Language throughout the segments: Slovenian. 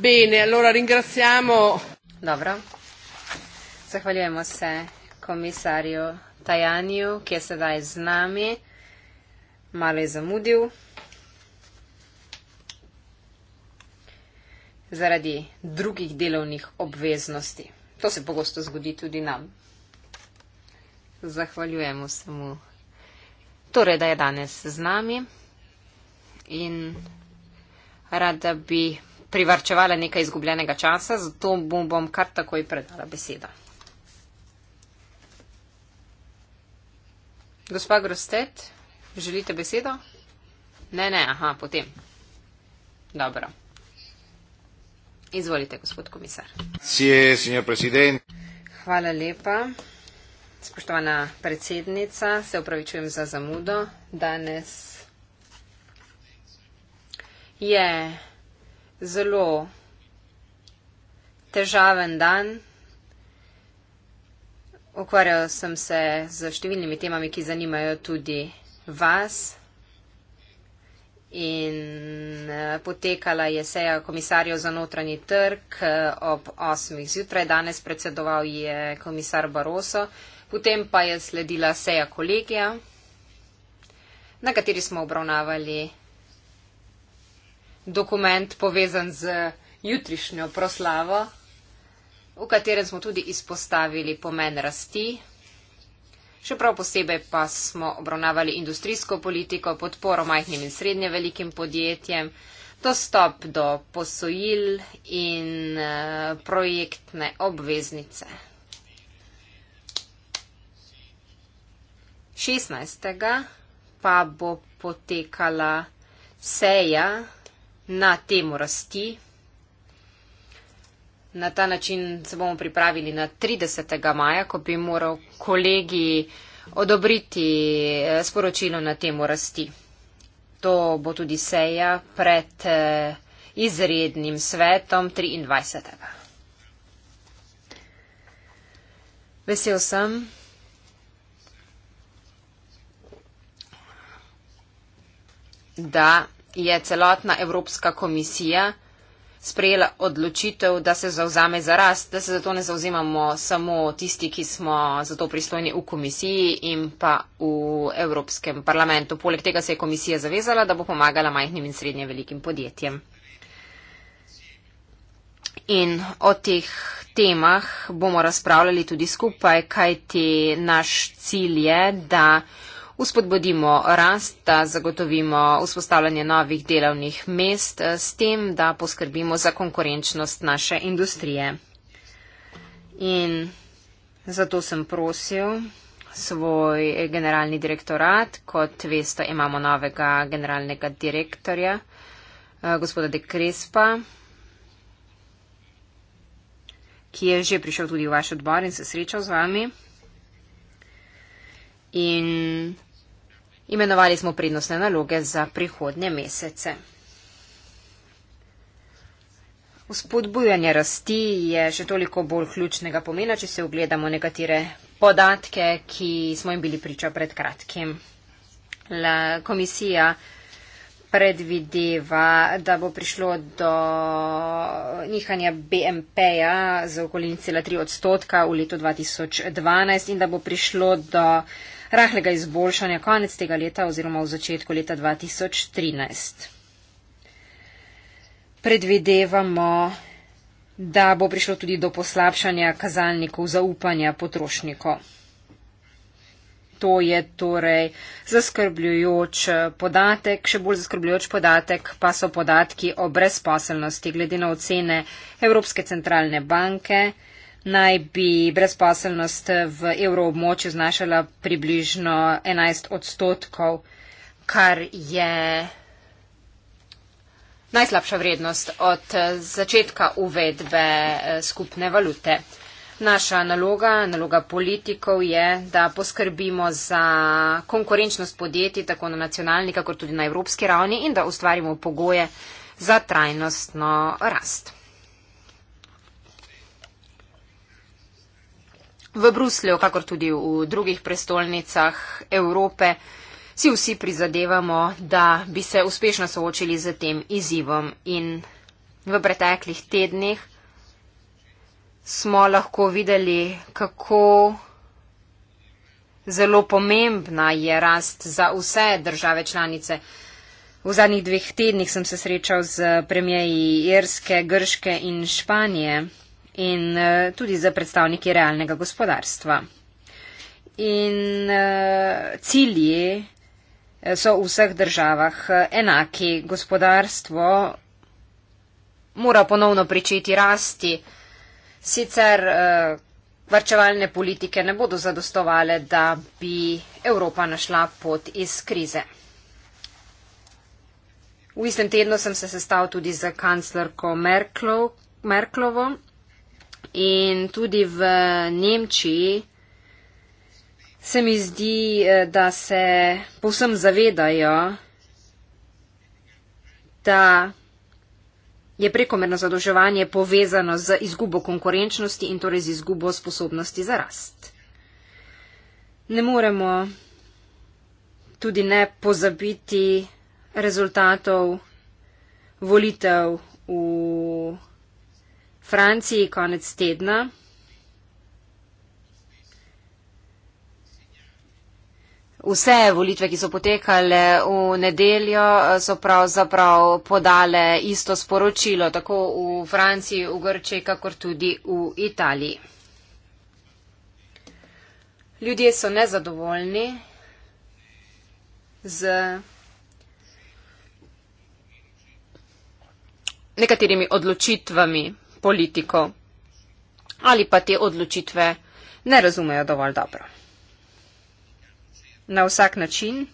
Bene, allora ringraziamo. Dobro. Zahvaljujemo se komisarju Tajaniju, ki je sedaj z nami. Malo je zamudil zaradi drugih delovnih obveznosti. To se pogosto zgodi tudi nam. Zahvaljujemo se mu. Torej, da je danes z nami in rada bi privrčevala nekaj izgubljenega časa, zato bom, bom kar takoj predala besedo. Gospa Grostet, želite besedo? Ne, ne, aha, potem. Dobro. Izvolite, gospod komisar. Hvala lepa. Spoštovana predsednica, se upravičujem za zamudo. Danes je zelo težaven dan. Okvarjal sem se z številnimi temami, ki zanimajo tudi vas. In eh, potekala je seja komisarjev za notranji trg eh, ob 8. zjutraj, danes predsedoval je komisar Baroso, potem pa je sledila seja kolegija, na kateri smo obravnavali dokument povezan z jutrišnjo proslavo, v katerem smo tudi izpostavili pomen rasti. Še prav posebej pa smo obravnavali industrijsko politiko, podporo majhnim in srednje velikim podjetjem, dostop do posojil in eh, projektne obveznice. 16. pa bo potekala seja na temo rasti. Na ta način se bomo pripravili na 30. maja, ko bi moral kolegi odobriti eh, sporočilo na temo rasti. To bo tudi seja pred eh, izrednim svetom 23. Vesel sem, da je celotna Evropska komisija sprejela odločitev, da se zauzame za rast, da se zato ne zauzemamo samo tisti, ki smo zato pristojni v komisiji in pa v Evropskem parlamentu. Poleg tega se je komisija zavezala, da bo pomagala majhnim in srednje velikim podjetjem. In o teh temah bomo razpravljali tudi skupaj, kajti naš cilj je, da Vzpodbudimo rast, da zagotovimo vzpostavljanje novih delovnih mest, eh, s tem, da poskrbimo za konkurenčnost naše industrije. In zato sem prosil svoj eh, generalni direktorat, kot veste, imamo novega generalnega direktorja, eh, gospoda De Krespa, ki je že prišel tudi v vaš odbor in se srečal z vami. In Imenovali smo prednostne naloge za prihodnje mesece. Vzpodbujanje rasti je še toliko bolj ključnega pomena, če se ogledamo nekatere podatke, ki smo jim bili priča pred kratkim. La komisija predvideva, da bo prišlo do nihanja BMP-ja za okolinice la 3 odstotka v letu 2012 in da bo prišlo do rahlega izboljšanja konec tega leta oziroma v začetku leta 2013. Predvidevamo, da bo prišlo tudi do poslabšanja kazalnikov zaupanja potrošnikov. To je torej zaskrbljujoč podatek, še bolj zaskrbljujoč podatek pa so podatki o brezposelnosti glede na ocene Evropske centralne banke naj bi brezposelnost v evroobmočju znašala približno 11 odstotkov, kar je najslabša vrednost od eh, začetka uvedbe eh, skupne valute. Naša naloga, naloga politikov je, da poskrbimo za konkurenčnost podjetij tako na nacionalni, kako tudi na evropski ravni in da ustvarimo pogoje za trajnostno rast. v Bruslju, kakor tudi v drugih prestolnicah Evrope, si vsi prizadevamo, da bi se uspešno soočili z tem izzivom. In v preteklih tednih smo lahko videli, kako zelo pomembna je rast za vse države članice. V zadnjih dveh tednih sem se srečal z premijeji Irske, Grške in Španije in eh, tudi za predstavniki realnega gospodarstva. In eh, cilji eh, so v vseh državah enaki. Gospodarstvo mora ponovno pričeti rasti, sicer varčevalne politike ne bodo zadostovale, da bi Evropa našla pot iz krize. V istem tednu sem se sestal tudi z kanclerko Merklovo. Merklo, In tudi v Nemčiji se mi zdi, eh, da se povsem zavedajo, da je prekomerno zadolževanje povezano z izgubo konkurenčnosti in torej z izgubo sposobnosti za rast. Ne moremo tudi ne pozabiti rezultatov volitev v Franciji konec tedna. Vse volitve, ki so potekale v nedeljo, so pravzaprav podale isto sporočilo, tako v Franciji, v Grčiji, kakor tudi v Italiji. Ljudje so nezadovoljni z nekaterimi odločitvami politikov ali pa te odločitve ne razumejo dovolj dobro. Na vsak način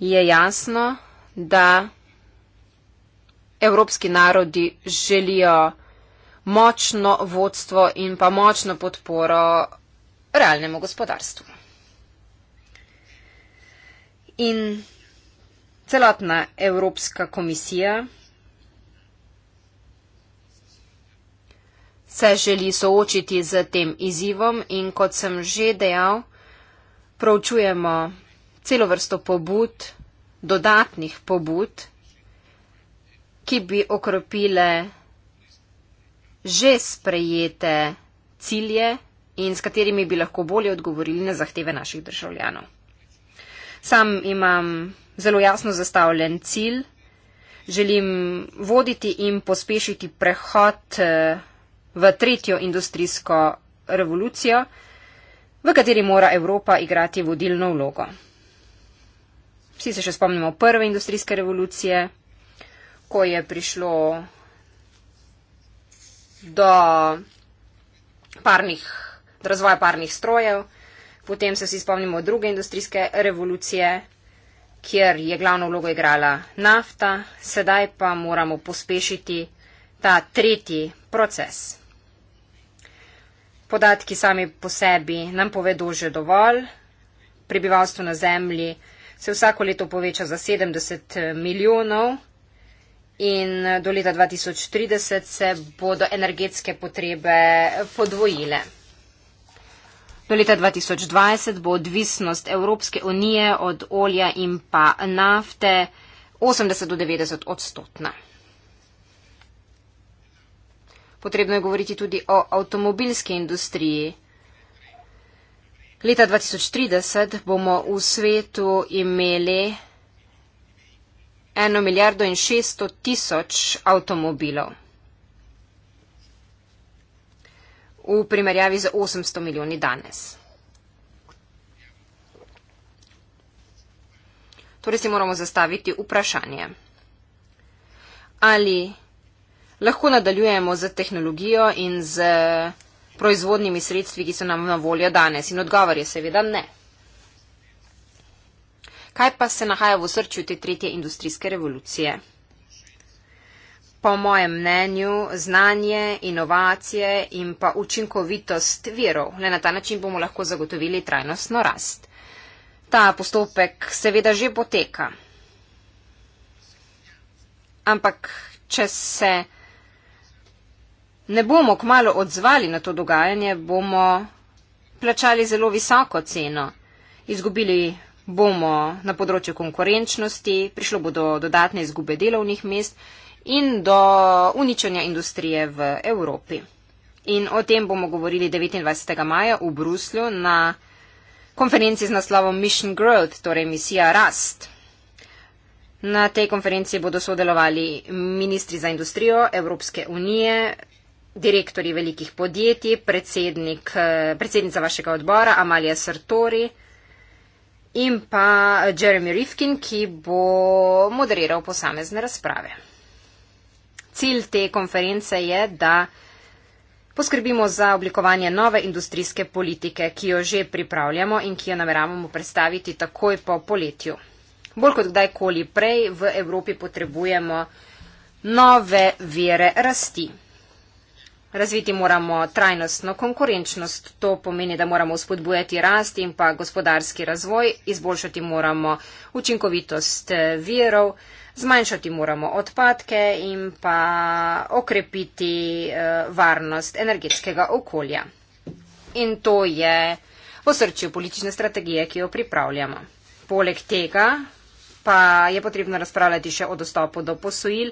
je jasno, da evropski narodi želijo močno vodstvo in pa močno podporo realnemu gospodarstvu. In celotna Evropska komisija se želi soočiti z tem izzivom in kot sem že dejal, proučujemo celo vrsto pobud, dodatnih pobud, ki bi okropile že sprejete cilje in s katerimi bi lahko bolje odgovorili na zahteve naših državljanov. Sam imam zelo jasno zastavljen cilj, želim voditi in pospešiti prehod eh, v tretjo industrijsko revolucijo, v kateri mora Evropa igrati vodilno vlogo. Vsi se še spomnimo prve industrijske revolucije, ko je prišlo do, parnih, do razvoja parnih strojev, potem se vsi spomnimo druge industrijske revolucije, kjer je glavno vlogo igrala nafta, sedaj pa moramo pospešiti ta tretji proces podatki sami po sebi nam povedo že dovolj. Prebivalstvo na Zemlji se vsako leto poveča za 70 eh, milijonov in eh, do leta 2030 se bodo energetske potrebe eh, podvojile. Do leta 2020 bo odvisnost Evropske unije od olja in pa nafte 80 do 90 odstotna. Potrebno je govoriti tudi o avtomobilski industriji. Leta 2030 bomo v svetu imeli 1 milijardo in 600 tisoč avtomobilov. V primerjavi z 800 milijoni danes. Torej si moramo zastaviti vprašanje. Ali lahko nadaljujemo z tehnologijo in z proizvodnimi sredstvi, ki so nam na voljo danes. In odgovor je seveda ne. Kaj pa se nahaja v srčju te tretje industrijske revolucije? Po mojem mnenju, znanje, inovacije in pa učinkovitost virov. Le na ta način bomo lahko zagotovili trajnostno rast. Ta postopek seveda že poteka. Ampak, če se ne bomo kmalo odzvali na to dogajanje, bomo plačali zelo visoko ceno. Izgubili bomo na področju konkurenčnosti, prišlo bo do dodatne izgube delovnih mest in do uničenja industrije v Evropi. In o tem bomo govorili 29. maja v Bruslju na konferenci z naslovom Mission Growth, torej misija Rast. Na tej konferenci bodo sodelovali ministri za industrijo Evropske unije, direktori velikih podjetij, predsednik, eh, predsednica vašega odbora Amalija Sartori in pa Jeremy Rifkin, ki bo moderiral posamezne razprave. Cilj te konference je, da poskrbimo za oblikovanje nove industrijske politike, ki jo že pripravljamo in ki jo nameravamo predstaviti takoj po poletju. Bolj kot kdajkoli prej v Evropi potrebujemo nove vire rasti. Razviti moramo trajnostno konkurenčnost. To pomeni, da moramo spodbujati rast in pa gospodarski razvoj, izboljšati moramo učinkovitost eh, virov, zmanjšati moramo odpadke in pa okrepiti eh, varnost energetskega okolja. In to je v srčju politične strategije, ki jo pripravljamo. Poleg tega pa je potrebno razpravljati še o dostopu do posojil,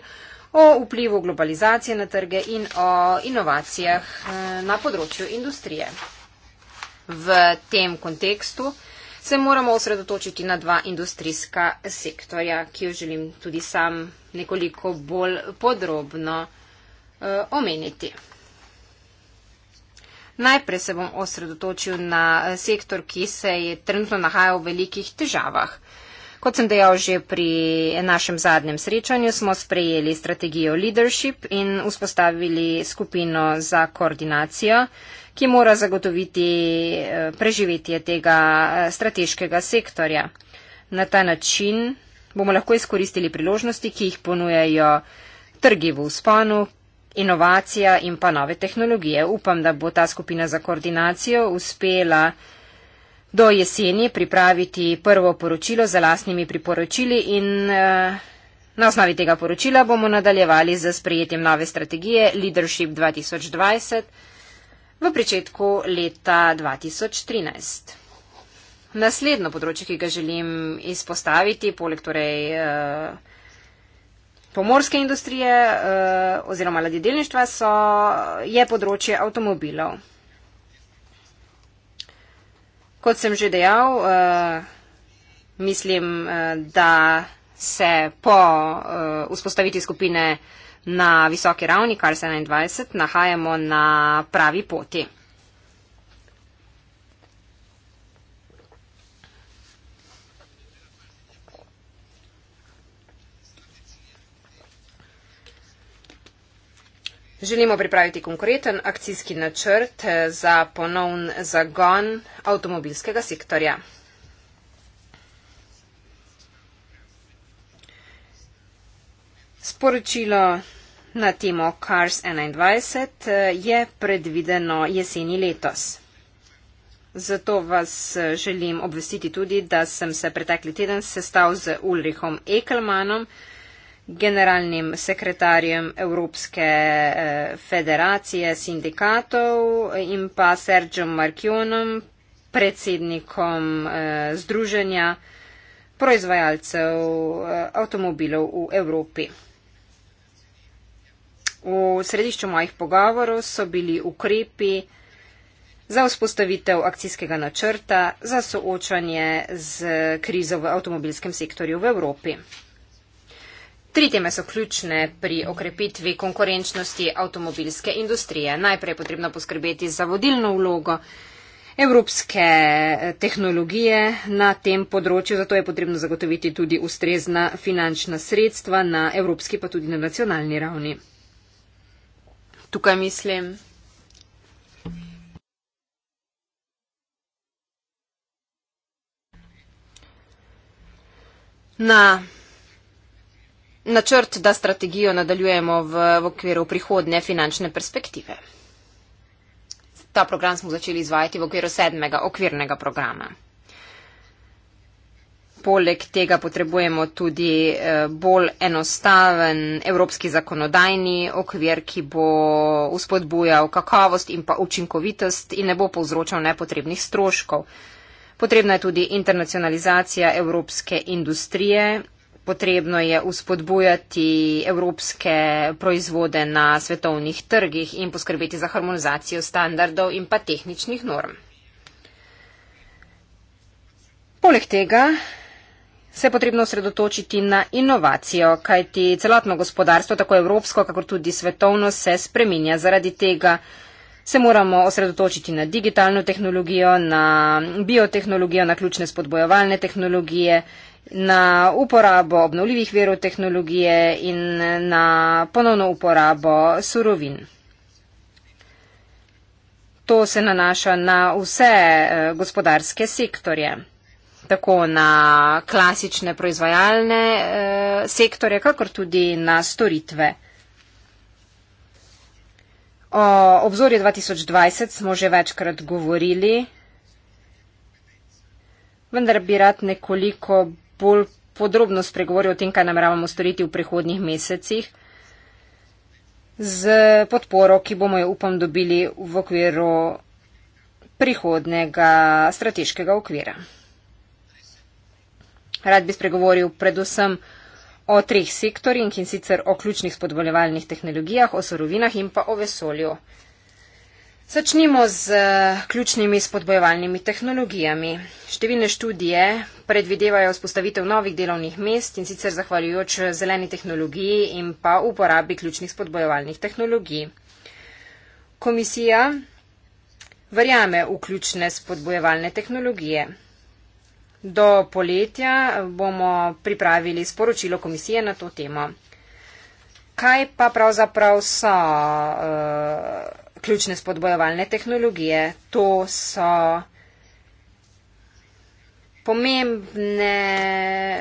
o vplivu globalizacije na trge in o inovacijah eh, na področju industrije. V tem kontekstu se moramo osredotočiti na dva industrijska sektorja, ki jo želim tudi sam nekoliko bolj podrobno eh, omeniti. Najprej se bom osredotočil na eh, sektor, ki se je trenutno nahajal v velikih težavah. Kot sem dejal že pri našem zadnjem srečanju, smo sprejeli strategijo leadership in vzpostavili skupino za koordinacijo, ki mora zagotoviti eh, preživetje tega eh, strateškega sektorja. Na ta način bomo lahko izkoristili priložnosti, ki jih ponujajo trgi v usponu, inovacija in pa nove tehnologije. Upam, da bo ta skupina za koordinacijo uspela do jeseni pripraviti prvo poročilo za lastnimi priporočili in eh, na osnovi tega poročila bomo nadaljevali z sprejetjem nove strategije Leadership 2020 v pričetku leta 2013. Naslednjo področje, ki ga želim izpostaviti, poleg torej eh, pomorske industrije eh, oziroma ladjedelništva, je področje avtomobilov. Kot sem že dejal, eh, mislim, eh, da se po eh, vzpostaviti skupine na visoki ravni, kar se 21, nahajamo na pravi poti. Želimo pripraviti konkreten akcijski načrt eh, za ponovn zagon avtomobilskega sektorja. Sporočilo na temo Cars 21 eh, je predvideno jeseni letos. Zato vas eh, želim obvestiti tudi, da sem se pretekli teden sestal z Ulrihom Ekelmanom, generalnim sekretarjem Evropske eh, federacije sindikatov in pa Sergio Markionom, predsednikom eh, Združenja proizvajalcev eh, avtomobilov v Evropi. V središču mojih pogovorov so bili ukrepi za vzpostavitev akcijskega načrta za soočanje z krizo v avtomobilskem sektorju v Evropi. Tri teme so ključne pri okrepitvi konkurenčnosti avtomobilske industrije. Najprej je potrebno poskrbeti za vodilno vlogo evropske eh, tehnologije na tem področju, zato je potrebno zagotoviti tudi ustrezna finančna sredstva na evropski pa tudi na nacionalni ravni. Tukaj mislim. Na načrt, da strategijo nadaljujemo v, v okviru prihodne finančne perspektive. Ta program smo začeli izvajati v okviru sedmega okvirnega programa. Poleg tega potrebujemo tudi eh, bolj enostaven evropski zakonodajni okvir, ki bo uspodbujal kakovost in pa učinkovitost in ne bo povzročal nepotrebnih stroškov. Potrebna je tudi internacionalizacija evropske industrije potrebno je uspodbujati evropske proizvode na svetovnih trgih in poskrbeti za harmonizacijo standardov in pa tehničnih norm. Poleg tega se je potrebno osredotočiti na inovacijo, kajti celotno gospodarstvo, tako evropsko, kakor tudi svetovno, se spreminja. Zaradi tega se moramo osredotočiti na digitalno tehnologijo, na biotehnologijo, na ključne spodbojevalne tehnologije, na uporabo obnovljivih verov tehnologije in na ponovno uporabo surovin. To se nanaša na vse eh, gospodarske sektorje, tako na klasične proizvajalne eh, sektorje, kakor tudi na storitve. O obzorju 2020 smo že večkrat govorili, vendar bi rad nekoliko bolj podrobno spregovoril o tem, kaj nameravamo storiti v prihodnjih mesecih z podporo, ki bomo jo upam dobili v okviru prihodnega strateškega okvira. Rad bi spregovoril predvsem o treh sektorjih in sicer o ključnih spodboljevalnih tehnologijah, o sorovinah in pa o vesolju. Začnimo z eh, ključnimi spodbojevalnimi tehnologijami. Številne študije predvidevajo vzpostavitev novih delovnih mest in sicer zahvaljujoč eh, zeleni tehnologiji in pa uporabi ključnih spodbojevalnih tehnologij. Komisija verjame v ključne spodbojevalne tehnologije. Do poletja eh, bomo pripravili sporočilo komisije na to temo. Kaj pa pravzaprav so. Uh, ključne spodbojevalne tehnologije. To so pomembne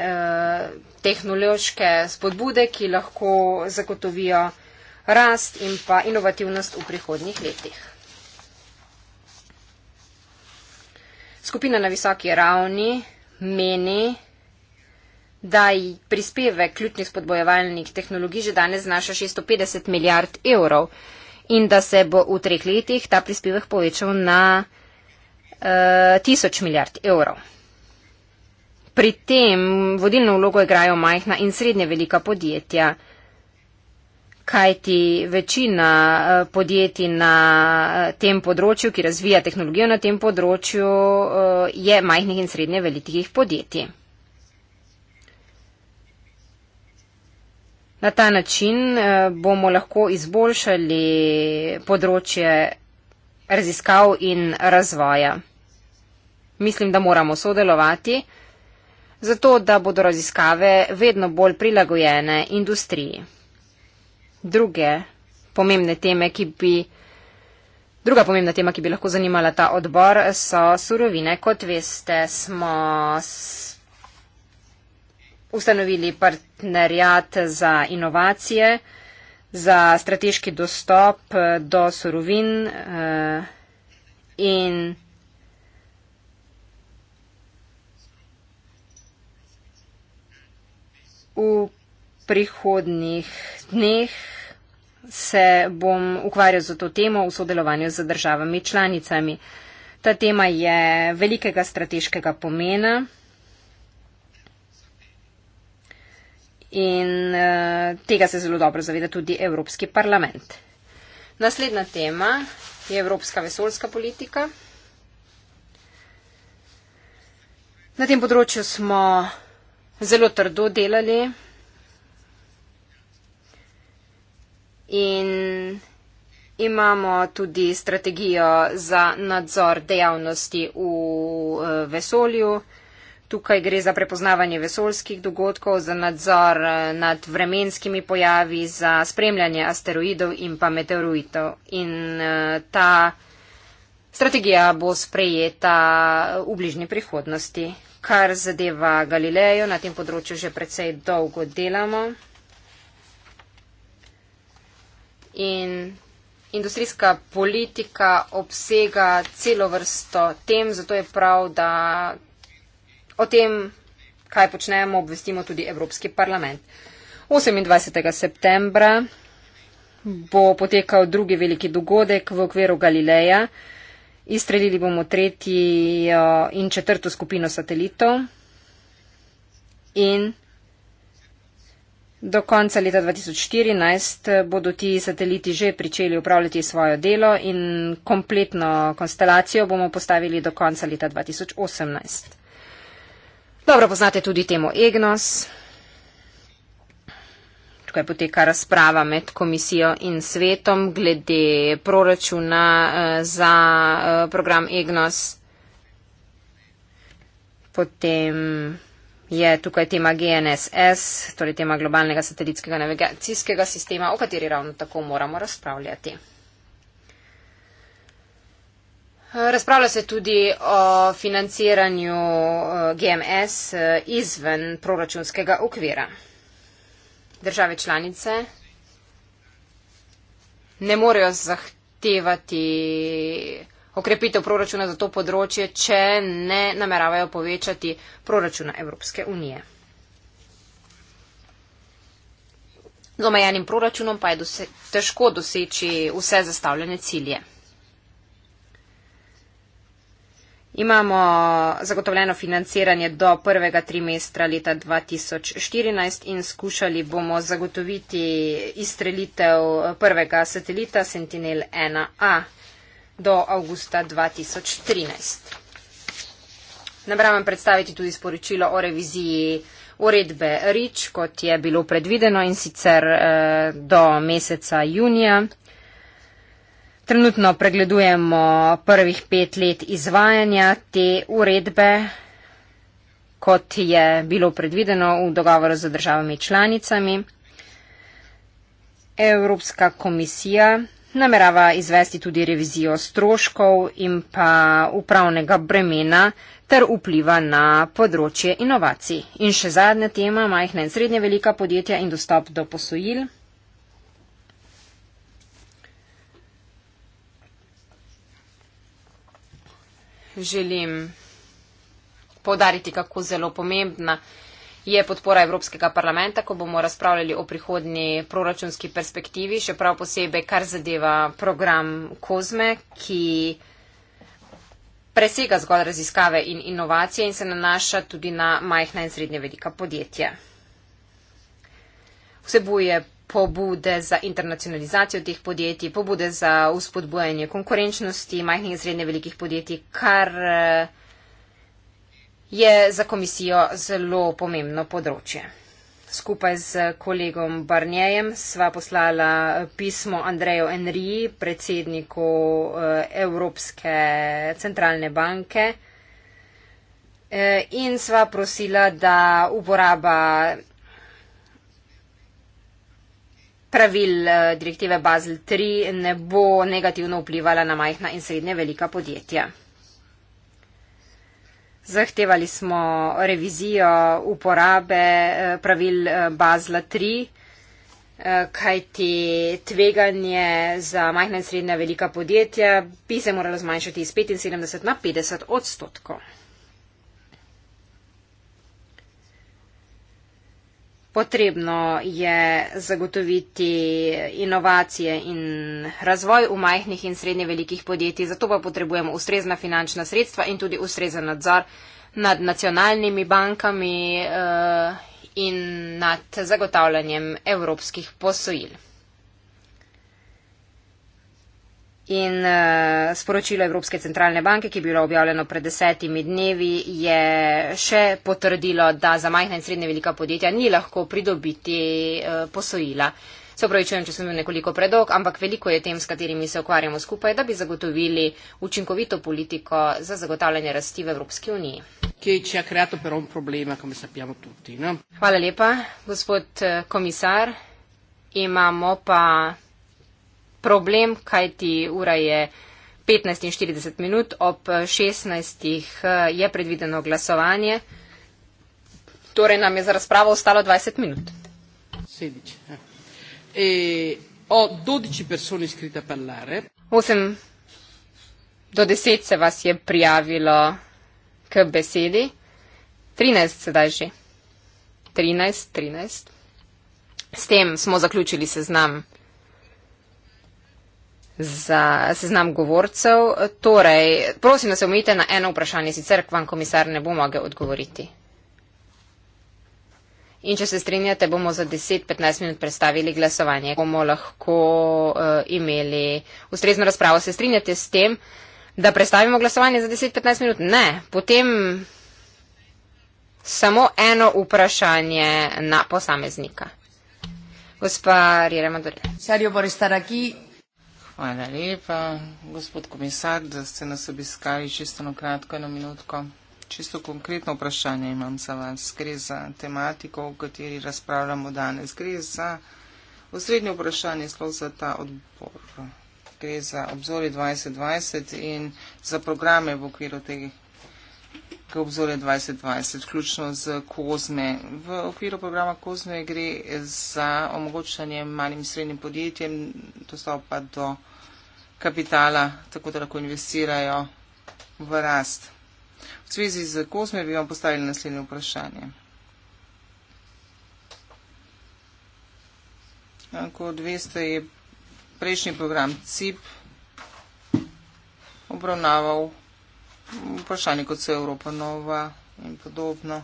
eh, tehnološke spodbude, ki lahko zagotovijo rast in pa inovativnost v prihodnjih letih. Skupina na visoki ravni meni, da prispevek ključnih spodbojevalnih tehnologij že danes znaša 650 milijard evrov in da se bo v treh letih ta prispevek povečal na uh, tisoč milijard evrov. Pri tem vodilno vlogo igrajo majhna in srednje velika podjetja, kajti večina eh, podjetij na eh, tem področju, ki razvija tehnologijo na tem področju, je majhnih in srednje velikih podjetij. Na ta način eh, bomo lahko izboljšali področje raziskav in razvoja. Mislim, da moramo sodelovati, zato da bodo raziskave vedno bolj prilagojene industriji. Druge pomembne teme, ki bi. Druga pomembna tema, ki bi lahko zanimala ta odbor, so surovine. Kot veste, smo ustanovili partnerjat za inovacije, za strateški dostop eh, do surovin eh, in v prihodnih dneh se bom ukvarjal z to temo v sodelovanju z državami članicami. Ta tema je velikega strateškega pomena. In uh, tega se zelo dobro zaveda tudi Evropski parlament. Naslednja tema je Evropska vesoljska politika. Na tem področju smo zelo trdo delali in imamo tudi strategijo za nadzor dejavnosti v eh, vesolju. Tukaj gre za prepoznavanje vesolskih dogodkov, za nadzor eh, nad vremenskimi pojavi, za spremljanje asteroidov in pa meteoroidov. In eh, ta strategija bo sprejeta eh, v bližnji prihodnosti. Kar zadeva Galilejo, na tem področju že precej dolgo delamo. In industrijska politika obsega celo vrsto tem, zato je prav, da O tem, kaj počnemo, obvestimo tudi Evropski parlament. 28. septembra bo potekal drugi veliki dogodek v okviru Galileja. Izstrelili bomo tretjo in četrto skupino satelitov in do konca leta 2014 bodo ti sateliti že pričeli upravljati svojo delo in kompletno konstelacijo bomo postavili do konca leta 2018. Dobro poznate tudi temo EGNOS. Tukaj poteka razprava med komisijo in svetom glede proračuna eh, za eh, program EGNOS. Potem je tukaj tema GNSS, torej tema globalnega satelitskega navigacijskega sistema, o kateri ravno tako moramo razpravljati. Razpravlja se tudi o financiranju eh, GMS eh, izven proračunskega okvira. Države članice ne morejo zahtevati okrepitev proračuna za to področje, če ne nameravajo povečati proračuna Evropske unije. Z omejenim proračunom pa je dose težko doseči vse zastavljene cilje. Imamo zagotovljeno financiranje do prvega trimestra leta 2014 in skušali bomo zagotoviti izstrelitev prvega satelita Sentinel 1A do avgusta 2013. Nameravam predstaviti tudi sporočilo o reviziji uredbe REACH, kot je bilo predvideno in sicer eh, do meseca junija. Trenutno pregledujemo prvih pet let izvajanja te uredbe, kot je bilo predvideno v dogovoru z državami članicami. Evropska komisija namerava izvesti tudi revizijo stroškov in pa upravnega bremena ter vpliva na področje inovacij. In še zadnja tema, majhna in srednje velika podjetja in dostop do posojil. želim povdariti, kako zelo pomembna je podpora Evropskega parlamenta, ko bomo razpravljali o prihodnji proračunski perspektivi, še prav posebej, kar zadeva program Kozme, ki presega zgolj raziskave in inovacije in se nanaša tudi na majhna in srednje velika podjetja. Vsebuje pobude za internacionalizacijo teh podjetij, pobude za uspodbujanje konkurenčnosti majhnih in srednje velikih podjetij, kar eh, je za komisijo zelo pomembno področje. Skupaj z kolegom Barnjejem sva poslala eh, pismo Andreju Enri, predsedniku eh, Evropske centralne banke, in sva prosila, da uporaba pravil eh, direktive Basel III ne bo negativno vplivala na majhna in srednje velika podjetja. Zahtevali smo revizijo uporabe eh, pravil eh, Basla III, kajti tveganje za majhna in srednja velika podjetja bi se moralo zmanjšati iz 75 na 50 odstotkov. Potrebno je zagotoviti inovacije in razvoj v majhnih in srednje velikih podjetij, zato pa potrebujemo ustrezna finančna sredstva in tudi ustrezen nadzor nad nacionalnimi bankami uh, in nad zagotavljanjem evropskih posojil. In uh, sporočilo Evropske centralne banke, ki je bilo objavljeno pred desetimi dnevi, je še potrdilo, da za majhna in srednje velika podjetja ni lahko pridobiti uh, posojila. Se upravičujem, če sem bil nekoliko predolg, ampak veliko je tem, s katerimi se ukvarjamo skupaj, da bi zagotovili učinkovito politiko za zagotavljanje rasti v Evropski uniji. No? Hvala lepa, gospod eh, komisar. Imamo pa problem, kaj ti ura je 15 in 40 minut, ob 16 eh, je predvideno glasovanje. Torej nam je za razpravo ostalo 20 minut. Eh. E, Osem do deset se vas je prijavilo k besedi. 13 sedaj že. 13, 13. S tem smo zaključili seznam za seznam govorcev. Torej, prosim, da se omejite na eno vprašanje, sicer vam komisar ne bo mogel odgovoriti. In če se strinjate, bomo za 10-15 minut predstavili glasovanje, bomo lahko uh, imeli ustrezno razpravo. Se strinjate s tem, da predstavimo glasovanje za 10-15 minut? Ne. Potem samo eno vprašanje na posameznika. Gospa Rjera Madure. Hvala lepa, gospod komisar, da ste nas obiskali čisto na kratko eno minutko. Čisto konkretno vprašanje imam za vas. Gre za tematiko, o kateri razpravljamo danes. Gre za osrednje vprašanje, sploh za ta odbor. Gre za obzori 2020 in za programe v okviru teh k obzorju 2020, vključno z Kozme. V okviru programa Kozme gre za omogočanje malim in srednjim podjetjem dostopa do kapitala, tako da lahko investirajo v rast. V zvezi z Kozme bi vam postavili naslednje vprašanje. Kot veste, je prejšnji program CIP obravnaval vprašanje, kot so Evropa Nova in podobno,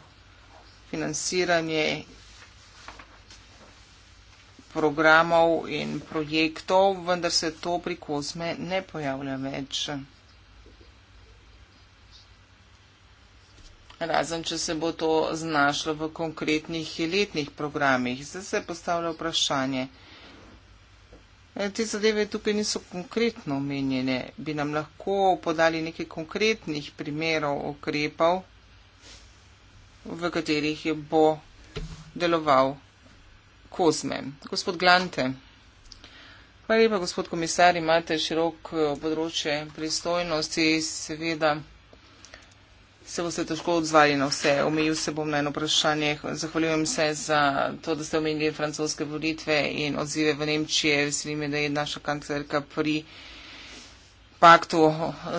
financiranje programov in projektov, vendar se to pri kozme ne pojavlja več. Razen, če se bo to znašlo v konkretnih letnih programih. Zdaj se postavlja vprašanje. Eh, te zadeve tukaj niso konkretno omenjene. Bi nam lahko podali nekaj konkretnih primerov okrepov, v katerih je bo deloval kozmen. Gospod Glante. Hvala lepa, gospod komisar, imate širok eh, področje pristojnosti, seveda se boste težko odzvali na vse. Omejil se bom na eno vprašanje. Zahvaljujem se za to, da ste omenili francoske volitve in odzive v Nemčije. Veselim me, da je naša kanclerka pri paktu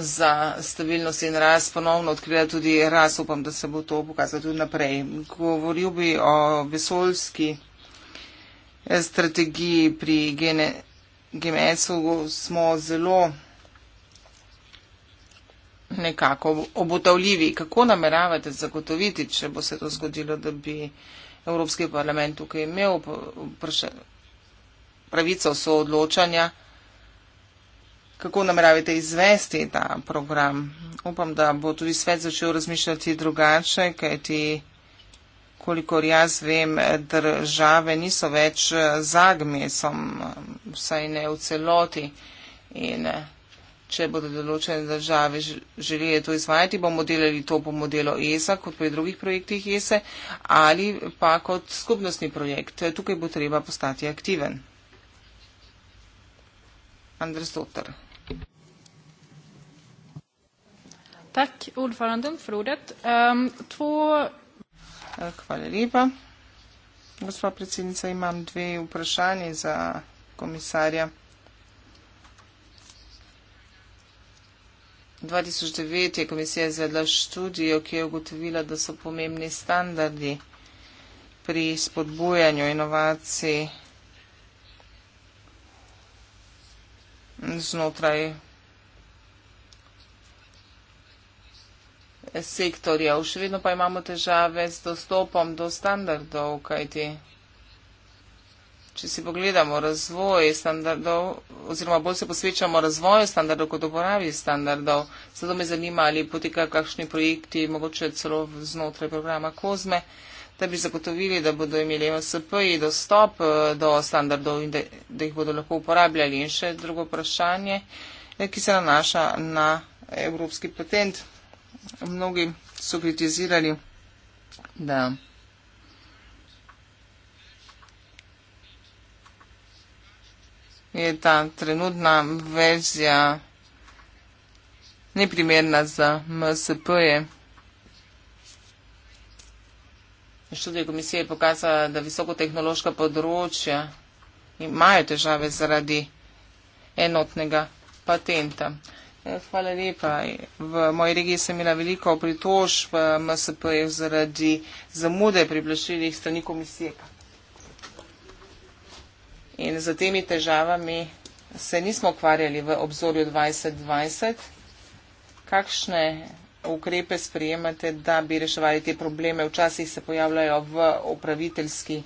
za stabilnost in rast ponovno odkrila tudi rast. Upam, da se bo to pokazalo tudi naprej. Govoril bi o vesoljski strategiji pri GMS-u. Smo zelo nekako obotavljivi. Kako nameravate zagotoviti, če bo se to zgodilo, da bi Evropski parlament tukaj imel pravico soodločanja? Kako nameravate izvesti ta program? Upam, da bo tudi svet začel razmišljati drugače, kajti kolikor jaz vem, države niso več eh, zagmesom, eh, vsaj ne v celoti. In eh, če bodo določene države želeli to izvajati, bomo delali to po modelu ESA, kot pri drugih projektih ESA, ali pa kot skupnostni projekt. Tukaj bo treba postati aktiven. Andres Dotter. Tak, ordföranden, för ordet. Um, två... Eh, hvala lepa. Gospod predsednica, imam dve vprašanje za komisarja. 2009 je komisija izvedla študijo, ki je ugotovila, da so pomembni standardi pri spodbujanju inovacij znotraj sektorjev. Še vedno pa imamo težave s dostopom do standardov, kajti če si pogledamo razvoj standardov, oziroma bolj se posvečamo razvoju standardov kot uporabi standardov, zato me zanima, ali potekajo kakšni projekti, mogoče celo znotraj programa Kozme, da bi zagotovili, da bodo imeli MSP-ji dostop eh, do standardov in da, da jih bodo lahko uporabljali. In še drugo vprašanje, eh, ki se nanaša na evropski patent. Mnogi so kritizirali, da. je ta trenutna verzija neprimerna za MSP-je. Študija komisije je pokazala, da visokotehnološka področja imajo težave zaradi enotnega patenta. E, hvala lepa. V moji regiji sem imela veliko pritožb e, v MSP-ju zaradi zamude pri plačilih strani komisije. In z temi težavami se nismo ukvarjali v obzorju 2020. Kakšne ukrepe sprejemate, da bi reševali te probleme? Včasih se pojavljajo v upraviteljski,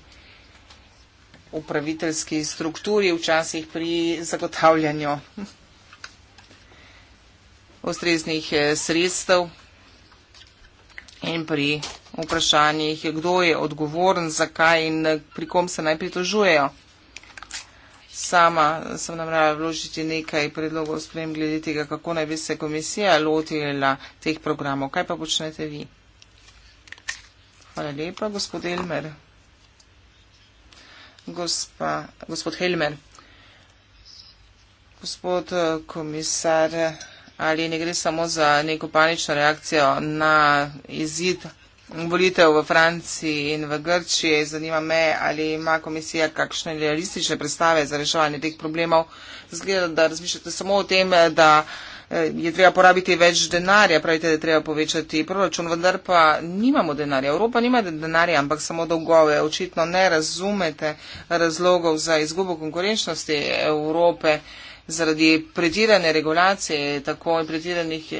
upraviteljski strukturi, včasih pri zagotavljanju ustreznih eh, sredstev in pri vprašanjih, kdo je odgovoren, zakaj in pri kom se naj pritožujejo. Sama sem namrala vložiti nekaj predlogov sprem glede tega, kako naj bi se komisija lotila teh programov. Kaj pa počnete vi? Hvala lepa, gospod Elmer. Gospa, gospod Helmer. Gospod eh, komisar, ali ne gre samo za neko panično reakcijo na izid volitev v Franciji in v Grčiji. Zanima me, ali ima komisija kakšne realistične predstave za reševanje teh problemov. Zgleda, da razmišljate samo o tem, da eh, je treba porabiti več denarja, pravite, da je treba povečati proračun, vendar pa nimamo denarja. Evropa nima denarja, ampak samo dolgove. Očitno ne razumete razlogov za izgubo konkurenčnosti Evrope zaradi pretirane regulacije, tako in pretiranih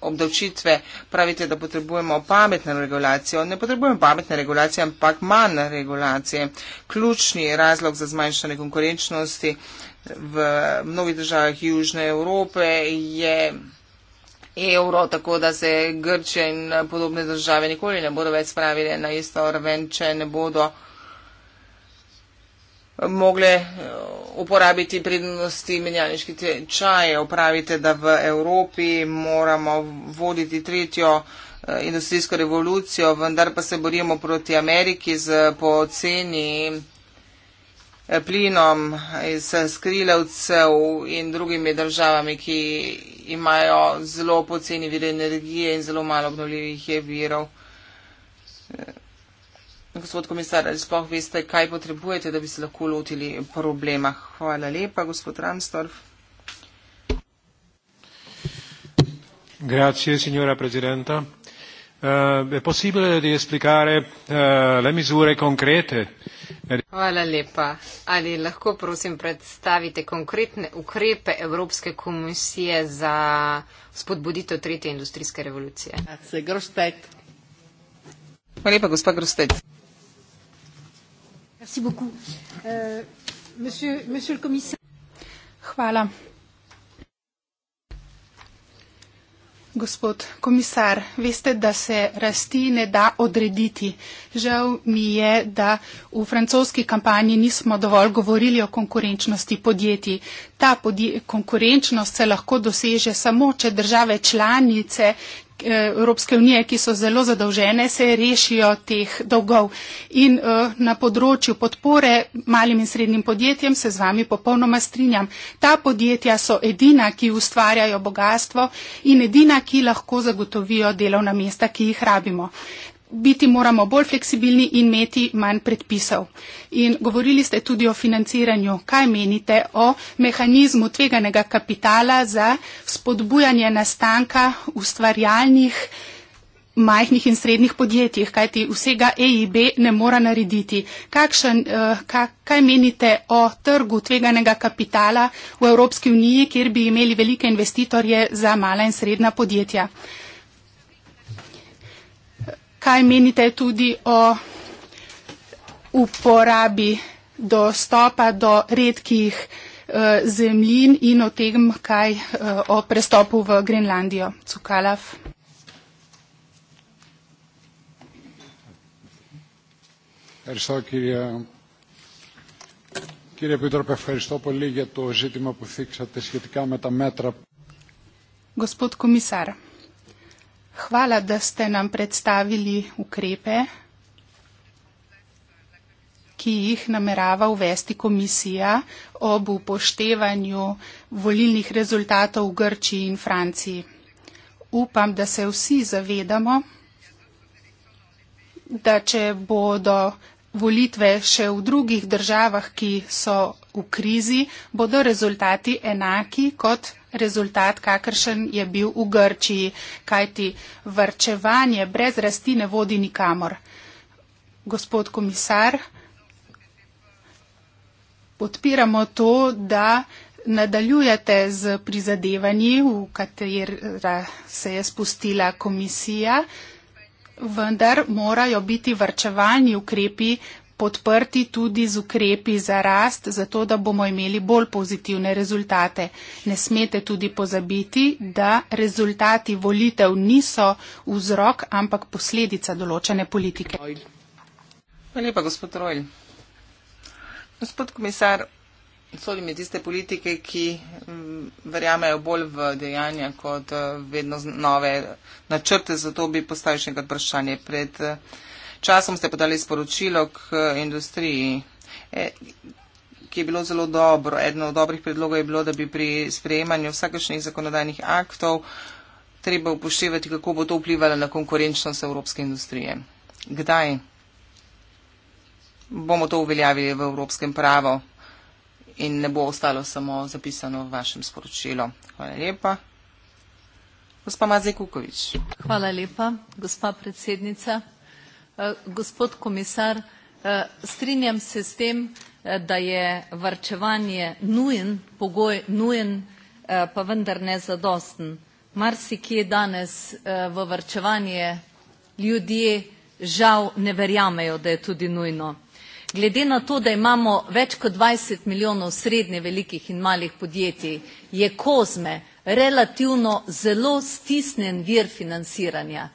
obdavčitve, pravite, da potrebujemo pametno regulacijo. Ne potrebujemo pametne regulacije, ampak manj regulacije. Ključni je razlog za zmanjšanje konkurenčnosti v mnogih državah Južne Evrope je evro, tako da se Grče in podobne države nikoli ne bodo več spravile na isto raven, če ne bodo mogle eh, uporabiti prednosti menjalniških tečajev. Pravite, da v Evropi moramo voditi tretjo eh, industrijsko revolucijo, vendar pa se borimo proti Ameriki z poceni eh, plinom iz skrilevcev in drugimi državami, ki imajo zelo poceni vir energije in zelo malo obnovljivih virov. Gospod komisar, ali sploh veste, kaj potrebujete, da bi se lahko lotili problema? Hvala lepa, gospod Ramstorf. Grazie, signora Presidenta. Uh, è possibile di esplicare uh, le misure concrete? Hvala lepa. Ali lahko prosim predstavite konkretne ukrepe Evropske komisije za spodbuditev tretje industrijske revolucije? Hvala lepa, gospod Grostec. Merci beaucoup. Euh, monsieur, monsieur le commissaire. Hvala. Gospod komisar, veste, da se rasti ne da odrediti. Žal mi je, da v francoski kampanji nismo dovolj govorili o konkurenčnosti podjetij. Ta podje konkurenčnost se lahko doseže samo, če države članice, Eh, Evropske unije, ki so zelo zadolžene, se rešijo teh dolgov. In eh, na področju podpore malim in srednjim podjetjem se z vami popolnoma strinjam. Ta podjetja so edina, ki ustvarjajo bogatstvo in edina, ki lahko zagotovijo delovna mesta, ki jih rabimo biti moramo bolj fleksibilni in imeti manj predpisov. In govorili ste tudi o financiranju. Kaj menite o mehanizmu tveganega kapitala za spodbujanje nastanka ustvarjalnih majhnih in srednjih podjetjih, kajti vsega EIB ne mora narediti. Kakšen, eh, kaj menite o trgu tveganega kapitala v Evropski uniji, kjer bi imeli velike investitorje za mala in srednja podjetja? Kaj menite tudi o uporabi dostopa do redkih uh, zemljin in o tem, kaj uh, o prestopu v Grenlandijo? Cukalav. Gospod komisar. Hvala, da ste nam predstavili ukrepe, ki jih namerava uvesti komisija ob upoštevanju volilnih rezultatov v Grčiji in Franciji. Upam, da se vsi zavedamo, da če bodo volitve še v drugih državah, ki so v krizi, bodo rezultati enaki kot rezultat, kakršen je bil v Grčiji, kajti vrčevanje brez rasti ne vodi nikamor. Gospod komisar, podpiramo to, da nadaljujete z prizadevanji, v katera se je spustila komisija, vendar morajo biti vrčevalni ukrepi podprti tudi z ukrepi za rast, zato da bomo imeli bolj pozitivne rezultate. Ne smete tudi pozabiti, da rezultati volitev niso vzrok, ampak posledica določene politike. Hvala lepa, gospod Roj. Gospod komisar, sodim je tiste politike, ki mm, verjamejo bolj v dejanja kot eh, vedno nove načrte, zato bi postavil še enkrat vprašanje pred. Uh, časom ste podali sporočilo k eh, industriji, eh, ki je bilo zelo dobro. Eno od dobrih predlogov je bilo, da bi pri sprejemanju vsakešnjih zakonodajnih aktov treba upoštevati, kako bo to vplivalo na konkurenčnost evropske industrije. Kdaj bomo to uveljavili v evropskem pravo in ne bo ostalo samo zapisano v vašem sporočilu. Hvala lepa. Gospa Mazej Kukovič. Hvala lepa, gospa predsednica. Eh, gospod komisar, eh, strinjam se s tem, eh, da je varčevanje nujen, pogoj nujen, pa vendar ne zadosten. Mar si kje danes v varčevanje ljudje žal ne verjamejo, da je tudi nujno. Glede na to, da imamo več kot 20 milijonov srednje velikih in malih podjetij, je kozme relativno zelo stisnen vir financiranja.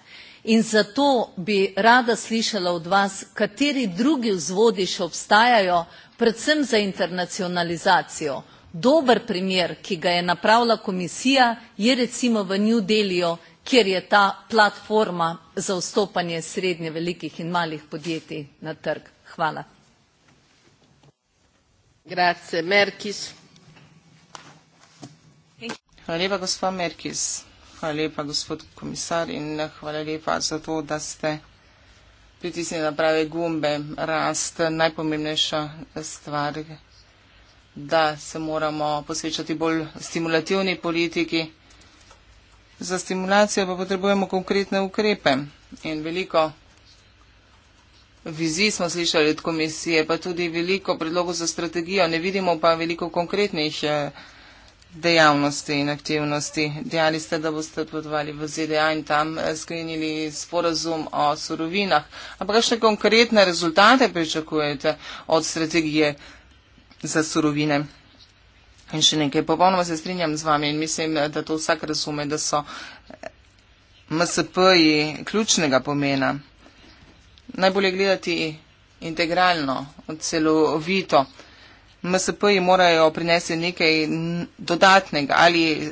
In zato bi rada slišala od vas, kateri drugi vzvodi še obstajajo, predvsem za internacionalizacijo. Dober primer, ki ga je napravila komisija, je recimo v New Delhiu, kjer je ta platforma za vstopanje srednje velikih in malih podjetij na trg. Hvala. Grazie, Merkis. Hvala lepa, gospod Merkis. Hvala lepa, gospod komisar, in hvala lepa za to, da ste pritisnili na prave gumbe. Rast je najpomembnejša stvar, da se moramo posvečati bolj stimulativni politiki. Za stimulacijo pa potrebujemo konkretne ukrepe in veliko vizij smo slišali od komisije, pa tudi veliko predlogov za strategijo, ne vidimo pa veliko konkretnih. Eh, dejavnosti in aktivnosti. Dejali ste, da boste potovali v ZDA in tam eh, sklenili sporazum o surovinah. Ampak kakšne konkretne rezultate pričakujete od strategije za surovine? In še nekaj, popolnoma se strinjam z vami in mislim, da to vsak razume, da so eh, MSP-ji ključnega pomena. Najbolje gledati integralno, celovito. MSP-ji morajo prinesti nekaj dodatnega ali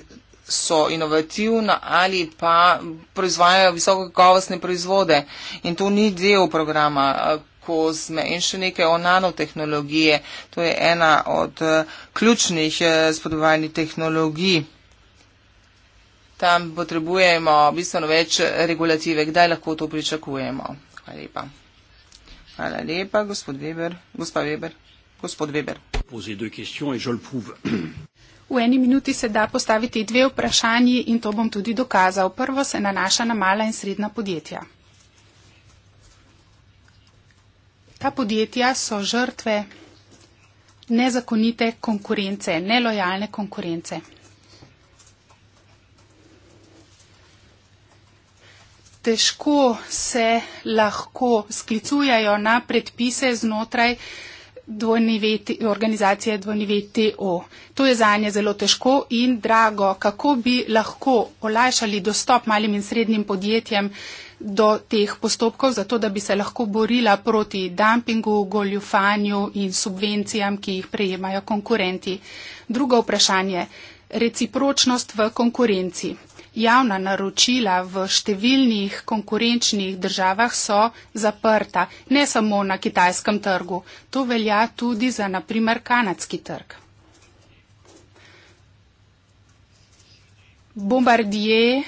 so inovativna ali pa proizvajajo visokokakovostne proizvode. In to ni del programa eh, kozme in še nekaj o nanotehnologije. To je ena od eh, ključnih eh, spodobajnih tehnologij. Tam potrebujemo bistveno več regulative. Kdaj lahko to pričakujemo? Hvala lepa. Hvala lepa, gospod Weber. Gospa Weber. Gospod Weber. V eni minuti se da postaviti dve vprašanji in to bom tudi dokazal. Prvo se nanaša na mala in srednja podjetja. Ta podjetja so žrtve nezakonite konkurence, nelojalne konkurence. Težko se lahko sklicujajo na predpise znotraj uh, dvojni veti, organizacije dvojni VTO. To je za nje zelo težko in drago, kako bi lahko olajšali dostop malim in srednjim podjetjem do teh postopkov, zato da bi se lahko borila proti dumpingu, goljufanju in subvencijam, ki jih prejemajo konkurenti. Drugo vprašanje. Recipročnost v konkurenci javna naročila v številnih konkurenčnih državah so zaprta, ne samo na kitajskem trgu. To velja tudi za naprimer kanadski trg. Bombardier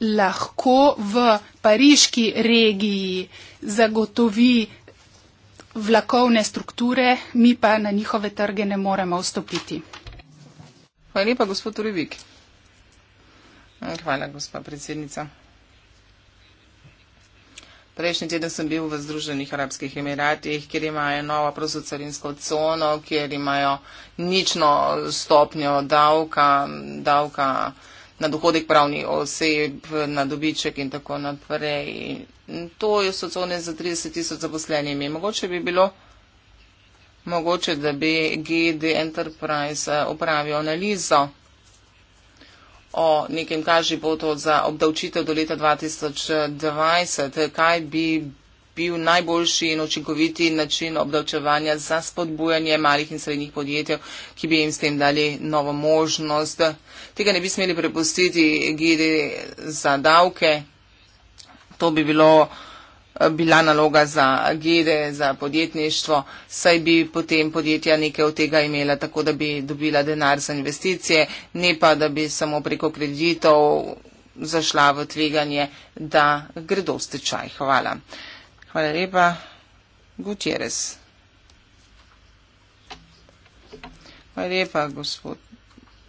lahko v pariški regiji zagotovi vlakovne strukture, mi pa na njihove trge ne moremo vstopiti. Hvala lepa, gospod Rivik. Hvala, gospa predsednica. Prejšnji teden sem bil v Združenih arabskih emiratih, kjer imajo novo prosocarinsko cono, kjer imajo nično stopnjo davka, davka na dohodek pravni oseb, na dobiček in tako naprej. In to so cone za 30 tisoč zaposlenimi. Mogoče bi bilo. Mogoče, da bi GD Enterprise eh, opravil analizo o nekem, kaj že bo to za obdavčitev do leta 2020, kaj bi bil najboljši in očinkoviti način obdavčevanja za spodbujanje malih in srednjih podjetij, ki bi jim s tem dali novo možnost. Tega ne bi smeli prepustiti gide za davke. To bi bilo bila naloga za gede, za podjetništvo, saj bi potem podjetja nekaj od tega imela, tako da bi dobila denar za investicije, ne pa da bi samo preko kreditov zašla v tveganje, da gredo stečaj. Hvala. Hvala lepa. Gutierrez. Hvala lepa, gospod,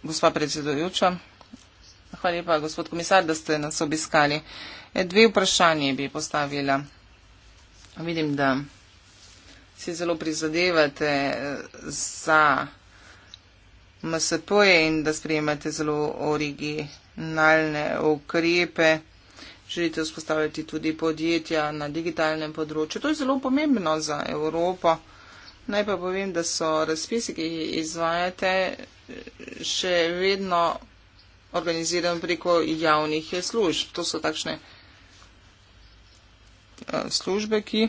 gospa predsedujoča. Hvala lepa, gospod komisar, da ste nas obiskali. E, dve vprašanje bi postavila. Vidim, da si zelo prizadevate eh, za MSP in da sprejemate zelo originalne ukrepe. Želite vzpostaviti tudi podjetja na digitalnem področju. To je zelo pomembno za Evropo. Naj pa povem, da so razpisi, ki jih izvajate, še vedno organizirani preko javnih služb. To so takšne službe, ki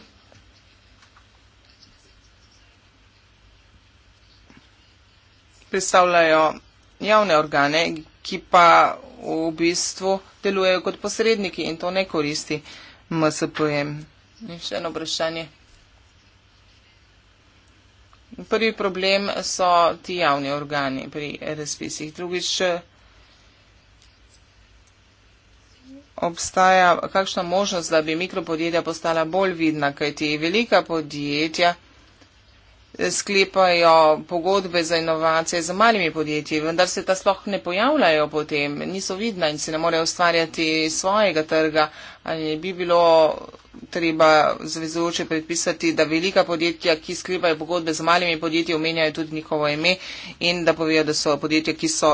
predstavljajo javne organe, ki pa v bistvu delujejo kot posredniki in to ne koristi MSPM. In še eno vprašanje. Prvi problem so ti javni organi pri razpisih. Drugič, obstaja kakšna možnost, da bi mikropodjetja postala bolj vidna, kajti velika podjetja sklepajo pogodbe za inovacije z malimi podjetji, vendar se ta sploh ne pojavljajo potem, niso vidna in se ne morejo ustvarjati svojega trga. Ali ne bi bilo treba zvezujoče predpisati, da velika podjetja, ki sklepajo pogodbe z malimi podjetji, omenjajo tudi njihovo ime in da povejo, da so podjetja, ki so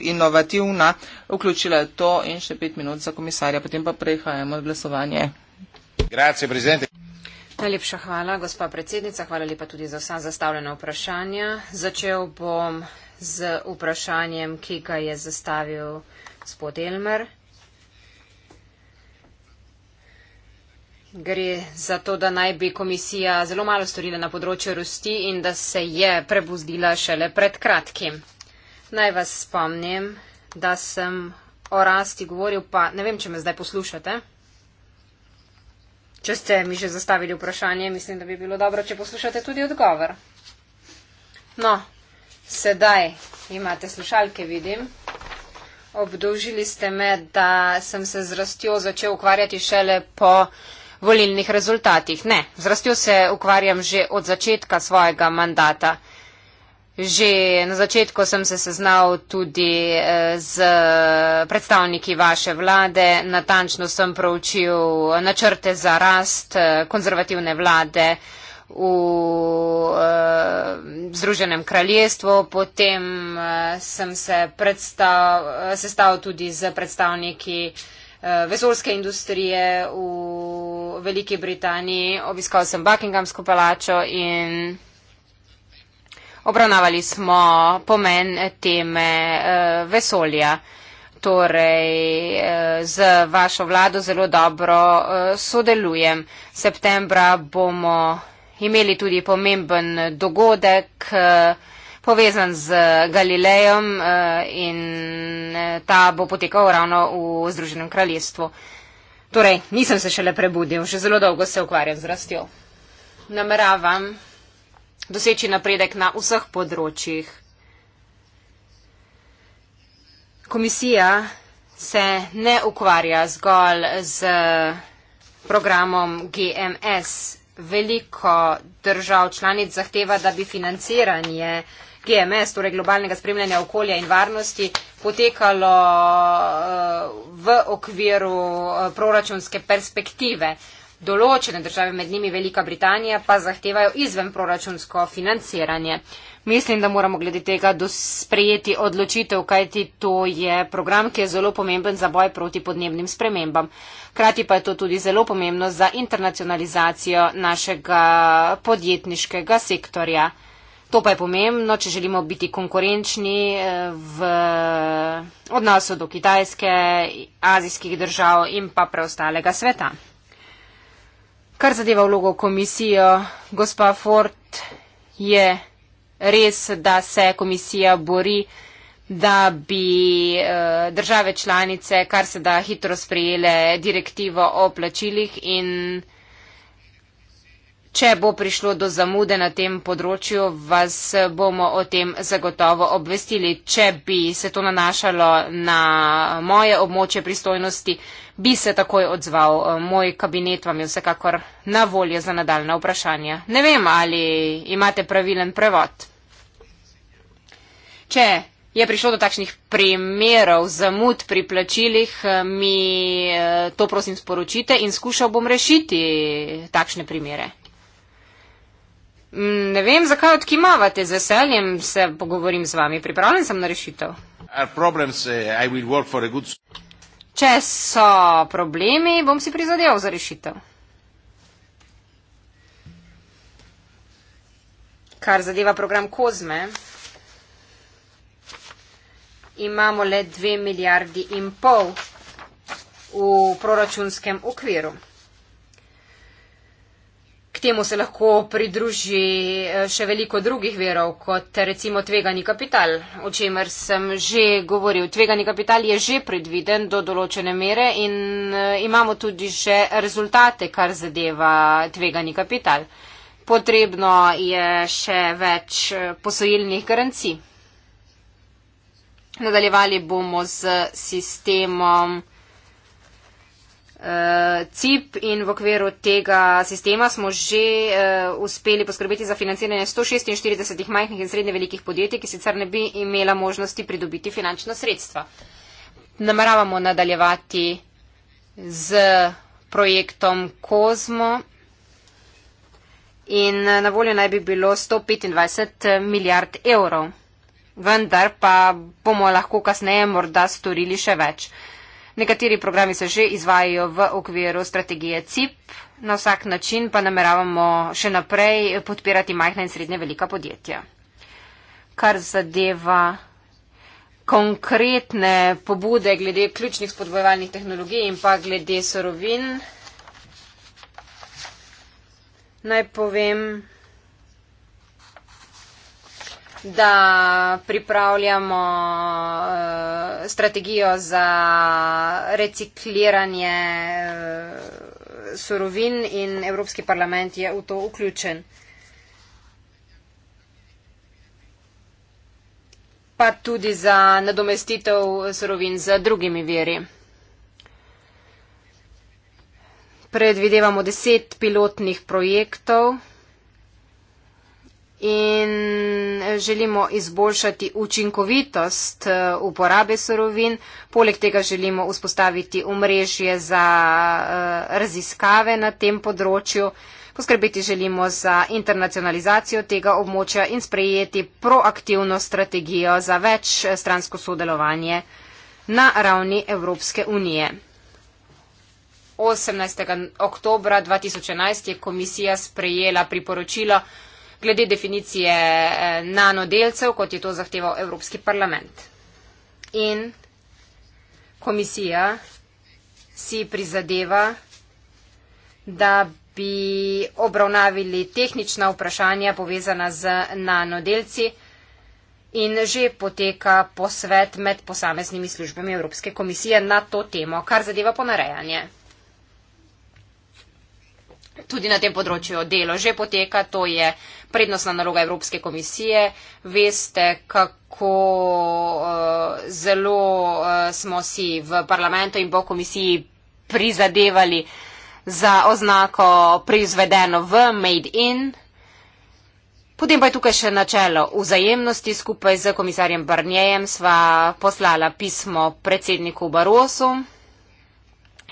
inovativna, vključila to in še pet minut za komisarja, potem pa prehajamo od glasovanje. Grazie, Najlepša hvala, gospa predsednica. Hvala lepa tudi za vsa zastavljena vprašanja. Začel bom z vprašanjem, ki ga je zastavil gospod Elmer. Gre za to, da naj bi komisija zelo malo storila na področju rosti in da se je prebuzdila šele pred kratkim. Naj vas spomnim, da sem o rasti govoril, pa ne vem, če me zdaj poslušate če ste mi že zastavili vprašanje, mislim, da bi bilo dobro, če poslušate tudi odgovor. No, sedaj imate slušalke, vidim. Obdolžili ste me, da sem se z rastjo začel ukvarjati šele po volilnih rezultatih. Ne, z rastjo se ukvarjam že od začetka svojega mandata. Že na začetku sem se seznal tudi eh, z eh, predstavniki vaše vlade, natančno sem proučil načrte za rast eh, konzervativne vlade v uh, Združenem kraljestvu, potem uh, sem se sestal tudi z predstavniki uh, vesolske industrije v Veliki Britaniji, obiskal sem Buckinghamsko palačo in Obravnavali smo pomen teme eh, vesolja. Torej, eh, z vašo vlado zelo dobro eh, sodelujem. Septembra bomo imeli tudi pomemben dogodek povezan z Galilejem in ta bo potekal ravno v Združenem kraljestvu. Torej, nisem se šele prebudil, že zelo dolgo se ukvarjam z rastjo. Nameravam doseči napredek na vseh področjih. Komisija se ne ukvarja zgolj z programom GMS. Veliko držav članic zahteva, da bi financiranje GMS, torej globalnega spremljanja okolja in varnosti, potekalo eh, v okviru eh, proračunske perspektive. Določene države, med njimi Velika Britanija, pa zahtevajo izven proračunsko financiranje. Mislim, da moramo glede tega sprejeti odločitev, kajti to je program, ki je zelo pomemben za boj proti podnebnim spremembam. Krati pa je to tudi zelo pomembno za internacionalizacijo našega podjetniškega sektorja. To pa je pomembno, če želimo biti konkurenčni eh, v odnosu do Kitajske, azijskih držav in pa preostalega sveta. Kar zadeva vlogo komisijo, gospa Ford, je res, da se komisija bori, da bi eh, države članice kar se da hitro sprejele direktivo o plačilih in Če bo prišlo do zamude na tem področju, vas bomo o tem zagotovo obvestili. Če bi se to nanašalo na moje območje pristojnosti, bi se takoj odzval. Moj kabinet vam je vsekakor na voljo za nadaljne vprašanja. Ne vem, ali imate pravilen prevod. Če je prišlo do takšnih primerov zamud pri plačilih, mi eh, to prosim sporočite in skušal bom rešiti takšne primere. Mm, ne vem, zakaj odkimavate z veseljem, se pogovorim z vami. Pripravljen sem na rešitev. Eh, Če so problemi, bom si prizadeval za rešitev. Kar zadeva program Kozme, imamo le dve milijardi in pol v proračunskem okviru temu se lahko pridruži eh, še veliko drugih verov, kot recimo tvegani kapital, o čemer sem že govoril. Tvegani kapital je že predviden do določene mere in eh, imamo tudi že rezultate, kar zadeva tvegani kapital. Potrebno je še več eh, posojilnih garancij. Nadaljevali bomo z sistemom uh, CIP in v okviru tega sistema smo že uh, uspeli poskrbeti za financiranje 146 majhnih in srednje velikih podjetij, ki sicer ne bi imela možnosti pridobiti finančna sredstva. Nameravamo nadaljevati z projektom Kozmo in eh, na voljo naj bi bilo 125 milijard evrov. Vendar pa bomo lahko kasneje morda storili še več. Nekateri programi se že izvajajo v okviru strategije CIP, na vsak način pa nameravamo še naprej podpirati majhna in srednje velika podjetja. Kar zadeva konkretne pobude glede ključnih spodbojevalnih tehnologij in pa glede sorovin, naj povem, da pripravljamo uh, strategijo za recikliranje uh, surovin in Evropski parlament je v to vključen. Pa tudi za nadomestitev surovin z drugimi veri. Predvidevamo deset pilotnih projektov in eh, želimo izboljšati učinkovitost eh, uporabe sorovin. Poleg tega želimo vzpostaviti omrežje za eh, raziskave na tem področju. Poskrbeti želimo za internacionalizacijo tega območja in sprejeti proaktivno strategijo za več stransko sodelovanje na ravni Evropske unije. 18. oktobra 2011 je komisija sprejela priporočilo glede definicije eh, nanodelcev, kot je to zahteval Evropski parlament. In komisija si prizadeva, da bi obravnavili tehnična vprašanja povezana z nanodelci in že poteka posvet med posameznimi službami Evropske komisije na to temo, kar zadeva ponarejanje. Tudi na tem področju delo že poteka, to je prednostna naloga Evropske komisije. Veste, kako uh, zelo uh, smo si v parlamentu in bo komisiji prizadevali za oznako proizvedeno v Made in. Potem pa je tukaj še načelo vzajemnosti. Skupaj z komisarjem Barnjejem sva poslala pismo predsedniku Barosu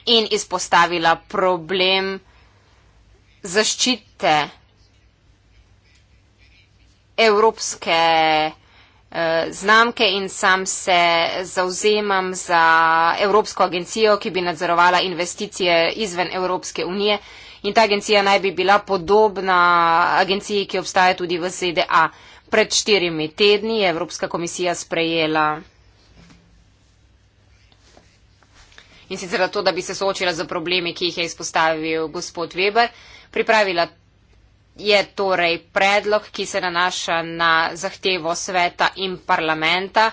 in izpostavila problem, zaščite evropske eh, znamke in sam se zauzemam za Evropsko agencijo, ki bi nadzorovala investicije izven Evropske unije in ta agencija naj bi bila podobna agenciji, ki obstaja tudi v ZDA. Pred štirimi tedni je Evropska komisija sprejela in sicer zato, da bi se soočila z problemi, ki jih je izpostavil gospod Weber pripravila je torej predlog, ki se nanaša na zahtevo sveta in parlamenta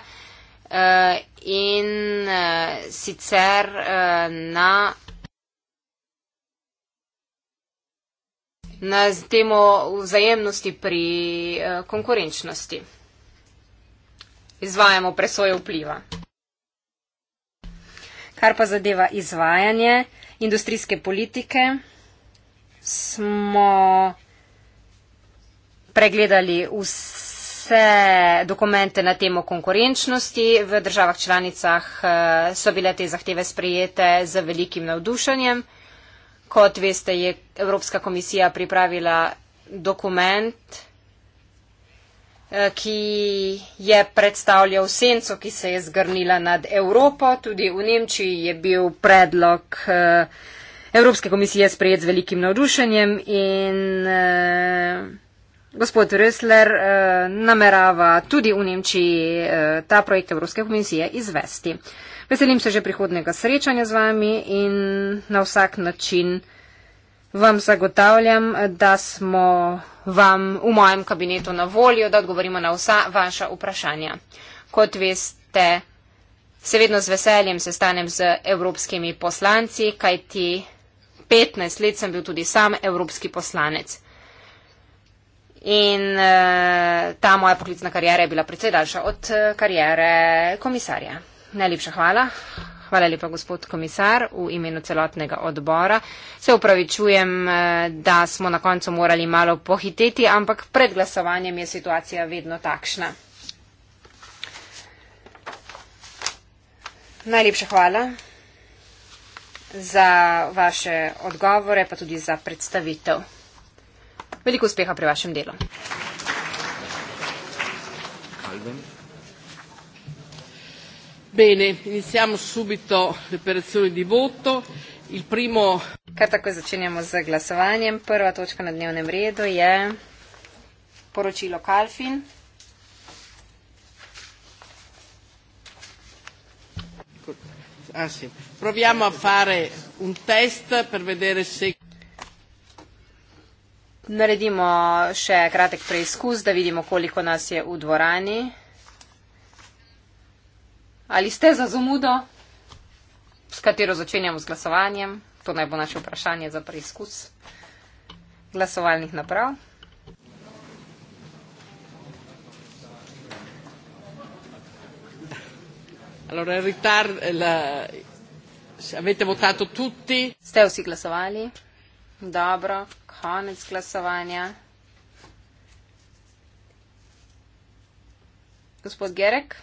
eh, in eh, sicer eh, na na temo vzajemnosti pri konkurenčnosti. Izvajamo presojo vpliva. Kar pa zadeva izvajanje industrijske politike, smo pregledali vse dokumente na temo konkurenčnosti. V državah članicah eh, so bile te zahteve sprejete z velikim navdušenjem. Kot veste, je Evropska komisija pripravila dokument eh, ki je predstavljal senco, ki se je zgrnila nad Evropo. Tudi v Nemčiji je bil predlog eh, Evropske komisije sprejet z velikim navdušenjem in eh, gospod Rösler eh, namerava tudi v Nemčiji eh, ta projekt Evropske komisije izvesti. Veselim se že prihodnega srečanja z vami in na vsak način vam zagotavljam, da smo vam v mojem kabinetu na voljo, da odgovorimo na vsa vaša vprašanja. Kot veste, se vedno z veseljem sestanem z evropskimi poslanci, kajti 15 let sem bil tudi sam evropski poslanec. In uh, ta moja poklicna karijera je bila precej daljša od eh, karijere komisarja. Najlepša hvala. Hvala lepa, gospod komisar, v imenu celotnega odbora. Se upravičujem, eh, da smo na koncu morali malo pohiteti, ampak pred glasovanjem je situacija vedno takšna. Najlepša hvala za vaše odgovore, pa tudi za predstavitev. Veliko uspeha pri vašem delu. Alben. Bene, iniziamo subito l'operazione di voto. Il primo... Kar tako začenjamo z glasovanjem. Prva točka na dnevnem redu je poročilo Kalfin. Ah, sì. Proviamo a fare un test per vedere se. Naredimo še kratek preizkus, da vidimo, koliko nas je v dvorani. Ali ste za zamudo, s katero začenjamo z glasovanjem? To naj bo naše vprašanje za preizkus glasovalnih naprav. Allora, in ritardo, la... avete votato tutti? Ste vsi glasovali? Dobro, konec glasovanja. Gospod Gerek?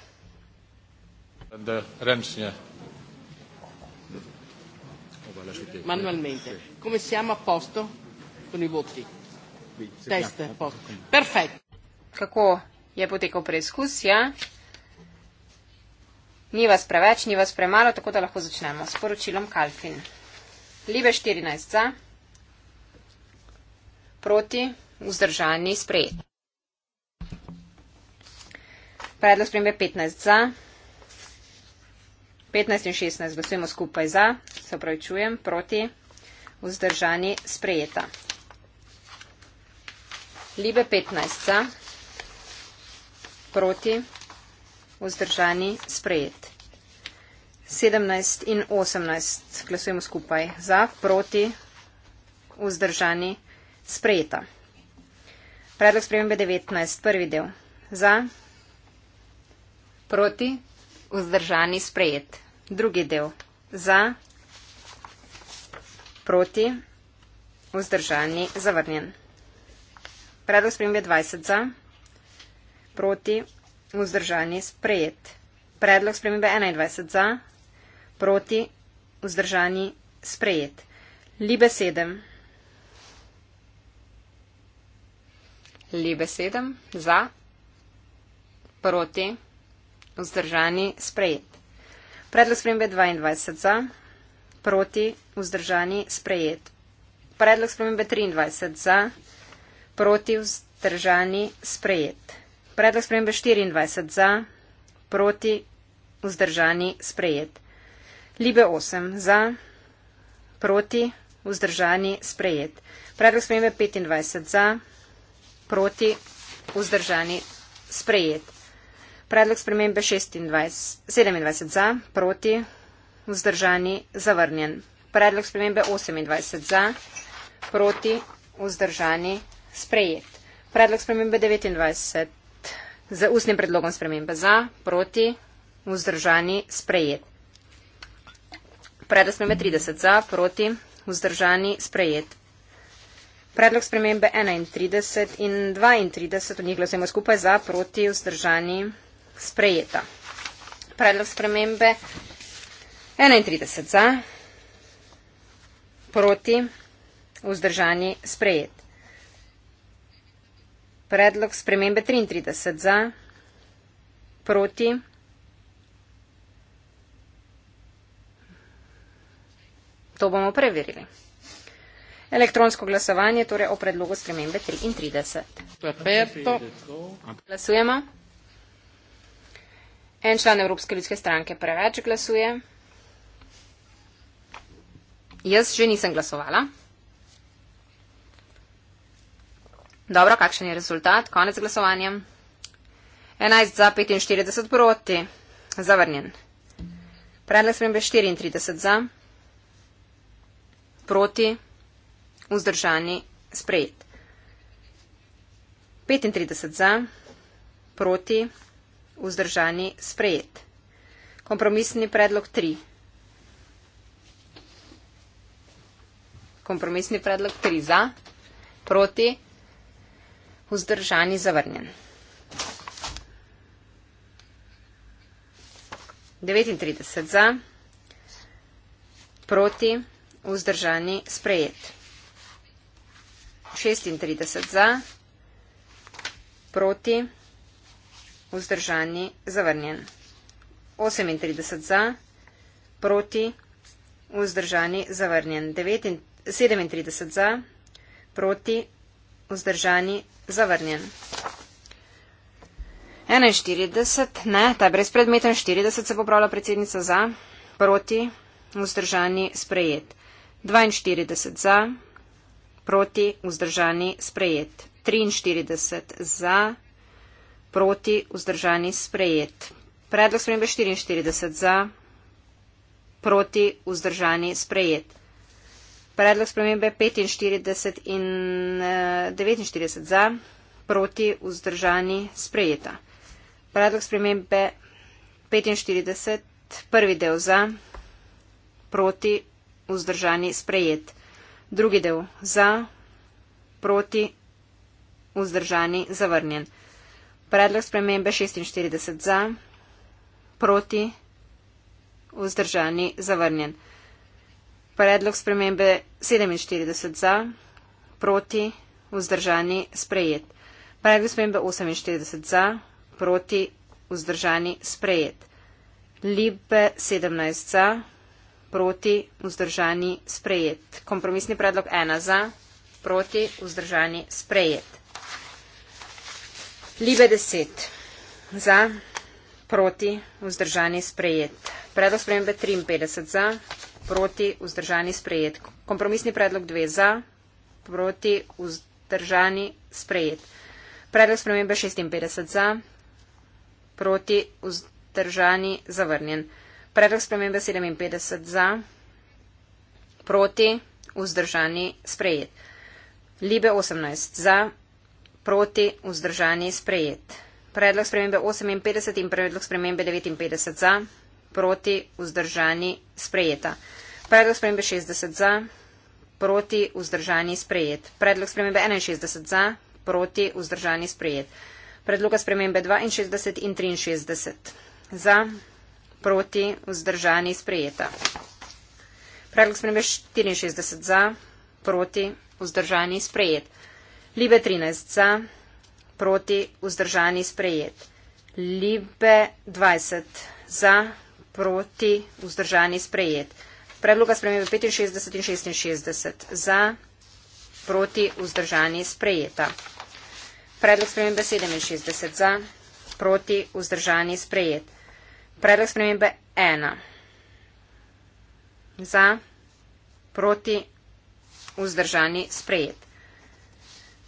Manualmente. Come siamo a posto con i voti? Test, posto. Perfetto. Kako je potekal preizkus? Ja? Ni vas preveč, ni vas premalo, tako da lahko začnemo s poročilom Kalfin. Libe 14 za, proti, vzdržani, sprejeti. Predlog spremembe 15 za, 15 in 16 glasujemo skupaj za, se upravičujem, proti, vzdržani, sprejeta. Libe 15 za, proti, vzdržani, sprejeta vzdržani, sprejet. 17 in 18 glasujemo skupaj za, proti, vzdržani, sprejeta. Predlog spremembe 19, prvi del. Za, proti, vzdržani, sprejet. Drugi del. Za, proti, vzdržani, zavrnjen. Predlog spremembe 20 za, proti, vzdržan je sprejet. Predlog spremembe 21 za, proti, vzdržan je sprejet. Libe 7. Libe 7 za, proti, vzdržan je sprejet. Predlog spremembe 22 za, proti, vzdržan je sprejet. Predlog spremembe 23 za, proti, vzdržan je sprejet. Predlog spremembe 24 za, proti, vzdržani, sprejet. Libe 8 za, proti, vzdržani, sprejet. Predlog spremembe 25 za, proti, vzdržani, sprejet. Predlog spremembe 26, 27 za, proti, vzdržani, zavrnjen. Predlog spremembe 28 za, proti, vzdržani, sprejet. Predlog spremembe 29 z ustnim predlogom spremembe za, proti, vzdržani, sprejet. Predlog spremembe 30 za, proti, vzdržani, sprejet. Predlog spremembe 31 in 32, od njih glasujemo skupaj za, proti, vzdržani, sprejeta. Predlog spremembe 31 za, proti, vzdržani, sprejet. Predlog spremembe 33 za, proti. To bomo preverili. Elektronsko glasovanje torej o predlogu spremembe 33. Peto. Glasujemo. En član Evropske ljudske stranke preveč glasuje. Jaz že nisem glasovala. Dobro, kakšen je rezultat? Konec glasovanja. 11 za 45 proti. Zavrnjen. Predlog spremembe 34 za. Proti. Vzdržani. Sprejet. 35 za. Proti. Vzdržani. Sprejet. Kompromisni predlog 3. Kompromisni predlog 3 za. Proti vzdržani zavrnjen. 39 za, proti, vzdržani, sprejet. 36 za, proti, vzdržani, zavrnjen. 38 za, proti, vzdržani, zavrnjen. 37 za, proti, vzdržani, zavrnjen. 41, ne, ta brezpredmeten 40 se popravlja predsednica za, proti, vzdržani, sprejet. 42 za, proti, vzdržani, sprejet. 43 za, proti, vzdržani, sprejet. Predlog spremembe 44 za, proti, vzdržani, sprejet. Predlog spremembe 45 in 49 eh, za, proti vzdržani sprejeta. Predlog spremembe 45, prvi del za, proti vzdržani sprejet. Drugi del za, proti vzdržani zavrnjen. Predlog spremembe 46 za, proti vzdržani zavrnjen. Predlog spremembe 47 za, proti, vzdržani, sprejet. Predlog spremembe 48 za, proti, vzdržani, sprejet. Libe 17 za, proti, vzdržani, sprejet. Kompromisni predlog 1 za, proti, vzdržani, sprejet. Libe 10 za, proti, vzdržani, sprejet. Predlog spremembe 53 za, proti, vzdržani, sprejet proti, vzdržani sprejet. Kompromisni predlog dve za, proti, vzdržani sprejet. Predlog spremembe 56 za, proti, vzdržani zavrnjen. Predlog spremembe 57 za, proti, vzdržani sprejet. Libe 18 za, proti, vzdržani sprejet. Predlog spremembe 58 in predlog spremembe 59 za, proti, vzdržani, sprejeta. Predlog spremembe 60 za, proti, vzdržani, sprejet. Predlog spremembe 61 za, proti, vzdržani, sprejet. Predloga spremembe 62 in 63 za, proti, vzdržani, sprejeta. Predlog spremembe 64 za, proti, vzdržani, sprejet. Libe 13 za, proti, vzdržani, sprejet. Libe 20 za, proti, vzdržani sprejet. Predloga spremembe 65 in 66 za, proti, vzdržani sprejeta. Predlog spremembe 67 za, proti, vzdržani sprejet. Predlog spremembe 1 za, proti, vzdržani sprejet.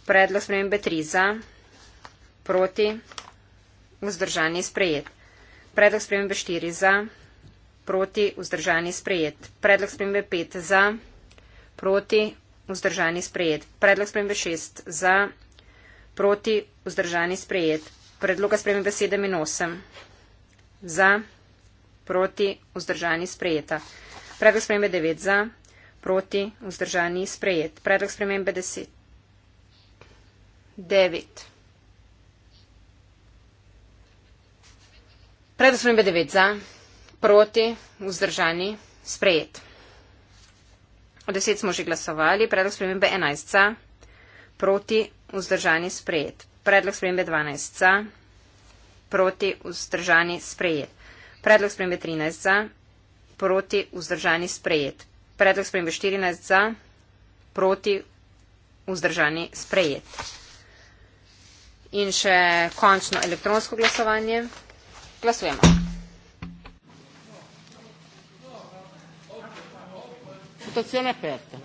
Predlog spremembe 3 za, proti, vzdržani sprejet. Predlog spremembe 4 za, proti, vzdržani sprejet proti, vzdržani sprejet. Predlog spremembe 5 za, proti, vzdržani sprejet. Predlog spremembe 6 za, proti, vzdržani sprejet. Predloga spremembe 7 in 8 za, proti, vzdržani sprejeta. Predlog spremembe 9 za, proti, vzdržani sprejet. Predlog spremembe 10. 9. Predlog spremembe 9 za proti, vzdržani, sprejet. O deset smo že glasovali, predlog spremembe 11, za, proti, vzdržani, sprejet. Predlog spremembe 12, za, proti, vzdržani, sprejet. Predlog spremembe 13, za, proti, vzdržani, sprejet. Predlog spremembe 14, za, proti, vzdržani, sprejet. In še končno elektronsko glasovanje. Glasujemo. Votazione aperta.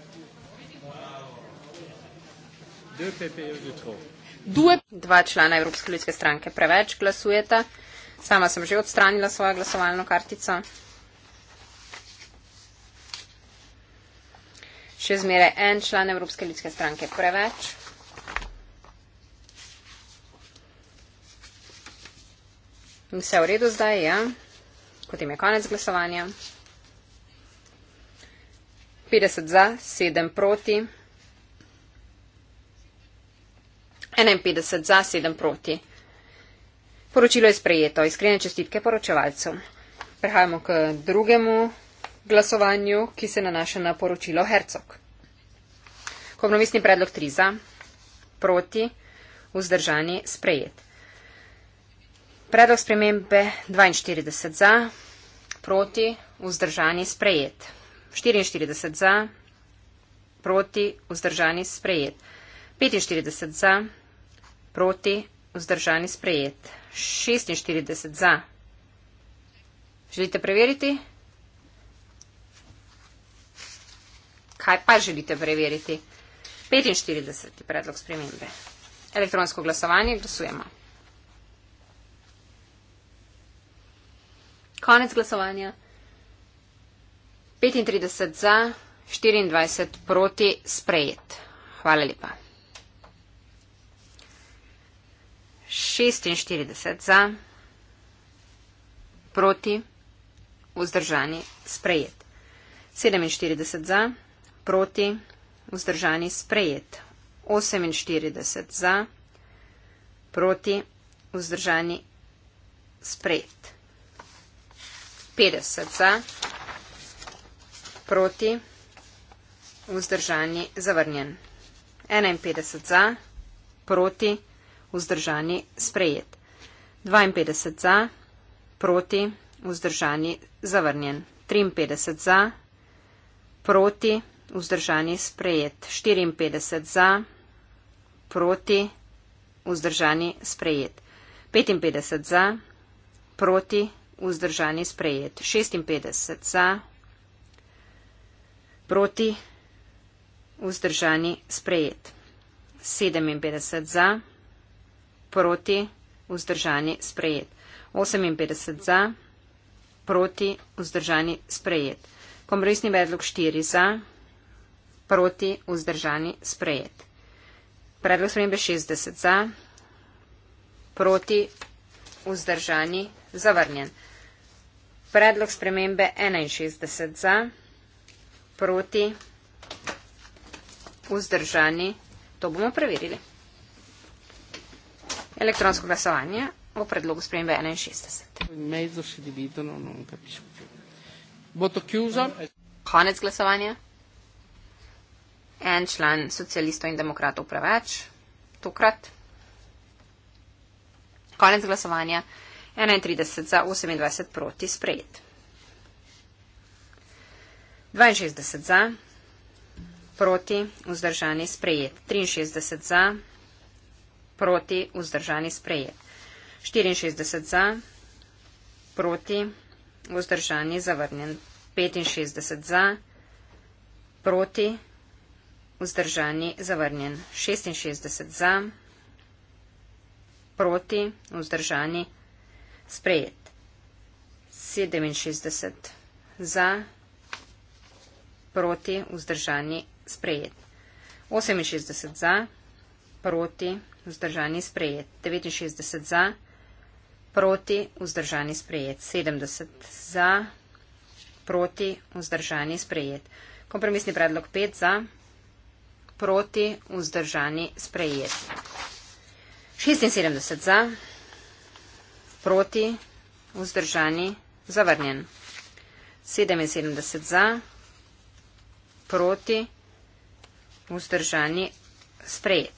Due... Dva člana Evropske ljudske stranke preveč glasujeta. Sama sem že odstranila svojo glasovalno kartico. Še zmeraj en član Evropske ljudske stranke preveč. Vse v redu zdaj, ja. Potem je konec glasovanja. 50 za, 7 proti. 51 za, 7 proti. Poročilo je sprejeto. Iskrene čestitke poročevalcu. Prehajamo k drugemu glasovanju, ki se nanaša na poročilo Hercog. Kompromisni predlog 3 za, proti, vzdržani, sprejet. Predlog spremembe 42 za, proti, vzdržani, sprejet. 44 za, proti, vzdržani sprejet. 45 za, proti, vzdržani sprejet. 46 za. Želite preveriti? Kaj pa želite preveriti? 45. predlog spremembe. Elektronsko glasovanje glasujemo. Konec glasovanja. 35 za, 24 proti sprejet. Hvala lepa. 46 za, proti, vzdržani, sprejet. 47 za, proti, vzdržani, sprejet. 48 za, proti, vzdržani, sprejet. 50 za, proti, vzdržani, zavrnjen. 51 za, proti, vzdržani, sprejet. 52 za, proti, vzdržani, zavrnjen. 53 za, proti, vzdržani, sprejet. 54 za, proti, vzdržani, sprejet. 55 za, proti, vzdržani, sprejet. 56 za, proti, vzdržani, sprejet. 57 za, proti, vzdržani, sprejet. 58 za, proti, vzdržani, sprejet. Kompromisni predlog 4 za, proti, vzdržani, sprejet. Predlog spremembe 60 za, proti, vzdržani, zavrnjen. Predlog spremembe 61 za, proti, vzdržani, zavrnjen proti, vzdržani. To bomo preverili. Elektronsko glasovanje o predlogu spremembe 61. Konec glasovanja. En član socialistov in demokratov preveč. Tokrat. Konec glasovanja. 31 za 28 proti sprejet. 62 za, proti, vzdržani sprejet. 63 za, proti, vzdržani sprejet. 64 za, proti, vzdržani zavrnjen. 65 za, proti, vzdržani zavrnjen. 66 za, proti, vzdržani sprejet. 67 za, proti, vzdržani zavrnjen proti, vzdržani, sprejet. 68 za, proti, vzdržani, sprejet. 69 za, proti, vzdržani, sprejet. 70 za, proti, vzdržani, sprejet. Kompromisni predlog 5 za, proti, vzdržani, sprejet. 76 za, proti, vzdržani, zavrnjen. 77 za, proti, vzdržani, sprejet proti, vzdržani, sprejet.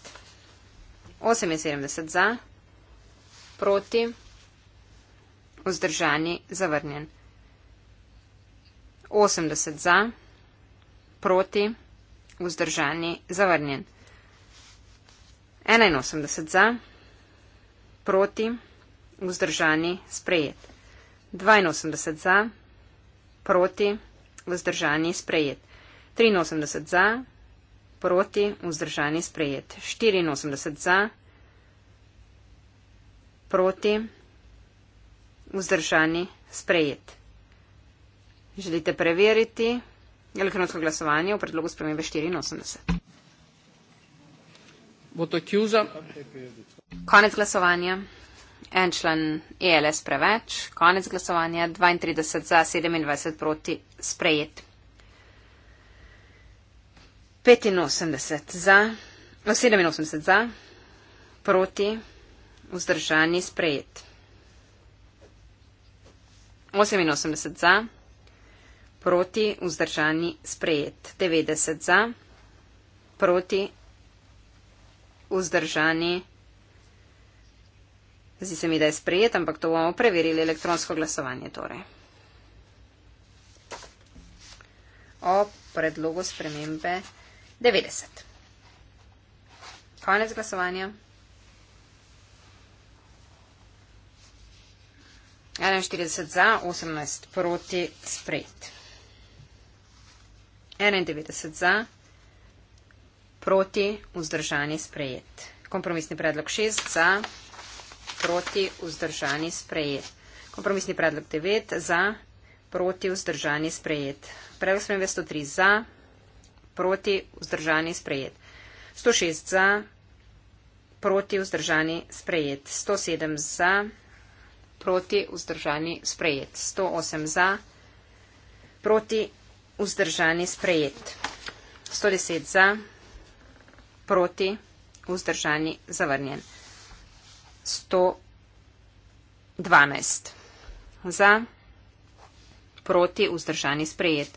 78 za, proti, vzdržani, zavrnjen. 80 za, proti, vzdržani, zavrnjen. 81 za, proti, vzdržani, sprejet. 82 za, proti, vzdržani, sprejet. 83 za, proti, vzdržani sprejet. 84 za, proti, vzdržani sprejet. Želite preveriti elektronsko glasovanje v predlogu spremembe 84? Konec glasovanja. En član ELS preveč. Konec glasovanja. 32 za, 27 proti. Sprejet. 85 za, 87 za, proti, vzdržani, sprejet. 88 za, proti, vzdržani, sprejet. 90 za, proti, vzdržani, zdi se mi, da je sprejet, ampak to bomo preverili elektronsko glasovanje torej. O predlogu spremembe 90. Konec glasovanja. 41 za, 18 proti, sprejet. 91 za, proti, vzdržani, sprejet. Kompromisni predlog 6 za, proti, vzdržani, sprejet. Kompromisni predlog 9 za, proti, vzdržani, sprejet. Predlog 103 za proti vzdržani sprejet. 106 za, proti vzdržani sprejet. 107 za, proti vzdržani sprejet. 108 za, proti vzdržani sprejet. 110 za, proti vzdržani zavrnjen. 112 za, proti vzdržani sprejet.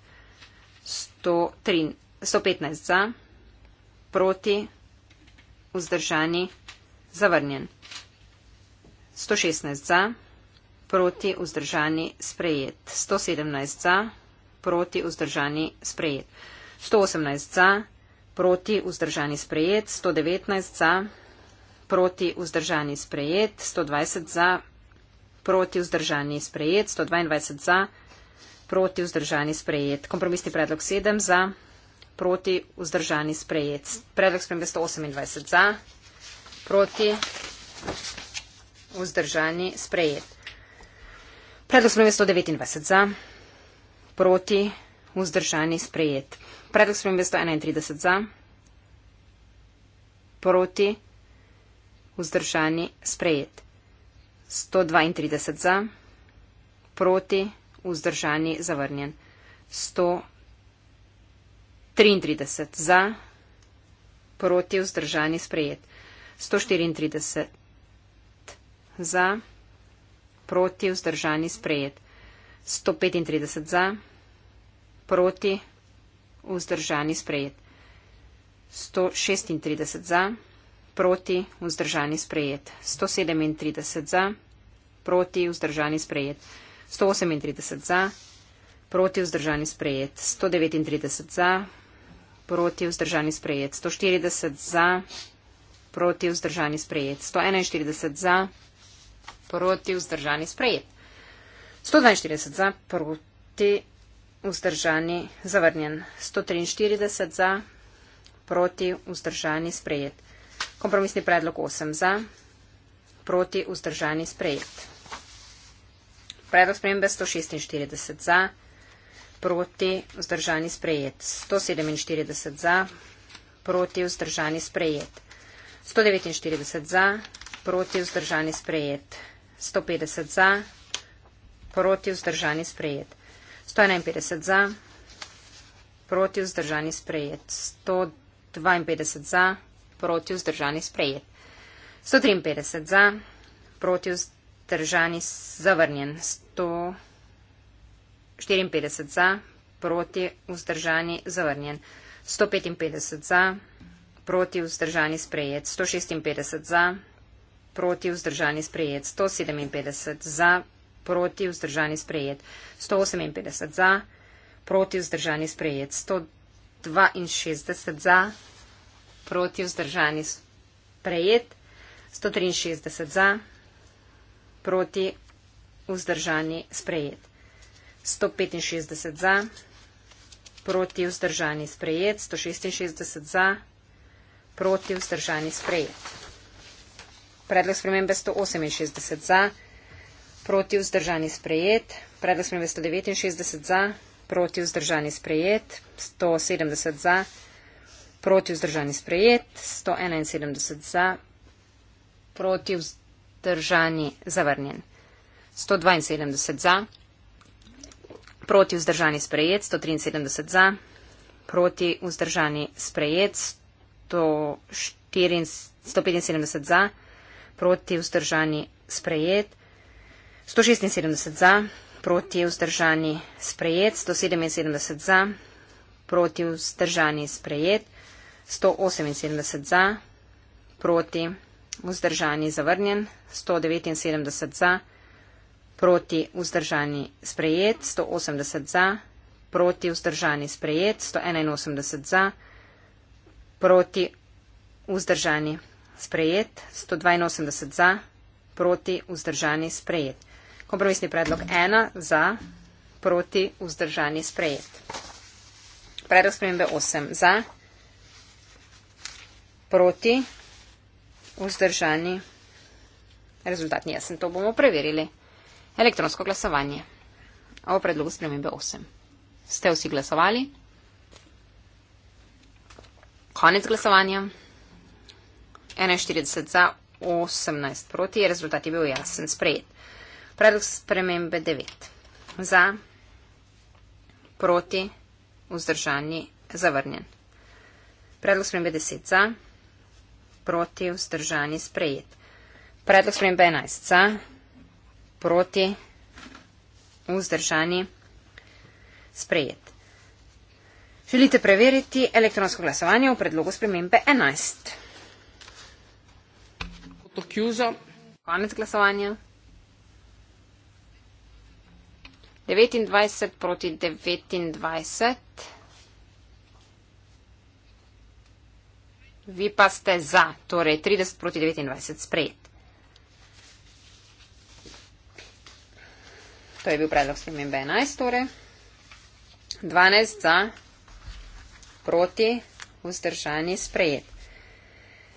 103 za. 115 za, proti, vzdržani, zavrnjen. 116 za, proti, vzdržani, sprejet. 117 za, proti, vzdržani, sprejet. 118 za, proti, vzdržani, sprejet. 119 za, proti, vzdržani, sprejet. 120 za, proti, vzdržani, sprejet. 122 za, proti, vzdržani, sprejet. Kompromisni predlog 7 za proti, vzdržani sprejet. Predlog spremembe 128 za, proti, vzdržani sprejet. Predlog spremembe 129 za, proti, vzdržani sprejet. Predlog spremembe 131 za, proti, vzdržani sprejet. 132 za, proti, vzdržani zavrnjen. 100. 33 za, proti vzdržani sprejet. 134 za, proti vzdržani sprejet. 135 za, proti vzdržani sprejet. 136 za, proti vzdržani sprejet. 137 za, proti vzdržani sprejet. 138 za, proti vzdržani sprejet. 139 za, proti vzdržani sprejet, 140 za, proti vzdržani sprejet, 141 za, proti vzdržani sprejet, 142 za, proti vzdržani zavrnjen, 143 za, proti vzdržani sprejet. Kompromisni predlog 8 za, proti vzdržani sprejet. Predlog spremembe 146 za, proti, vzdržani sprejet. 147 za, proti, vzdržani sprejet. 149 za, proti, vzdržani sprejet. 150 za, proti, vzdržani sprejet. 151 za, proti, vzdržani sprejet. 152 za, proti, vzdržani sprejet. 153 za, proti, vzdržani zavrnjen. 100 54 za, proti, vzdržani, zavrnjen. 155 za, proti, vzdržani, sprejet. 156 za, proti, vzdržani, sprejet. 157 za, proti, vzdržani, sprejet. 158 za, proti, vzdržani, sprejet. 162 za, proti, vzdržani, sprejet. 163 za, proti, vzdržani, sprejet. 165 za, proti vzdržani sprejet, 166 za, proti vzdržani sprejet. Predlog spremembe 168 za, proti vzdržani sprejet, predlog spremembe 169 za, proti vzdržani sprejet, 170 za, proti vzdržani sprejet, 171 za, proti vzdržani zavrnjen, 172 za proti vzdržani sprejet, 173 za, proti vzdržani sprejet, 175 za, proti vzdržani sprejet, 176 za, proti vzdržani sprejet, 177 za, proti vzdržani sprejet, 178 za, proti vzdržani zavrnjen, 179 za, proti vzdržani sprejet, 180 za, proti vzdržani sprejet, 181 za, proti vzdržani sprejet, 182 za, proti vzdržani sprejet. Kompromisni predlog 1 za, proti vzdržani sprejet. Predlog spremembe 8 za, proti vzdržani. Rezultat ni jasen, to bomo preverili. Elektronsko glasovanje. O predlogu spremembe 8. Ste vsi glasovali? Konec glasovanja. 41 za, 18 proti. Rezultat je bil jasen, sprejet. Predlog spremembe 9. Za, proti, vzdržani, zavrnjen. Predlog spremembe 10. Za, proti, vzdržani, sprejet. Predlog spremembe 11. Za, proti, vzdržani, sprejet. Želite preveriti elektronsko glasovanje v predlogu spremembe 11. Konec glasovanja. 29 proti 29. Vi pa ste za, torej 30 proti 29 sprejet. To je bil predlog spremembe 11, torej 12 za, proti, vzdržani, sprejet.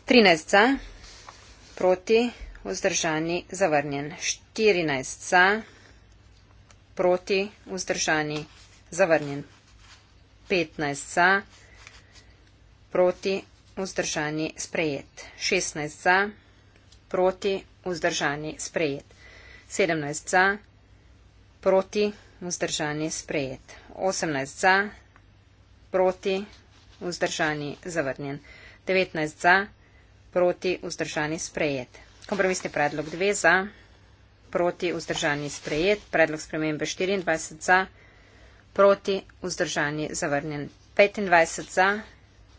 13 za, proti, vzdržani, zavrnjen. 14 za, proti, vzdržani, zavrnjen. 15 za, proti, vzdržani, sprejet. 16 za, proti, vzdržani, sprejet. 17 za, proti, vzdržani, sprejet proti, vzdržan je sprejet. 18 za, proti, vzdržan je zavrnjen. 19 za, proti, vzdržan je sprejet. Kompromisni predlog 2 za, proti, vzdržan je sprejet. Predlog spremembe 24 za, proti, vzdržan je zavrnjen. 25 za,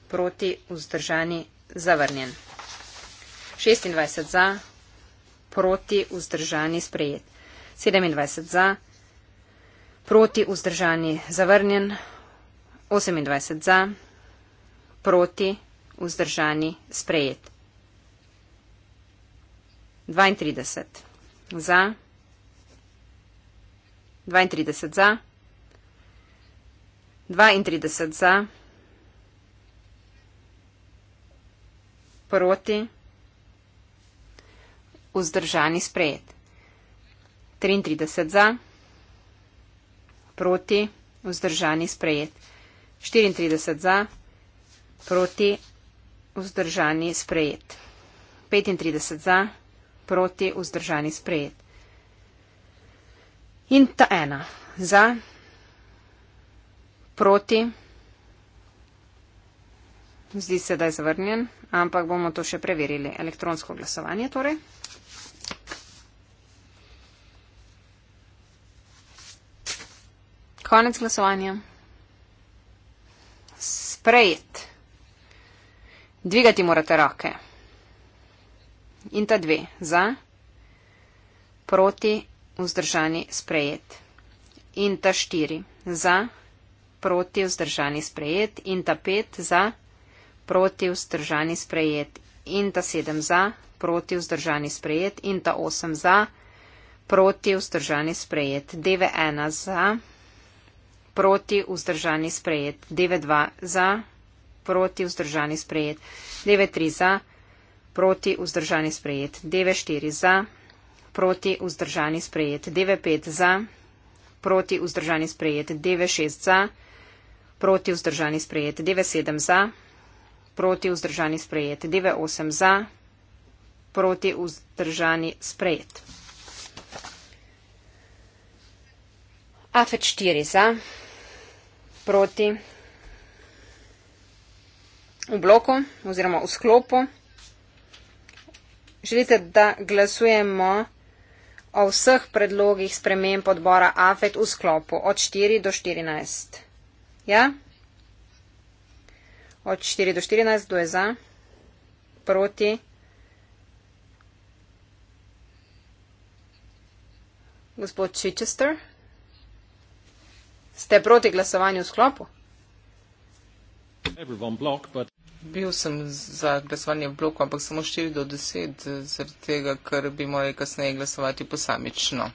proti, vzdržan je zavrnjen. 26 za, proti, vzdržan je sprejet. 27 za, proti, vzdržan je zavrnjen proti vzdržani zavrnjen, 28 za, proti vzdržani sprejet. 32 za, 32 za, 32 za, proti vzdržani sprejet. 33 za, 33 za, proti, vzdržani sprejet. 34 za, proti, vzdržani sprejet. 35 za, proti, vzdržani sprejet. In ta ena za, proti, zdi se, da je zavrnjen, ampak bomo to še preverili elektronsko glasovanje torej. Konec glasovanja. Sprejet. Dvigati morate roke. In ta dve. Za, proti, vzdržani, sprejet. In ta štiri. Za, proti, vzdržani, sprejet. In ta pet. Za, proti, vzdržani, sprejet. In ta sedem. Za, proti, vzdržani, sprejet. In ta osem. Za, proti, vzdržani, sprejet. Deve ena. Za proti vzdržani sprejet. 9-2 za, proti vzdržani sprejet. 9-3 za, proti vzdržani sprejet. 9-4 za, proti vzdržani sprejet. 9-5 za, proti vzdržani sprejet. 9-6 za, proti vzdržani sprejet. 9-7 za, proti vzdržani sprejet. 9-8 za, proti vzdržani sprejet. AFET 4 za, proti v bloku oziroma v sklopu. Želite, da glasujemo o vseh predlogih sprememb odbora AFET v sklopu od 4 do 14. Ja? Od 4 do 14, kdo je za? Proti? Gospod Chichester? Ste proti glasovanju v sklopu? Block, but... Bil sem za glasovanje v bloku, ampak samo 4 do 10, zaradi tega, ker bi morali kasneje glasovati posamično.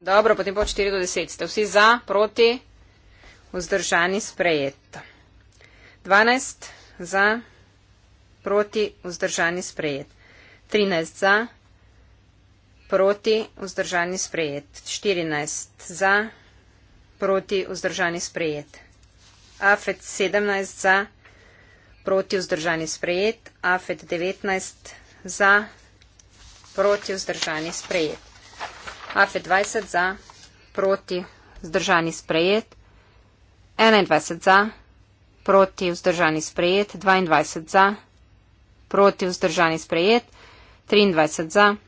Dobro, potem pa 4 do 10. Ste vsi za, proti, vzdržani, sprejeto. 12 za, proti, vzdržani, sprejeto. 13 za, proti, vzdržani sprejet. 14 za, proti, vzdržani sprejet. AFET 17 za, proti, vzdržani sprejet. AFET 19 za, proti, vzdržani sprejet. AFET 20 za, proti, vzdržani sprejet. 21 za, proti, vzdržani sprejet. 22 za, proti, vzdržani sprejet. 23 za, proti, vzdržani sprejet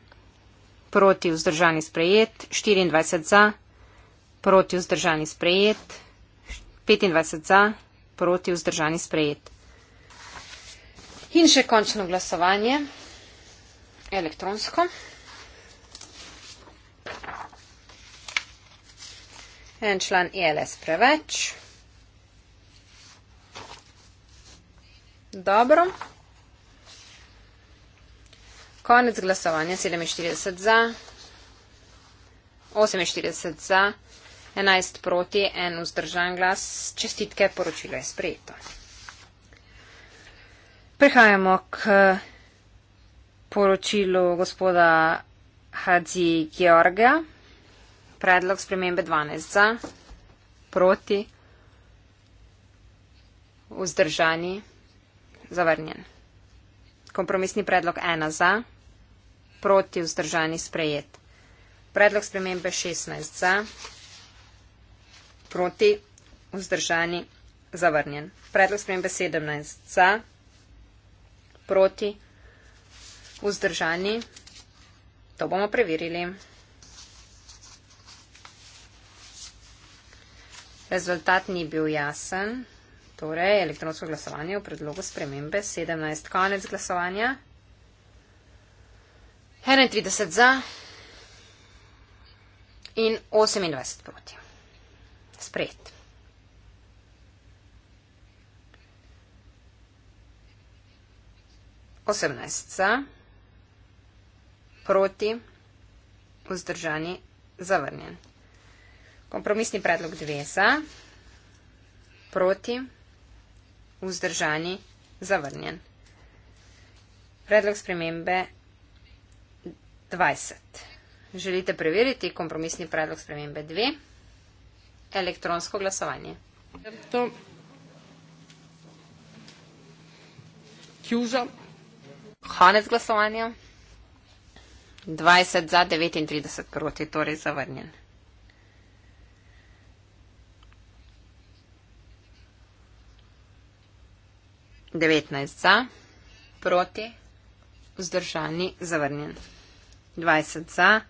proti vzdržani sprejet, 24 za, proti vzdržani sprejet, 25 za, proti vzdržani sprejet. In še končno glasovanje, elektronsko. En član ELS preveč. Dobro. Konec glasovanja 47 za, 48 za, 11 proti, 1 vzdržan glas. Čestitke, poročilo je sprejeto. Prehajamo k poročilu gospoda Hadzi Georgija. Predlog spremembe 12 za, proti, vzdržani, zavrnjen. Kompromisni predlog 1 za, proti vzdržani sprejet. Predlog spremembe 16 za, proti vzdržani zavrnjen. Predlog spremembe 17 za, proti vzdržani. To bomo preverili. Rezultat ni bil jasen, torej elektronsko glasovanje v predlogu spremembe 17. Konec glasovanja. 31 za in 28 proti. Sprejet. Osemnajst za, proti, vzdržani, zavrnjen. Kompromisni predlog dve za, proti, vzdržani, zavrnjen. Predlog spremembe 20. Želite preveriti kompromisni predlog spremembe 2? Elektronsko glasovanje. Četrto. Kjuža. Konec glasovanja. 20 za 39 proti, torej zavrnjen. Devetnajst za, proti, vzdržani, zavrnjen. 20 za,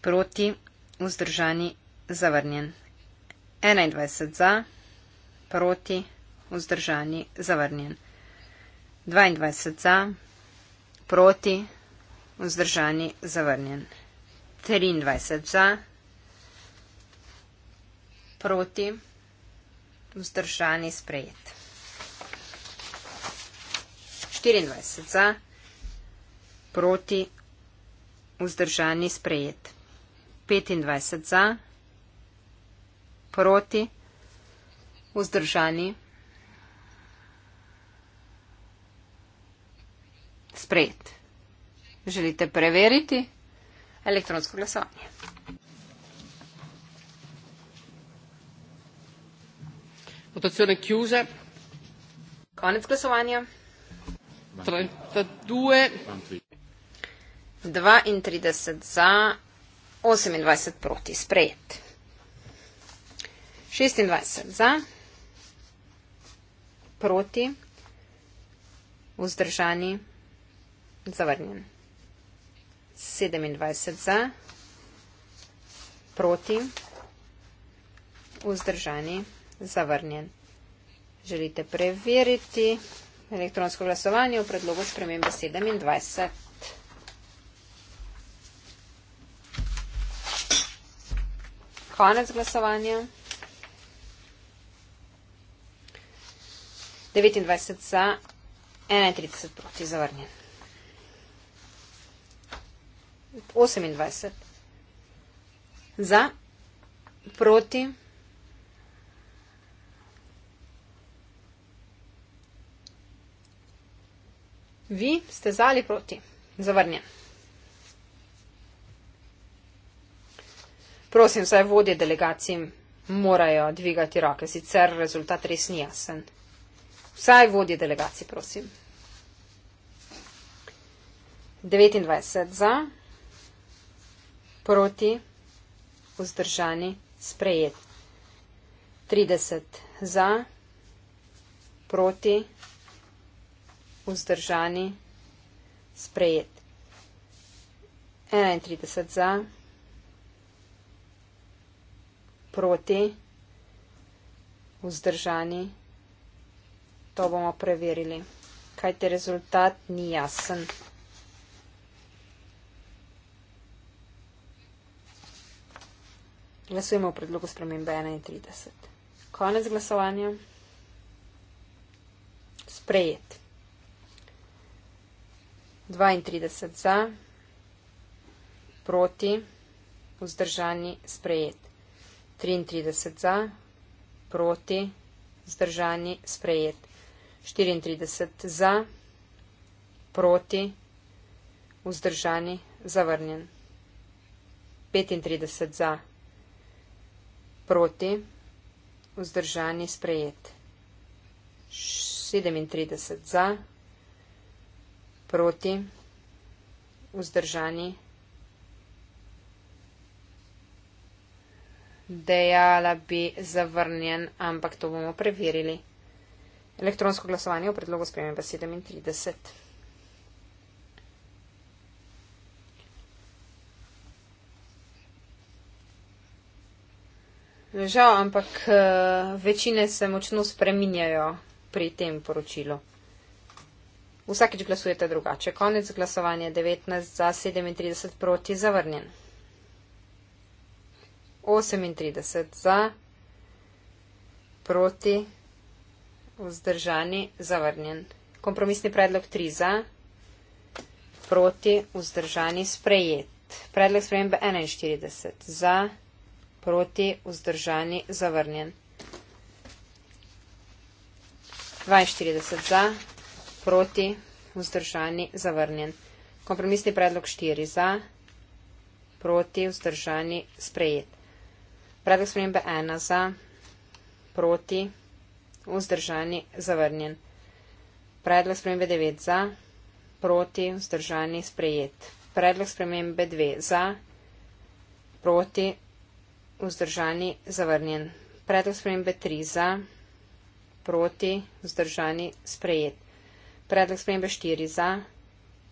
proti, vzdržani, zavrnjen. 21 za, proti, vzdržani, zavrnjen. 22 za, proti, vzdržani, zavrnjen. 23 za, proti, vzdržani, sprejet. 24 za, proti, vzdržani sprejet. 25 za, proti, vzdržani sprejet. Želite preveriti elektronsko glasovanje? Votazione chiusa. Konec glasovanja. 32. 32 za, 28 proti, sprejet. 26 za, proti, vzdržani, zavrnjen. 27 za, proti, vzdržani, zavrnjen. Želite preveriti elektronsko glasovanje v predlogu spremembe 27. Konec glasovanja. 29 za, 31 proti zavrnjen. 28 za, proti. 28 za, proti. Vi ste za ali proti? Zavrnjen. prosim, vsaj vodje delegacij morajo dvigati roke, sicer rezultat res ni jasen. Vsaj vodje delegacij, prosim. 29 za, proti, vzdržani, sprejet. 30 za, proti, vzdržani, sprejet. 31 za, proti proti, vzdržani. To bomo preverili, kajte rezultat ni jasen. Glasujemo v predlogu spremembe 31. Konec glasovanja. Sprejet. 32 za, proti, vzdržani, sprejet. 33 za, proti, zdržani, sprejet. 34 za, proti, vzdržani, zavrnjen. 35 za, proti, vzdržani, sprejet. 37 za, proti, vzdržani, sprejet. dejala bi zavrnjen, ampak to bomo preverili. Elektronsko glasovanje v predlogu spremembe 37. Žal, ampak eh, večine se močno spreminjajo pri tem poročilu. Vsakič glasujete drugače. Konec glasovanja 19 za 37 proti zavrnjen. 38 za, proti, vzdržani, zavrnjen. Kompromisni predlog 3 za, proti, vzdržani, sprejet. Predlog spremembe 41 za, proti, vzdržani, zavrnjen. 42 za, proti, vzdržani, zavrnjen. Kompromisni predlog 4 za, proti, vzdržani, sprejet. Predlog spremembe ena za, proti, vzdržani, zavrnjen. Predlog spremembe devet za, proti, vzdržani, sprejet. Predlog spremembe dve za, proti, vzdržani, zavrnjen. Predlog spremembe tri za, proti, vzdržani, sprejet. Predlog spremembe štiri za,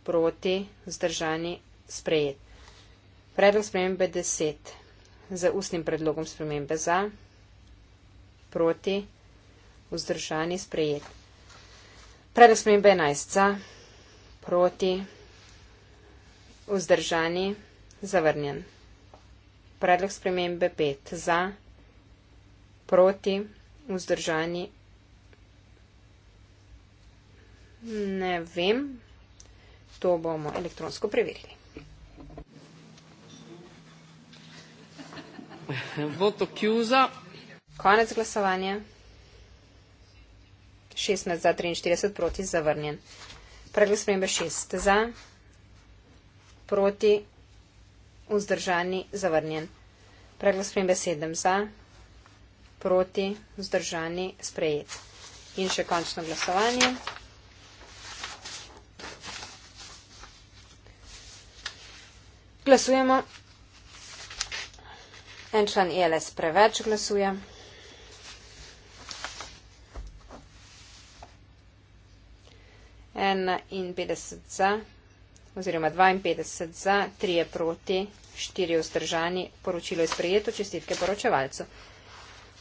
proti, vzdržani, sprejet. Predlog spremembe deset z ustnim predlogom spremembe za, proti, vzdržani, sprejet. Predlog spremembe 11 za, proti, vzdržani, zavrnjen. Predlog spremembe 5 za, proti, vzdržani, ne vem, to bomo elektronsko preverili. voto kjuza. Konec glasovanja. 16 za 43 proti zavrnjen. Predlog spremembe 6 za, proti, vzdržani, zavrnjen. Predlog spremembe 7 za, proti, vzdržani, sprejet. In še končno glasovanje. Glasujemo. En član ELS preveč glasuje. En in 50 za, oziroma 52 za, 3 je proti, 4 je vzdržani. Poročilo je sprejeto, čestitke poročevalcu.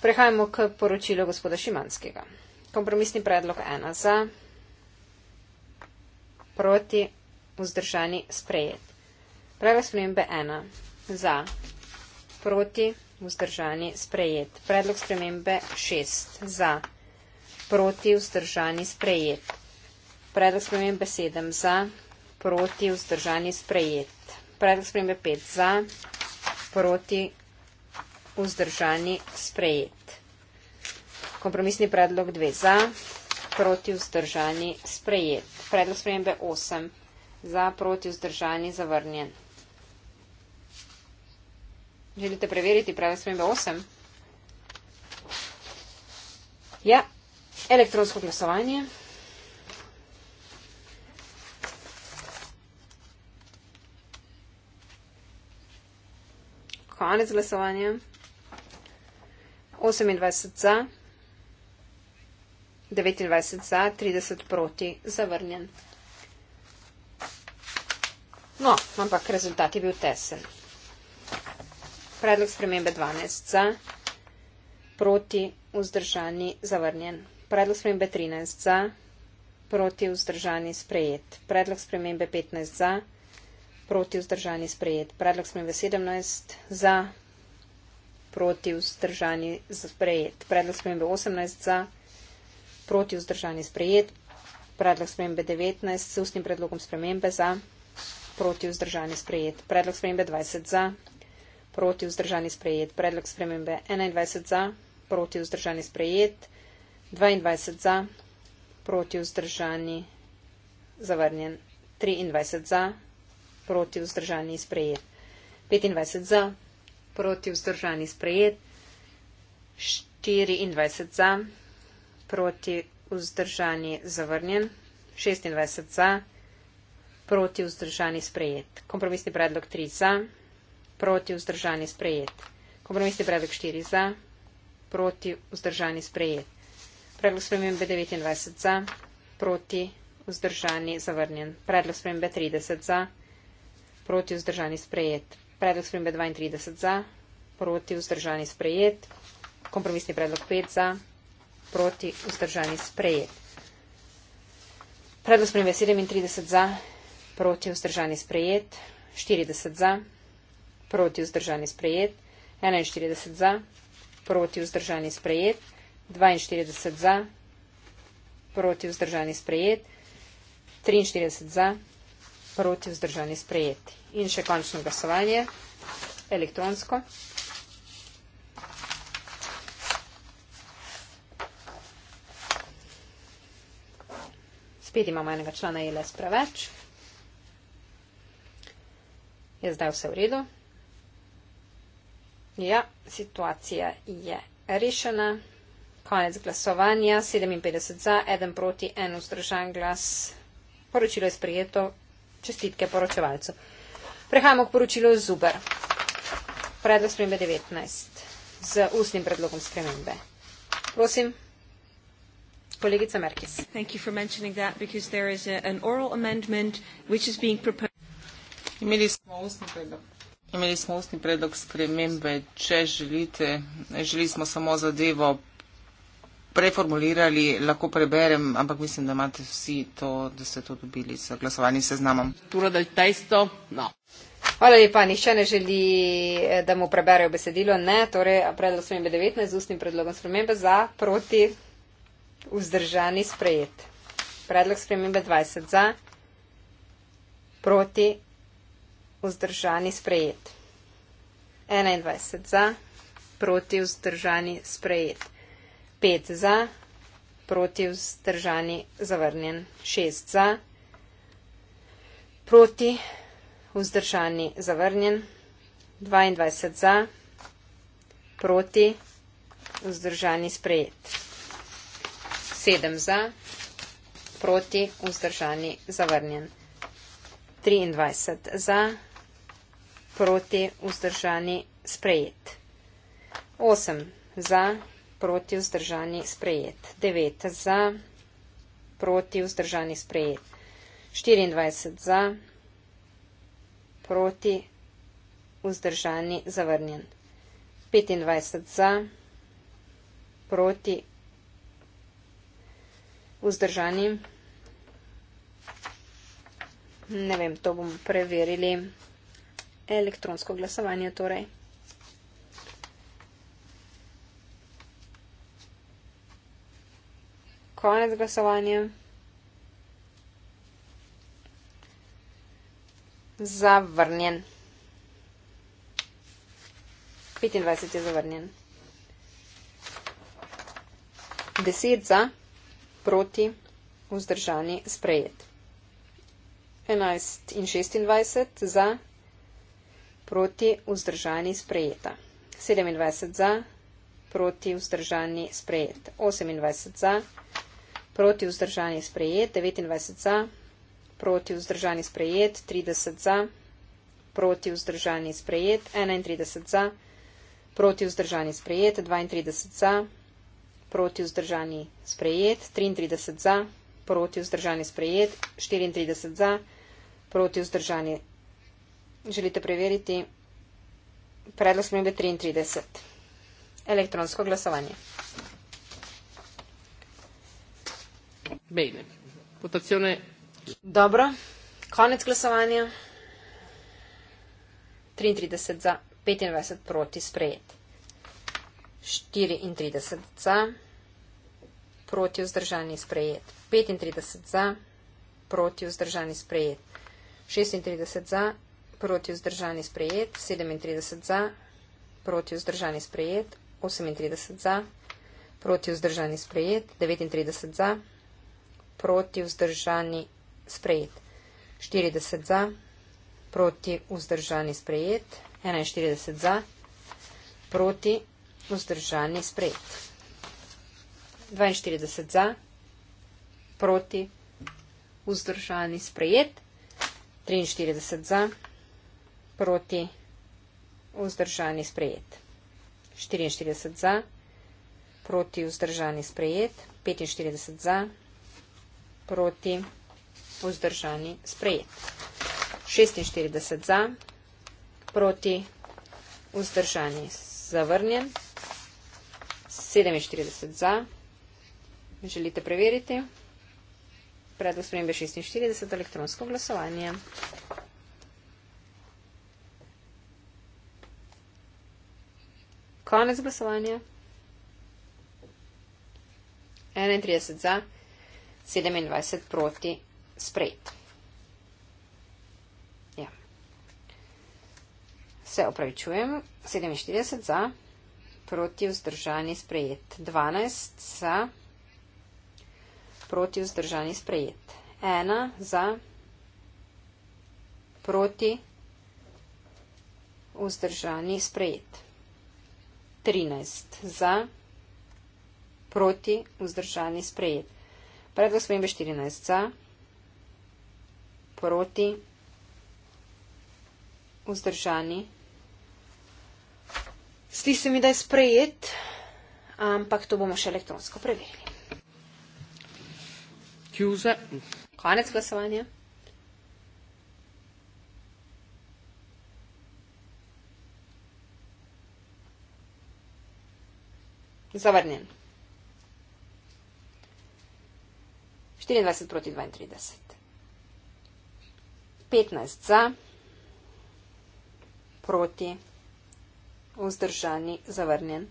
Prehajamo k poročilu gospoda Šimanskega. Kompromisni predlog 1 za, proti, vzdržani, sprejet. Predlog spremembe 1 za proti, vzdržani, sprejet. Predlog spremembe 6 za, proti, vzdržani, sprejet. Predlog spremembe 7 za, proti, vzdržani, sprejet. Predlog spremembe 5 za, proti, vzdržani, sprejet. Kompromisni predlog 2 za, proti, vzdržani, sprejet. Predlog spremembe 8 za, proti, vzdržani, zavrnjen. Želite preveriti prave spremembe 8? Ja, elektronsko glasovanje. Konec glasovanja. 28 za, 29 za, 30 proti, zavrnjen. No, ampak rezultat je bil tesen. Predlog spremembe 12 za, proti vzdržani zavrnjen. Predlog spremembe 13 za, proti vzdržani sprejet. Predlog spremembe 15 za, proti vzdržani sprejet. Predlog spremembe 17 za, proti vzdržani sprejet. Predlog spremembe 18 za, proti vzdržani sprejet. Predlog spremembe 19 s ustnim predlogom spremembe za, proti vzdržani sprejet. Predlog spremembe 20 za, proti vzdržani sprejet. Predlog spremembe 21 za, proti vzdržani sprejet, 22 za, proti vzdržani zavrnjen, 23 za, proti vzdržani sprejet, 25 za, proti vzdržani sprejet, 24 za, proti vzdržani zavrnjen, 26 za, proti vzdržani sprejet. Kompromisni predlog 3 za proti vzdržani sprejet. Kompromis je predlog 4 za, proti vzdržani sprejet. Predlog spremembe 29 za, proti vzdržani zavrnjen. Predlog spremembe 30 za, proti vzdržani sprejet. Predlog spremembe 32 za, proti vzdržani sprejet. Kompromisni predlog 5 za, proti vzdržani sprejet. Predlog spremembe 37 za, proti vzdržani sprejet. 40 za, proti vzdržani sprejet, 41 za, proti vzdržani sprejet, 42 za, proti vzdržani sprejet, 43 za, proti vzdržani sprejet. In še končno glasovanje, elektronsko. Spet imamo enega člana ILS preveč. Je zdaj vse v redu. Ja, situacija je rešena. Konec glasovanja, 57 za, 1 proti, 1 vzdržan glas. Poročilo je sprijeto. Čestitke poročevalcu. Prehajamo k poročilu Zuber. Predlog spremembe 19. Z ustnim predlogom spremembe. Prosim. Kolegica Merkis. Imeli smo ustni predlog. Imeli smo ustni predlog spremembe, če želite, želi smo samo zadevo preformulirali, lahko preberem, ampak mislim, da imate vsi to, da ste to dobili z glasovanjem seznamom. No. Hvala lepa, nišče ne želi, eh, da mu preberejo besedilo. Ne, torej predlog spremembe 19 z ustnim predlogom spremembe za proti vzdržani sprejet. Predlog spremembe 20 za proti vzdržani sprejet. 21 za, proti vzdržani sprejet. 5 za, proti vzdržani zavrnjen. 6 za, proti vzdržani zavrnjen. 22 za, proti vzdržani sprejet. 7 za, proti vzdržani zavrnjen. 23 za, proti vzdržani zavrnjen proti, vzdržani, sprejet. 8 za, proti, vzdržani, sprejet. 9 za, proti, vzdržani, sprejet. 24 za, proti, vzdržani, zavrnjen. 25 za, proti, vzdržani. Ne vem, to bomo preverili elektronsko glasovanje. Torej. Konec glasovanja. Zavrnjen. 25 je zavrnjen. 10 za, proti, vzdržani, sprejet. 11 in 26 za proti vzdržani sprejeta. 27 za, proti vzdržani sprejet. 28 za, proti vzdržani sprejet. 29 za, proti vzdržani sprejet. 30 za, proti vzdržani sprejet. 31 za, proti vzdržani sprejet. 32 za, proti vzdržani sprejet. 33 za, proti vzdržani sprejet. 34 za, proti vzdržani sprejet želite preveriti predlog smembe 33. Elektronsko glasovanje. Bene. Votazione. Dobro. Konec glasovanja. 33 za, 25 proti sprejet. 34 za, proti vzdržani sprejet. 35 za, proti vzdržani sprejet. 36 za, proti vzdržani sprejet, 37 za, proti vzdržani sprejet, 38 za, proti vzdržani sprejet, 39 za, proti vzdržani sprejet, 40 za, proti vzdržani sprejet, 41 za, proti vzdržani sprejet, 42 za, proti vzdržani sprejet, 43 za, proti vzdržani sprejet, 43 za, proti vzdržani sprejet. 44 za, proti vzdržani sprejet, 45 za, proti vzdržani sprejet. 46 za, proti vzdržani zavrnjen, 47 za, želite preveriti. Predlog spremembe 46 elektronsko glasovanje. Konec glasovanja. 31 za, 27 proti, sprejet. Ja. Se opravičujem, 47 za, proti vzdržani sprejet. 12 za, proti vzdržani sprejet. 1 za, proti vzdržani sprejet. 13 za, proti, vzdržani, sprejet. Predlog spremembe 14 za, proti, vzdržani. Sli se mi, da je sprejet, ampak to bomo še elektronsko preverili. Konec glasovanja. Zavrnjen. 24 proti 32. 15 za, proti, vzdržani, zavrnjen.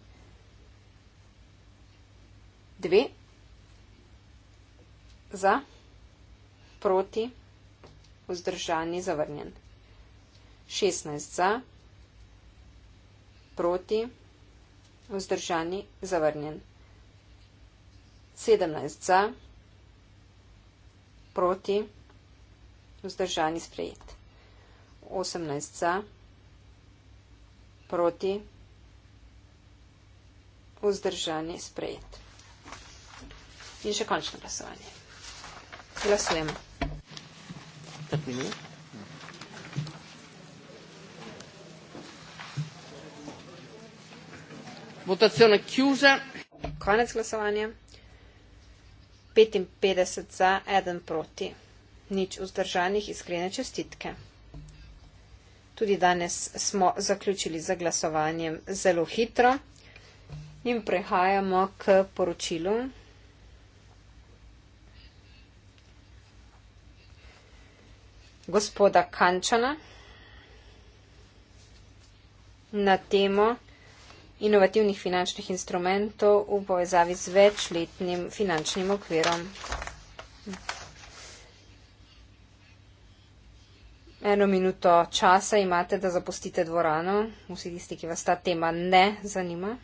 2 za, proti, vzdržani, zavrnjen. 16 za, proti, vzdržani, zavrnjen vzdržani, zavrnjen. 17 za, proti, vzdržani, sprejet. 18 za, proti, vzdržani, sprejet. In še končno glasovanje. Glasujemo. 5 minut. votazione chiusa. Konec glasovanja. 55 za, 1 proti. Nič vzdržanih, iskrene čestitke. Tudi danes smo zaključili z glasovanjem zelo hitro in prehajamo k poročilu. Gospoda Kančana na temo inovativnih finančnih instrumentov v povezavi z večletnim finančnim okvirom. Eno minuto časa imate, da zapustite dvorano, vsi tisti, ki vas ta tema ne zanima.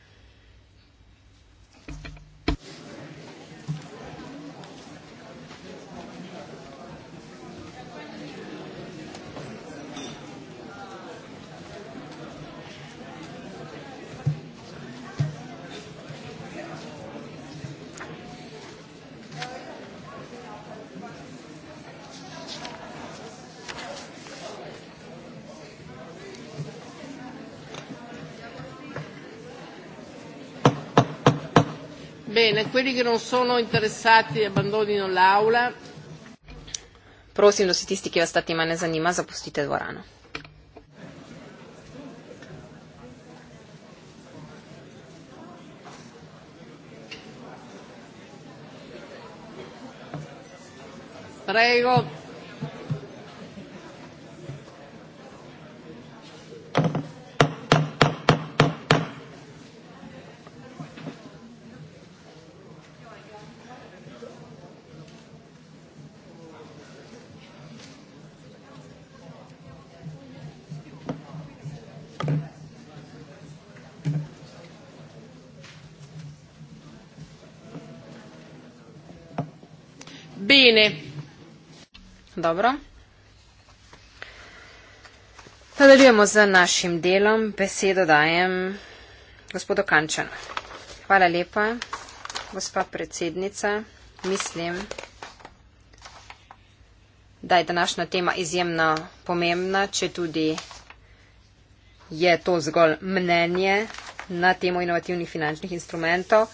Bene, quelli che non sono interessati abbandonino l'aula. Prosim, da se tisti, ki vas ta tema ne zanima, zapustite dvorano. Prego. Bene. Dobro. Nadaljujemo z našim delom. Besedo dajem gospodu Kančanu. Hvala lepa, gospa predsednica. Mislim, da je današnja tema izjemno pomembna, če tudi je to zgolj mnenje na temo inovativnih finančnih instrumentov.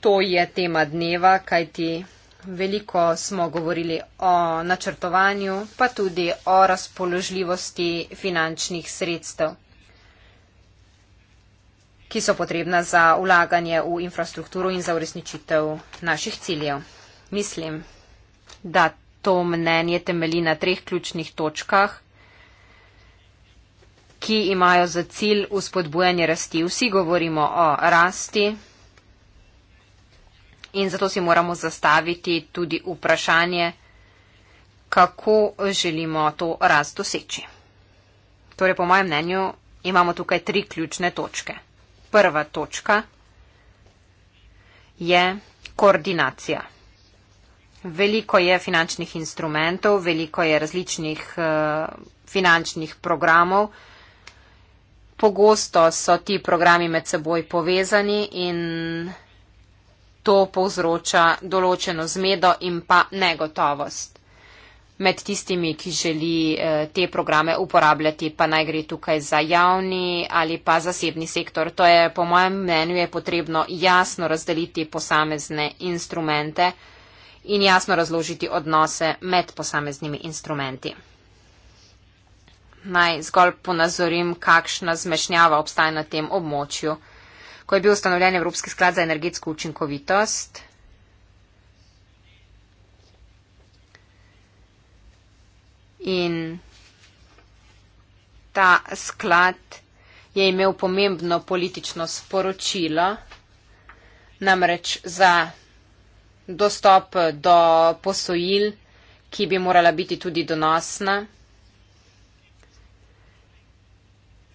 To je tema dneva, kajti Veliko smo govorili o načrtovanju, pa tudi o razpoložljivosti finančnih sredstev, ki so potrebna za ulaganje v infrastrukturo in za uresničitev naših ciljev. Mislim, da to mnenje temeli na treh ključnih točkah, ki imajo za cilj uspodbujanje rasti. Vsi govorimo o rasti in zato si moramo zastaviti tudi vprašanje, kako želimo to rast doseči. Torej, po mojem mnenju, imamo tukaj tri ključne točke. Prva točka je koordinacija. Veliko je finančnih instrumentov, veliko je različnih uh, finančnih programov. Pogosto so ti programi med seboj povezani in To povzroča določeno zmedo in pa negotovost. Med tistimi, ki želi eh, te programe uporabljati, pa naj gre tukaj za javni ali pa zasebni sektor. To je, po mojem mnenju, je potrebno jasno razdeliti posamezne instrumente in jasno razložiti odnose med posameznimi instrumenti. Naj zgolj ponazorim, kakšna zmešnjava obstaja na tem območju ko je bil ustanovljen Evropski sklad za energetsko učinkovitost. In ta sklad je imel pomembno politično sporočilo, namreč za dostop do posojil, ki bi morala biti tudi donosna,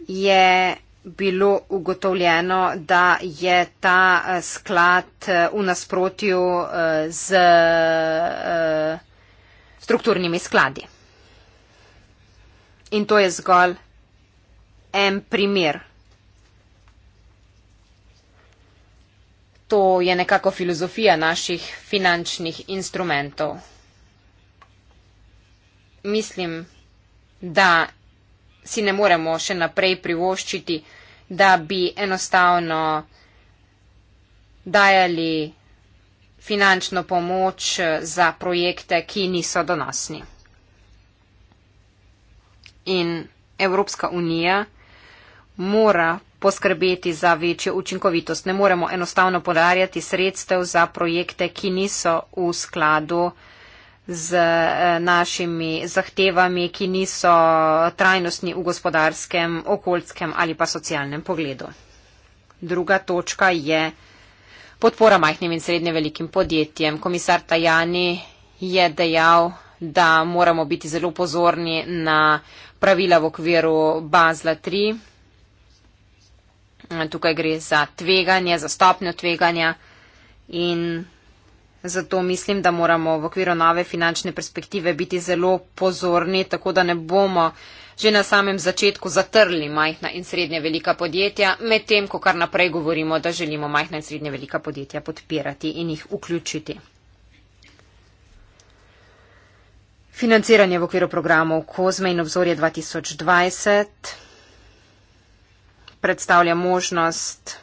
je bilo ugotovljeno, da je ta eh, sklad eh, v nasprotju eh, z strukturnimi skladi. In to je zgolj en primer. To je nekako filozofija naših finančnih instrumentov. Mislim, da si ne moremo še naprej privoščiti, da bi enostavno dajali finančno pomoč eh, za projekte, ki niso donosni. In Evropska unija mora poskrbeti za večjo učinkovitost. Ne moremo enostavno podarjati sredstev za projekte, ki niso v skladu uh, z eh, našimi zahtevami, ki niso trajnostni v gospodarskem, okoljskem ali pa socialnem pogledu. Druga točka je podpora majhnim in srednje velikim podjetjem. Komisar Tajani je dejal, da moramo biti zelo pozorni na pravila v okviru Bazla 3. Tukaj gre za tveganje, za stopnjo tveganja in Zato mislim, da moramo v okviru nove finančne perspektive biti zelo pozorni, tako da ne bomo že na samem začetku zatrli majhna in srednje velika podjetja, medtem ko kar naprej govorimo, da želimo majhna in srednje velika podjetja podpirati in jih vključiti. Financiranje v okviru programov Kozme in obzorje 2020 predstavlja možnost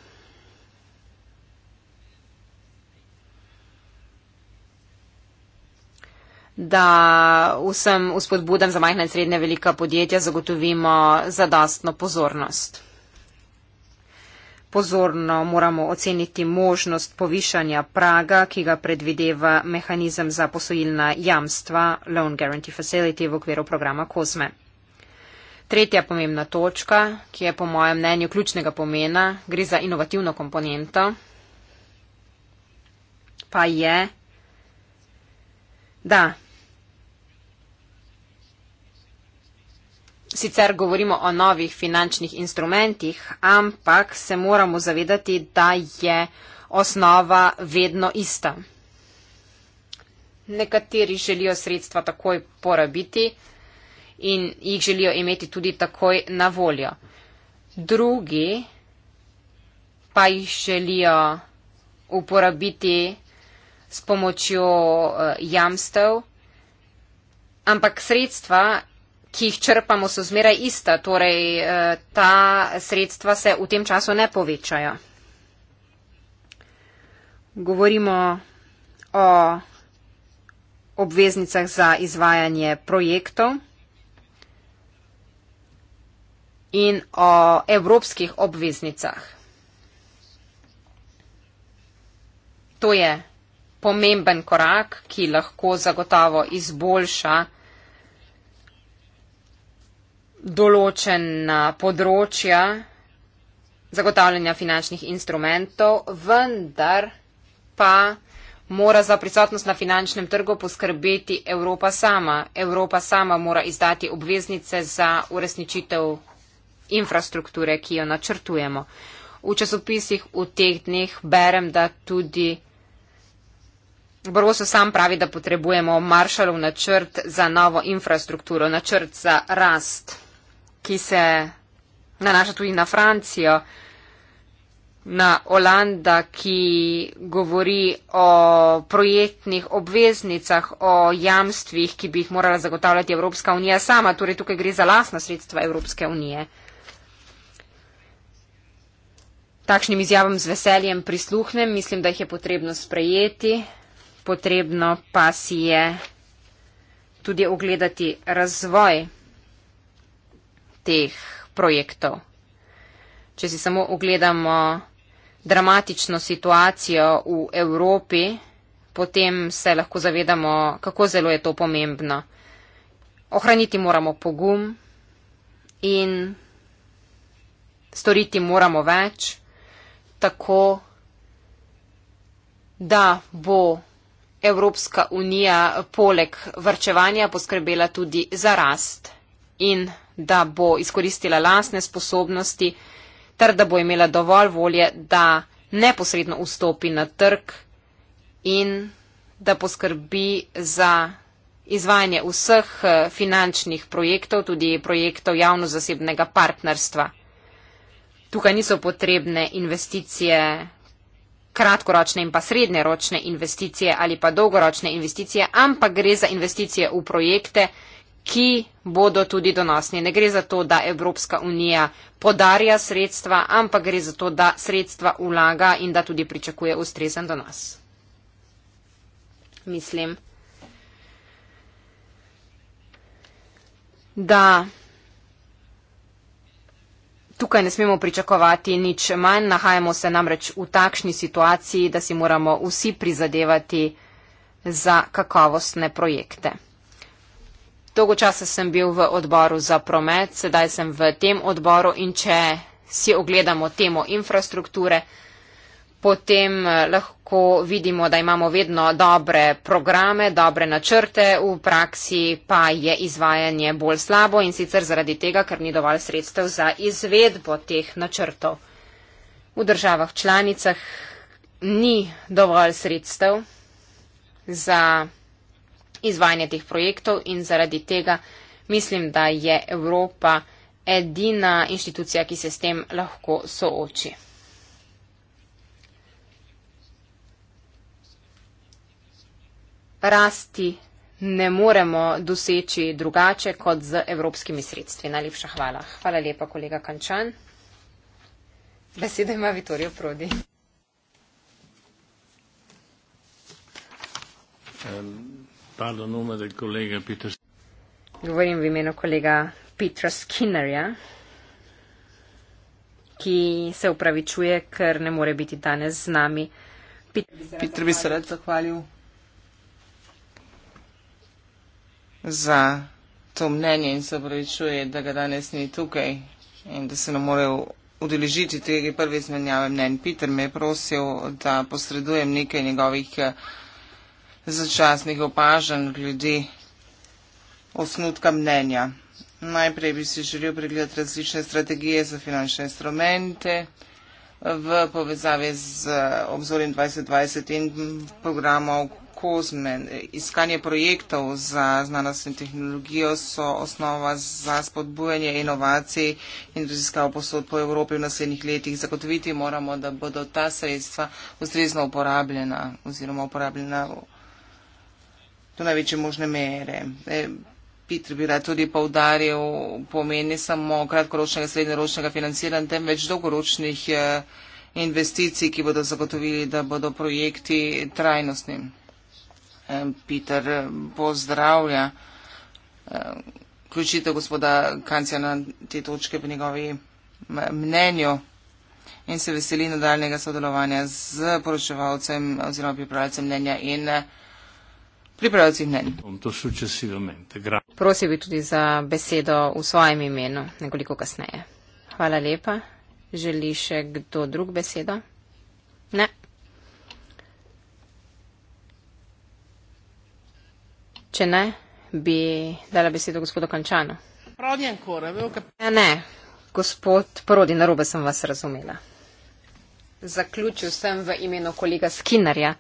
da vsem uspodbudam za majhna in srednja velika podjetja zagotovimo zadostno pozornost. Pozorno moramo oceniti možnost povišanja praga, ki ga predvideva mehanizem za posojilna jamstva Loan Guarantee Facility v okviru programa COSME. Tretja pomembna točka, ki je po mojem mnenju ključnega pomena, gre za inovativno komponento, pa je, da Sicer govorimo o novih finančnih instrumentih, ampak se moramo zavedati, da je osnova vedno ista. Nekateri želijo sredstva takoj porabiti in jih želijo imeti tudi takoj na voljo. Drugi pa jih želijo uporabiti s pomočjo eh, jamstev, ampak sredstva ki jih črpamo, so zmeraj ista, torej eh, ta sredstva se v tem času ne povečajo. Govorimo o obveznicah za izvajanje projektov in o evropskih obveznicah. To je pomemben korak, ki lahko zagotavo izboljša določena področja zagotavljanja finančnih instrumentov, vendar pa mora za prisotnost na finančnem trgu poskrbeti Evropa sama. Evropa sama mora izdati obveznice za uresničitev infrastrukture, ki jo načrtujemo. V časopisih v teh dneh berem, da tudi Borgoso sam pravi, da potrebujemo Marshallov načrt za novo infrastrukturo, načrt za rast ki se nanaša tudi na Francijo, na Holanda, ki govori o projektnih obveznicah, o jamstvih, ki bi jih morala zagotavljati Evropska unija sama. Torej tukaj gre za lasna sredstva Evropske unije. Takšnim izjavam z veseljem prisluhnem, mislim, da jih je potrebno sprejeti, potrebno pa si je tudi ogledati razvoj teh projektov. Če si samo ogledamo dramatično situacijo v Evropi, potem se lahko zavedamo, kako zelo je to pomembno. Ohraniti moramo pogum in storiti moramo več, tako da bo Evropska unija poleg vrčevanja poskrbela tudi za rast in da bo izkoristila lasne sposobnosti ter da bo imela dovolj volje, da neposredno vstopi na trg in da poskrbi za izvajanje vseh eh, finančnih projektov, tudi projektov javno-zasebnega partnerstva. Tukaj niso potrebne investicije, kratkoročne in pa srednjeročne investicije ali pa dolgoročne investicije, ampak gre za investicije v projekte, ki bodo tudi donosni. Ne gre za to, da Evropska unija podarja sredstva, ampak gre za to, da sredstva vlaga in da tudi pričakuje ustrezen donos. Mislim, da tukaj ne smemo pričakovati nič manj. Nahajamo se namreč v takšni situaciji, da si moramo vsi prizadevati za kakovostne projekte. Dolgo časa sem bil v odboru za promet, sedaj sem v tem odboru in če si ogledamo temo infrastrukture, potem eh, lahko vidimo, da imamo vedno dobre programe, dobre načrte, v praksi pa je izvajanje bolj slabo in sicer zaradi tega, ker ni dovolj sredstev za izvedbo teh načrtov. V državah članicah ni dovolj sredstev za izvajanje teh projektov in zaradi tega mislim, da je Evropa edina inštitucija, ki se s tem lahko sooči. Rasti ne moremo doseči drugače kot z evropskimi sredstvi. Najlepša hvala. Hvala lepa, kolega Kančan. Besedo ima Vitorijo Prodi. Um, Pardon, nome del collega Peter. Govorim v imenu kolega Petra Skinnerja, ki se upravičuje, ker ne more biti danes z nami. Peter bi se rad zahvalil za to mnenje in se upravičuje, da ga danes ni tukaj in da se ne more udeležiti tega prve izmenjave mnen. Peter me je prosil, da posredujem nekaj njegovih. Uh, začasnih opažanj glede osnutka mnenja. Najprej bi si želel pregledati različne strategije za finančne instrumente v povezavi z obzorjem 2020 in programov COSMEN. Iskanje projektov za znanost in tehnologijo so osnova za spodbujanje inovacij in raziskav posod po Evropi v naslednjih letih. Zagotoviti moramo, da bodo ta sredstva ustrezno uporabljena oziroma uporabljena do največje možne mere. E, Peter bi rad tudi povdaril pomen ne samo kratkoročnega, srednjeročnega financiranja, temveč dolgoročnih e, investicij, ki bodo zagotovili, da bodo projekti trajnostni. E, Peter pozdravlja e, vključitev e, gospoda Kancija na te točke v njegovi mnenju in se veseli nadaljnega sodelovanja z poročevalcem oziroma pripravljalcem mnenja in e, pripravljalcih mnen. Prosil bi tudi za besedo v svojem imenu nekoliko kasneje. Hvala lepa. Želi še kdo drug besedo? Ne. Če ne, bi dala besedo gospodu Kančanu. Ne, ja, ne, gospod Porodi, narobe sem vas razumela. Zaključil sem v imenu kolega Skinnerja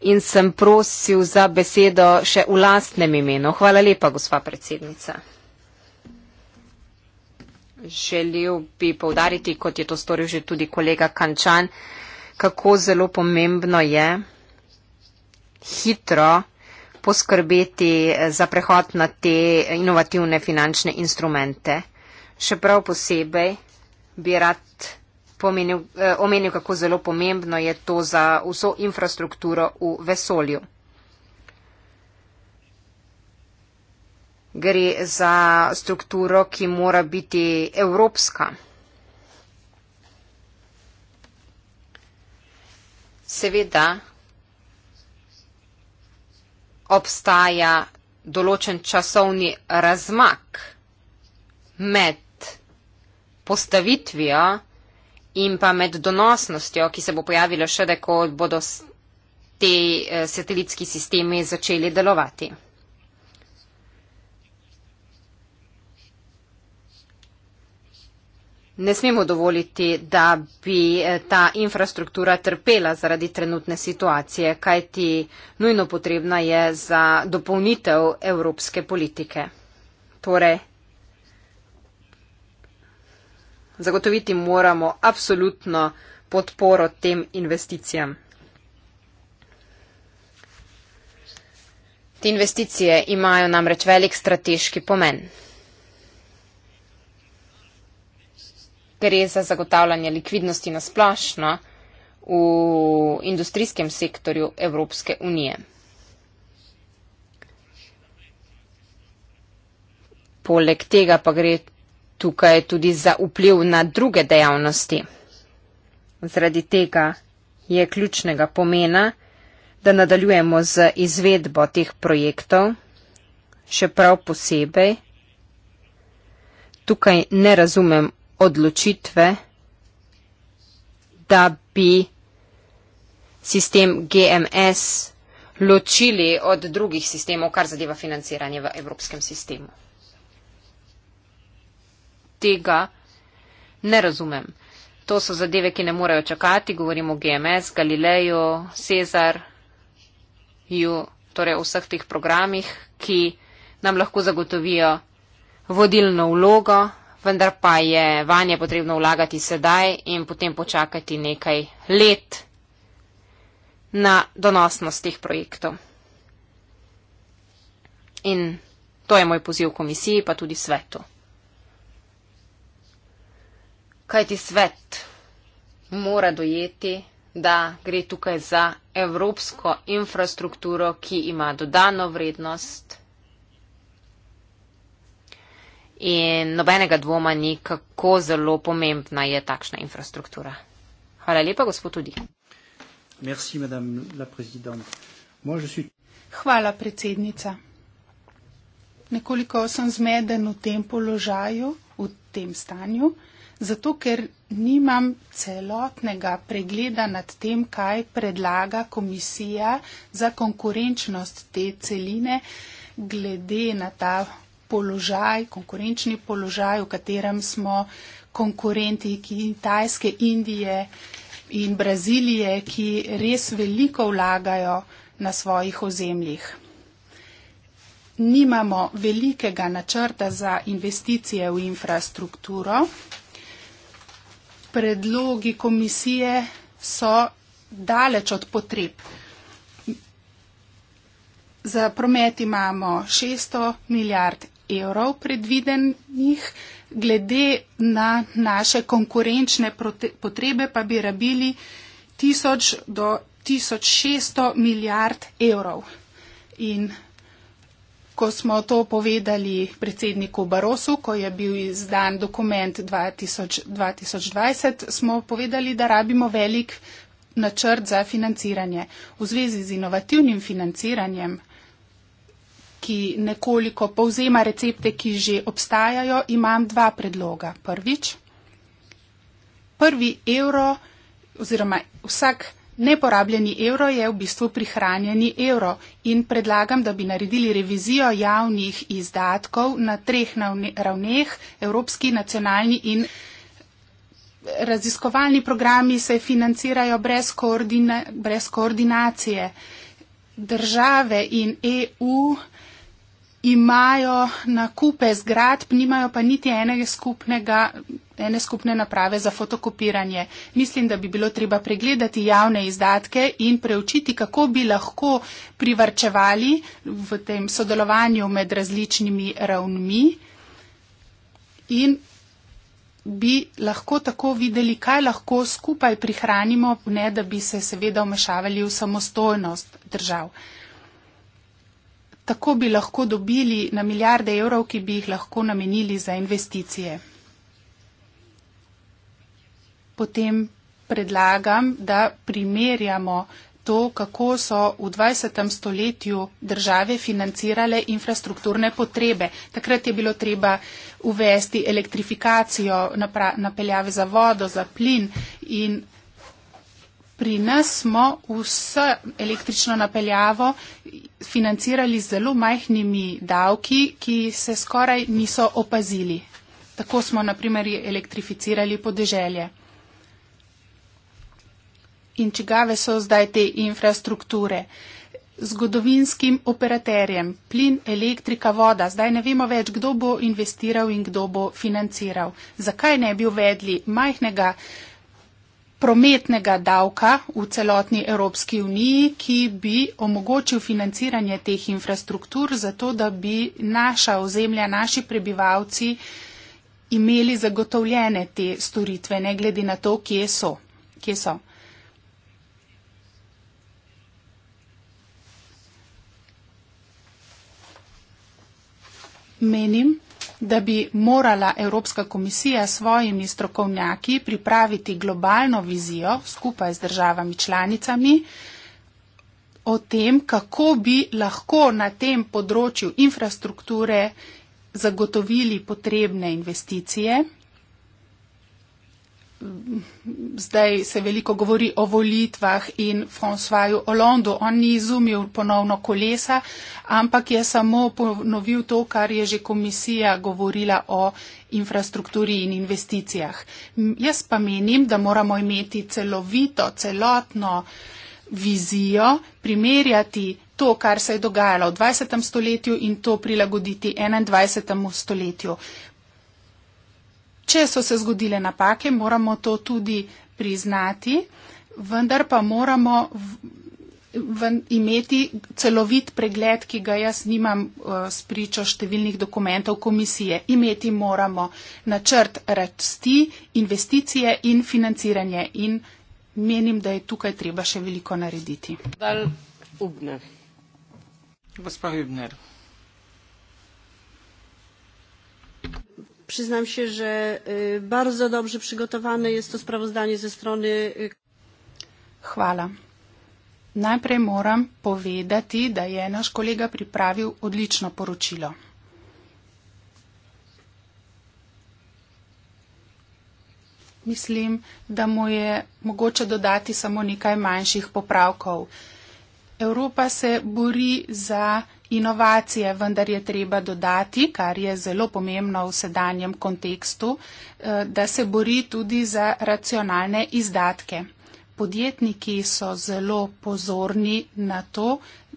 in sem prosil za besedo še v lastnem imenu. Hvala lepa, gospa predsednica. Želel bi povdariti, kot je to storil že tudi kolega Kančan, kako zelo pomembno je hitro poskrbeti za prehod na te inovativne finančne instrumente. Še prav posebej bi rad pomenil, eh, omenil, kako zelo pomembno je to za vso infrastrukturo v vesolju. Gre za strukturo, ki mora biti evropska. Seveda obstaja določen časovni razmak med postavitvijo in pa med donosnostjo, ki se bo pojavila še, ko bodo te eh, satelitski sistemi začeli delovati. Ne smemo dovoliti, da bi eh, ta infrastruktura trpela zaradi trenutne situacije, kajti nujno potrebna je za dopolnitev evropske politike. Torej, Zagotoviti moramo absolutno podporo tem investicijam. Te investicije imajo namreč velik strateški pomen. Gre za zagotavljanje likvidnosti na splošno v industrijskem sektorju Evropske unije. Poleg tega pa gre tukaj tudi za vpliv na druge dejavnosti. Zradi tega je ključnega pomena, da nadaljujemo z izvedbo teh projektov, še prav posebej. Tukaj ne razumem odločitve, da bi sistem GMS ločili od drugih sistemov, kar zadeva financiranje v evropskem sistemu tega ne razumem. To so zadeve, ki ne morejo čakati, govorimo o GMS, Galileju, Cezar, ju, torej o vseh teh programih, ki nam lahko zagotovijo vodilno vlogo, vendar pa je vanje potrebno vlagati sedaj in potem počakati nekaj let na donosnost teh projektov. In to je moj poziv komisiji, pa tudi svetu kaj ti svet mora dojeti, da gre tukaj za evropsko infrastrukturo, ki ima dodano vrednost. In nobenega dvoma ni, kako zelo pomembna je takšna infrastruktura. Hvala lepa, gospod Tudi. Hvala, predsednica. Nekoliko sem zmeden v tem položaju, v tem stanju. Zato, ker nimam celotnega pregleda nad tem, kaj predlaga komisija za konkurenčnost te celine, glede na ta položaj, konkurenčni položaj, v katerem smo konkurenti Kitajske, Indije in Brazilije, ki res veliko vlagajo na svojih ozemljih. Nimamo velikega načrta za investicije v infrastrukturo predlogi komisije so daleč od potreb. Za promet imamo 600 milijard evrov predvidenih, glede na naše konkurenčne potrebe pa bi rabili 1000 do 1600 milijard evrov. In Ko smo to povedali predsedniku Barosu, ko je bil izdan dokument 2000, 2020, smo povedali, da rabimo velik načrt za financiranje. V zvezi z inovativnim financiranjem, ki nekoliko povzema recepte, ki že obstajajo, imam dva predloga. Prvič, prvi evro oziroma vsak Neporabljeni evro je v bistvu prihranjeni evro in predlagam, da bi naredili revizijo javnih izdatkov na treh ravneh, evropski, nacionalni in. Raziskovalni programi se financirajo brez, koordina, brez koordinacije. Države in EU imajo nakupe zgradb, nimajo pa niti enega skupnega ene skupne naprave za fotokopiranje. Mislim, da bi bilo treba pregledati javne izdatke in preučiti, kako bi lahko privrčevali v tem sodelovanju med različnimi ravnmi in bi lahko tako videli, kaj lahko skupaj prihranimo, ne da bi se seveda omešavali v samostojnost držav. Tako bi lahko dobili na milijarde evrov, ki bi jih lahko namenili za investicije potem predlagam, da primerjamo to, kako so v 20. stoletju države financirale infrastrukturne potrebe. Takrat je bilo treba uvesti elektrifikacijo, napeljave za vodo, za plin in pri nas smo vse električno napeljavo financirali z zelo majhnimi davki, ki se skoraj niso opazili. Tako smo, naprimer, elektrificirali podeželje in čigave so zdaj te infrastrukture. Zgodovinskim operaterjem, plin, elektrika, voda, zdaj ne vemo več, kdo bo investiral in kdo bo financiral. Zakaj ne bi uvedli majhnega prometnega davka v celotni Evropski uniji, ki bi omogočil financiranje teh infrastruktur, zato da bi naša ozemlja, naši prebivalci imeli zagotovljene te storitve, ne glede na to, kje so. Kje so. Menim, da bi morala Evropska komisija s svojimi strokovnjaki pripraviti globalno vizijo skupaj z državami članicami o tem, kako bi lahko na tem področju infrastrukture zagotovili potrebne investicije zdaj se veliko govori o volitvah in Françoisu Hollandu. On ni izumil ponovno kolesa, ampak je samo ponovil to, kar je že komisija govorila o infrastrukturi in investicijah. Jaz pa menim, da moramo imeti celovito, celotno vizijo, primerjati to, kar se je dogajalo v 20. stoletju in to prilagoditi 21. stoletju. Če so se zgodile napake, moramo to tudi priznati, vendar pa moramo v, v, imeti celovit pregled, ki ga jaz nimam uh, s pričo številnih dokumentov komisije. Imeti moramo načrt rasti, investicije in financiranje in menim, da je tukaj treba še veliko narediti. Dal Ubner. Gospod Ubner przyznam się, że bardzo dobrze przygotowane jest to sprawozdanie ze strony. Hvala. Najprej moram povedati, da je naš kolega pripravil odlično poročilo. Mislim, da mu je mogoče dodati samo nekaj manjših popravkov. Evropa se bori za inovacije vendar je treba dodati, kar je zelo pomembno v sedanjem kontekstu, eh, da se bori tudi za racionalne izdatke. Podjetniki so zelo pozorni na to,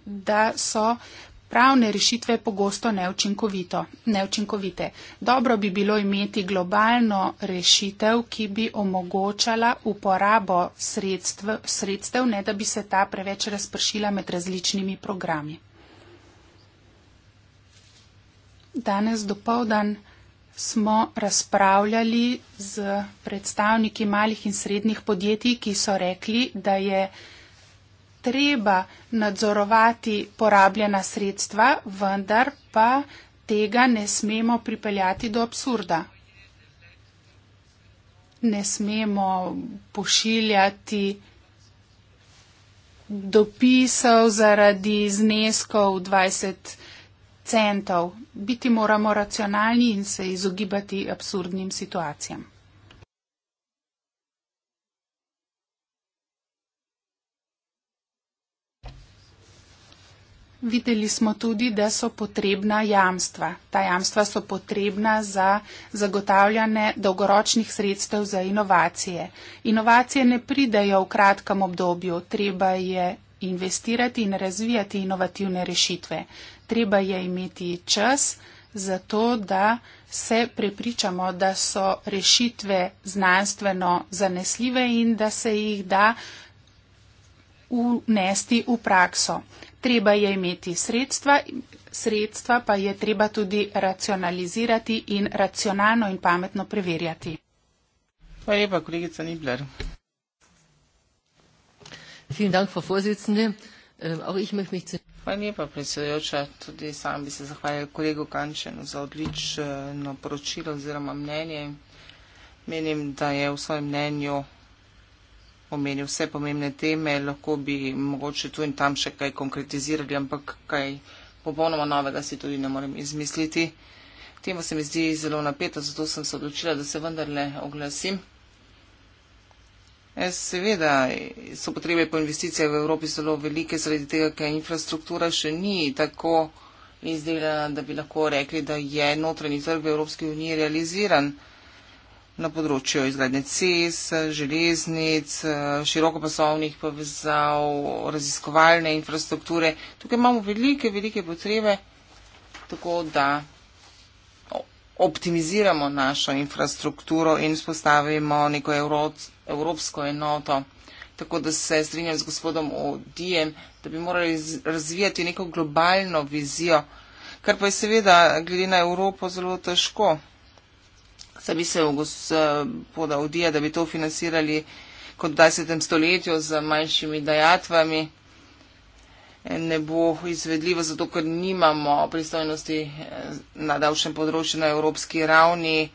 da so pravne rešitve pogosto neučinkovite. Dobro bi bilo imeti globalno rešitev, ki bi omogočala uporabo sredstv, sredstev, ne da bi se ta preveč razpršila med različnimi programi. Danes dopoldan smo razpravljali z predstavniki malih in srednjih podjetij, ki so rekli, da je treba nadzorovati porabljena sredstva, vendar pa tega ne smemo pripeljati do absurda. Ne smemo pošiljati dopisov zaradi zneskov 20 centov biti moramo racionalni in se izogibati absurdnim situacijam. Videli smo tudi, da so potrebna jamstva. Ta jamstva so potrebna za zagotavljanje dolgoročnih sredstev za inovacije. Inovacije ne pridejo v kratkem obdobju, treba je investirati in razvijati inovativne rešitve. Treba je imeti čas za to, da se prepričamo, da so rešitve znanstveno zanesljive in da se jih da unesti v prakso. Treba je imeti sredstva, sredstva pa je treba tudi racionalizirati in racionalno in pametno preverjati. Hvala lepa, kolegica Nibler. Ähm, Hvala lepa, predsedujoča. Tudi sam bi se zahvalil kolegu Kančenu za odlično poročilo oziroma mnenje. Menim, da je v svojem mnenju omenil vse pomembne teme, lahko bi mogoče tu in tam še kaj konkretizirali, ampak kaj popolnoma novega si tudi ne morem izmisliti. Tema se mi zdi zelo napeta, zato sem se odločila, da se vendarle oglasim. Eh, seveda so potrebe po investicijah v Evropi zelo velike, zaradi tega, ker infrastruktura še ni tako izdelana, da bi lahko rekli, da je notranji trg v Evropski uniji realiziran na področju izgradnje cest, železnic, eh, širokopasovnih povezav, raziskovalne infrastrukture. Tukaj imamo velike, velike potrebe, tako da optimiziramo našo infrastrukturo in spostavimo neko evropsko evropsko enoto. Tako da se strinjam z gospodom Odijem, da bi morali razvijati neko globalno vizijo, kar pa je seveda glede na Evropo zelo težko. Saj bi se gospoda Odija, da bi to financirali kot v 20. stoletju z manjšimi dajatvami, ne bo izvedljivo, zato ker nimamo pristojnosti eh, na davčnem področju na evropski ravni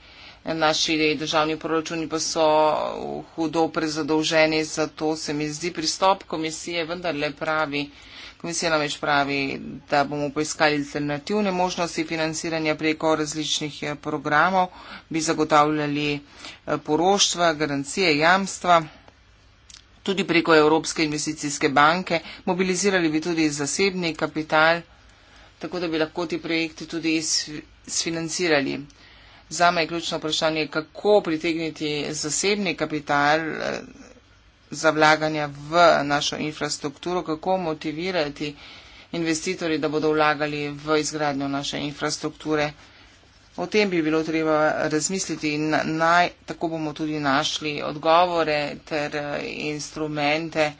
naši državni proračuni pa so hudo prezadolženi, zato se mi zdi pristop komisije vendarle pravi. Komisija namreč pravi, da bomo poiskali alternativne možnosti financiranja preko različnih eh, programov, bi zagotavljali eh, poroštva, garancije, jamstva, tudi preko Evropske investicijske banke, mobilizirali bi tudi zasebni kapital, tako da bi lahko ti projekti tudi sfinancirali. Iz za me je ključno vprašanje, kako pritegniti zasebni kapital eh, za vlaganja v našo infrastrukturo, kako motivirati investitorje, da bodo vlagali v izgradnjo naše infrastrukture. O tem bi bilo treba razmisliti in naj, tako bomo tudi našli odgovore ter eh, instrumente,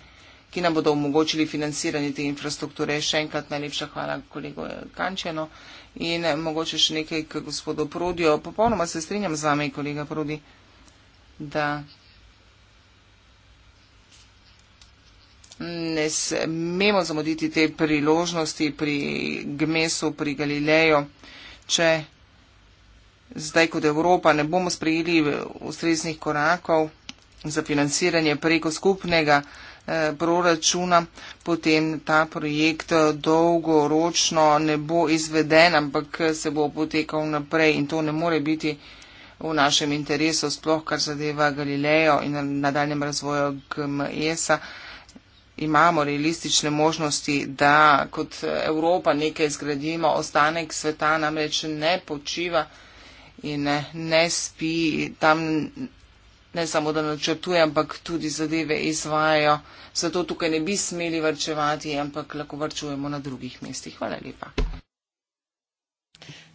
ki nam bodo omogočili financiranje te infrastrukture. Še enkrat najlepša hvala kolego Kančeno. In mogoče še nekaj k gospodu Prodijo. Popolnoma se strinjam z vami, kolega Prodi, da ne smemo zamuditi te priložnosti pri Gmesu, pri Galileju, če zdaj kot Evropa ne bomo sprejeli ustreznih korakov za financiranje preko skupnega proračuna, potem ta projekt dolgoročno ne bo izveden, ampak se bo potekal naprej in to ne more biti v našem interesu, sploh kar zadeva Galilejo in nadaljem razvoju GMS-a. E Imamo realistične možnosti, da kot Evropa nekaj zgradimo, ostanek sveta namreč ne počiva in ne, ne spi tam ne samo, da načrtuje, ampak tudi zadeve izvajajo. Zato tukaj ne bi smeli vrčevati, ampak lahko vrčujemo na drugih mestih. Hvala lepa.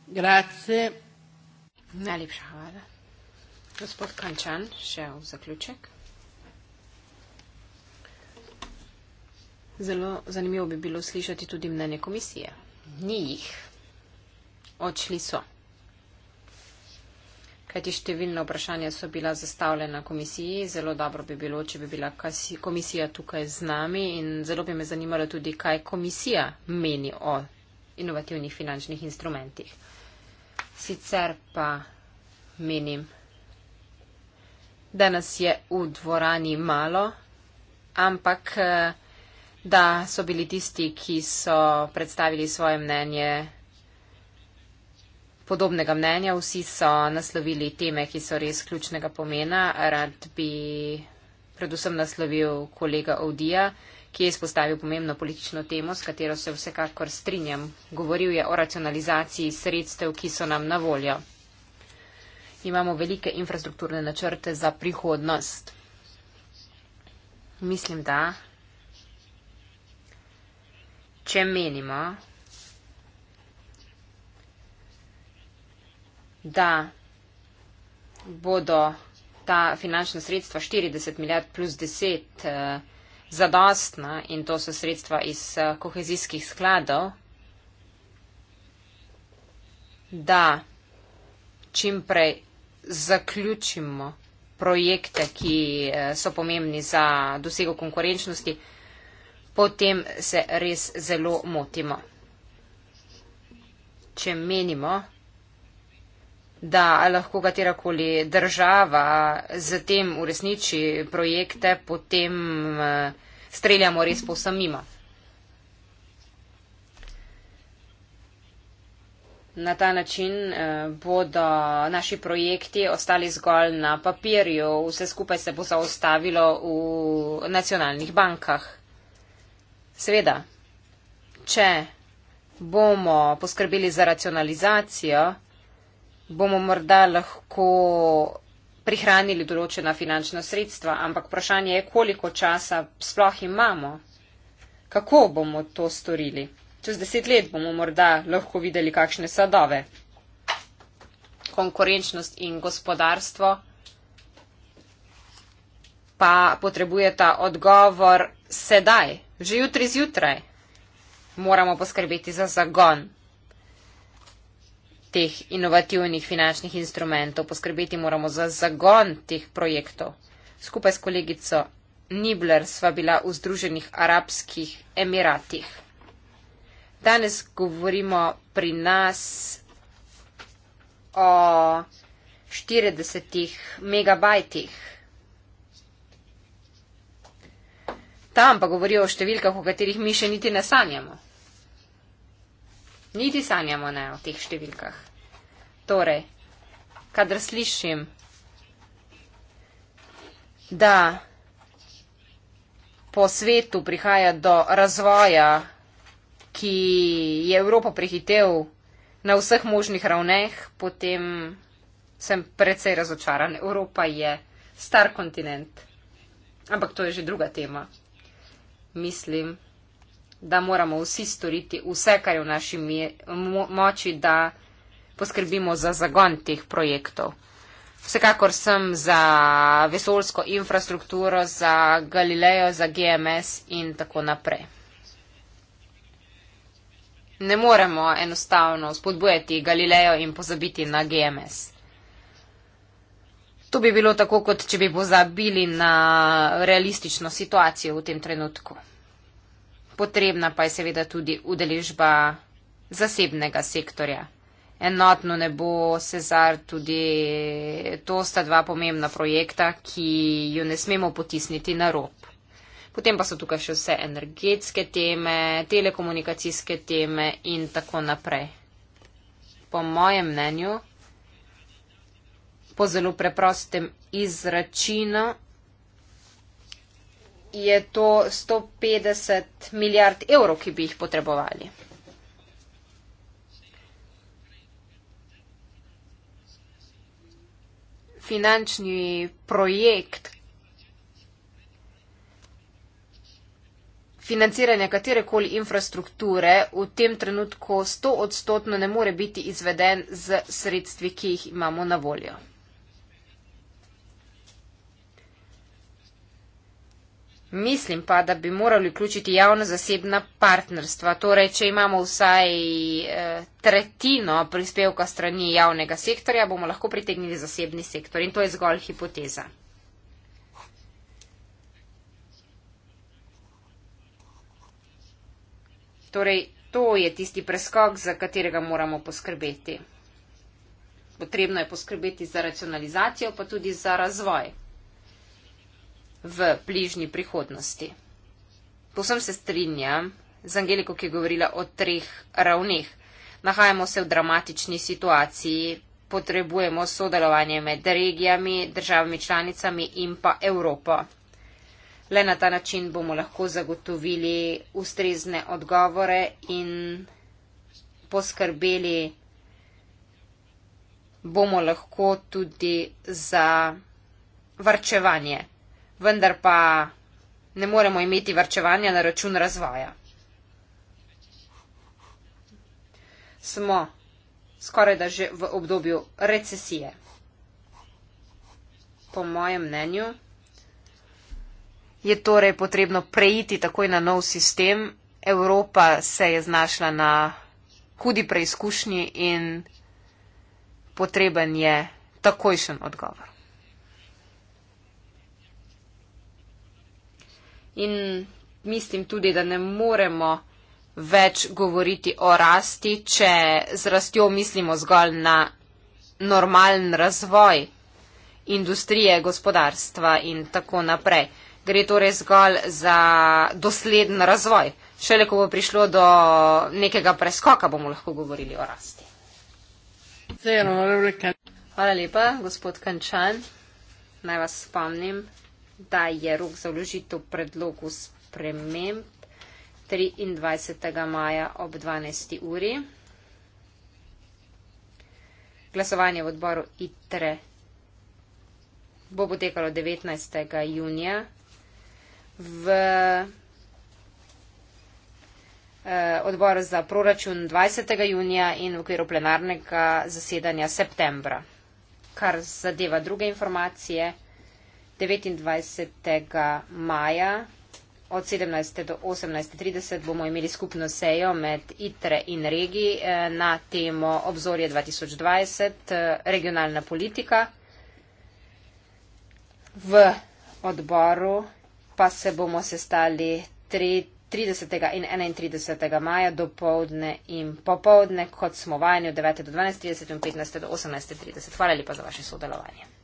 Grazie. Najlepša hvala. Gospod Kančan, še v zaključek. Zelo zanimivo bi bilo slišati tudi mnenje komisije. Ni jih. Odšli so kajti številna vprašanja so bila zastavljena komisiji. Zelo dobro bi bilo, če bi bila komisija tukaj z nami in zelo bi me zanimalo tudi, kaj komisija meni o inovativnih finančnih instrumentih. Sicer pa menim, da nas je v dvorani malo, ampak eh, da so bili tisti, ki so predstavili svoje mnenje podobnega mnenja. Vsi so naslovili teme, ki so res ključnega pomena. Rad bi predvsem naslovil kolega Odija, ki je izpostavil pomembno politično temo, s katero se vsekakor strinjam. Govoril je o racionalizaciji sredstev, ki so nam na voljo. Imamo velike infrastrukturne načrte za prihodnost. Mislim, da. Če menimo, da bodo ta finančna sredstva 40 milijard plus 10 eh, zadostna in to so sredstva iz eh, kohezijskih skladov, da čimprej zaključimo projekte, ki eh, so pomembni za dosego konkurenčnosti, potem se res zelo motimo. Če menimo, da lahko katerakoli država zatem uresniči projekte, potem eh, streljamo res povsem mimo. Na ta način eh, bodo naši projekti ostali zgolj na papirju, vse skupaj se bo zaostavilo v nacionalnih bankah. Sveda, če bomo poskrbeli za racionalizacijo, bomo morda lahko prihranili določena finančna sredstva, ampak vprašanje je, koliko časa sploh imamo, kako bomo to storili. Čez deset let bomo morda lahko videli, kakšne sadove. Konkurenčnost in gospodarstvo pa potrebujeta odgovor sedaj, že jutri zjutraj. Moramo poskrbeti za zagon teh inovativnih finančnih instrumentov, poskrbeti moramo za zagon teh projektov. Skupaj s kolegico Nibler sva bila v Združenih arabskih emiratih. Danes govorimo pri nas o 40 megabajtih. Tam pa govorijo o številkah, o katerih mi še niti ne sanjamo niti sanjamo ne o teh številkah. Torej, kadar slišim, da po svetu prihaja do razvoja, ki je Evropo prehitev na vseh možnih ravneh, potem sem precej razočaran. Evropa je star kontinent. Ampak to je že druga tema. Mislim da moramo vsi storiti vse, kar je v naši moči, da poskrbimo za zagon teh projektov. Vsekakor sem za vesolsko infrastrukturo, za Galilejo, za GMS in tako naprej. Ne moremo enostavno spodbujati Galilejo in pozabiti na GMS. To bi bilo tako, kot če bi pozabili na realistično situacijo v tem trenutku potrebna pa je seveda tudi udeležba zasebnega sektorja. Enotno ne bo Cezar tudi, to sta dva pomembna projekta, ki jo ne smemo potisniti na rob. Potem pa so tukaj še vse energetske teme, telekomunikacijske teme in tako naprej. Po mojem mnenju, po zelo preprostem izračinu, je to 150 milijard evrov, ki bi jih potrebovali. Finančni projekt, financiranje katerekoli infrastrukture v tem trenutku 100 odstotno ne more biti izveden z sredstvi, ki jih imamo na voljo. Mislim pa, da bi morali vključiti javno-zasebna partnerstva. Torej, če imamo vsaj eh, tretjino prispevka strani javnega sektorja, bomo lahko pritegnili zasebni sektor in to je zgolj hipoteza. Torej, to je tisti preskok, za katerega moramo poskrbeti. Potrebno je poskrbeti za racionalizacijo, pa tudi za razvoj v bližnji prihodnosti. Posem se strinjam z Angeliko, ki je govorila o treh ravneh. Nahajamo se v dramatični situaciji, potrebujemo sodelovanje med regijami, državami članicami in pa Evropo. Le na ta način bomo lahko zagotovili ustrezne odgovore in poskrbeli bomo lahko tudi za varčevanje vendar pa ne moremo imeti varčevanja na račun razvoja. Smo skoraj da že v obdobju recesije. Po mojem mnenju je torej potrebno preiti takoj na nov sistem. Evropa se je znašla na hudi preizkušnji in potreben je takojšen odgovor. In mislim tudi, da ne moremo več govoriti o rasti, če z rastjo mislimo zgolj na normalen razvoj industrije, gospodarstva in tako naprej. Gre torej zgolj za dosleden razvoj. Šele, ko bo prišlo do nekega preskoka, bomo lahko govorili o rasti. Hvala lepa, gospod Kančan. Naj vas spomnim, da je rok za vložitev predlogu sprememb 23. maja ob 12. uri. Glasovanje v odboru ITRE bo potekalo 19. junija v eh, odboru za proračun 20. junija in v okviru plenarnega zasedanja septembra. Kar zadeva druge informacije, 29. maja od 17. do 18.30 bomo imeli skupno sejo med ITRE in REGI eh, na temo obzorje 2020 eh, regionalna politika. V odboru pa se bomo sestali 30. in 31. maja do povdne in popovdne, kot smo vajeni od 9. do 12.30 in 15. do 18.30. Hvala lepa za vaše sodelovanje.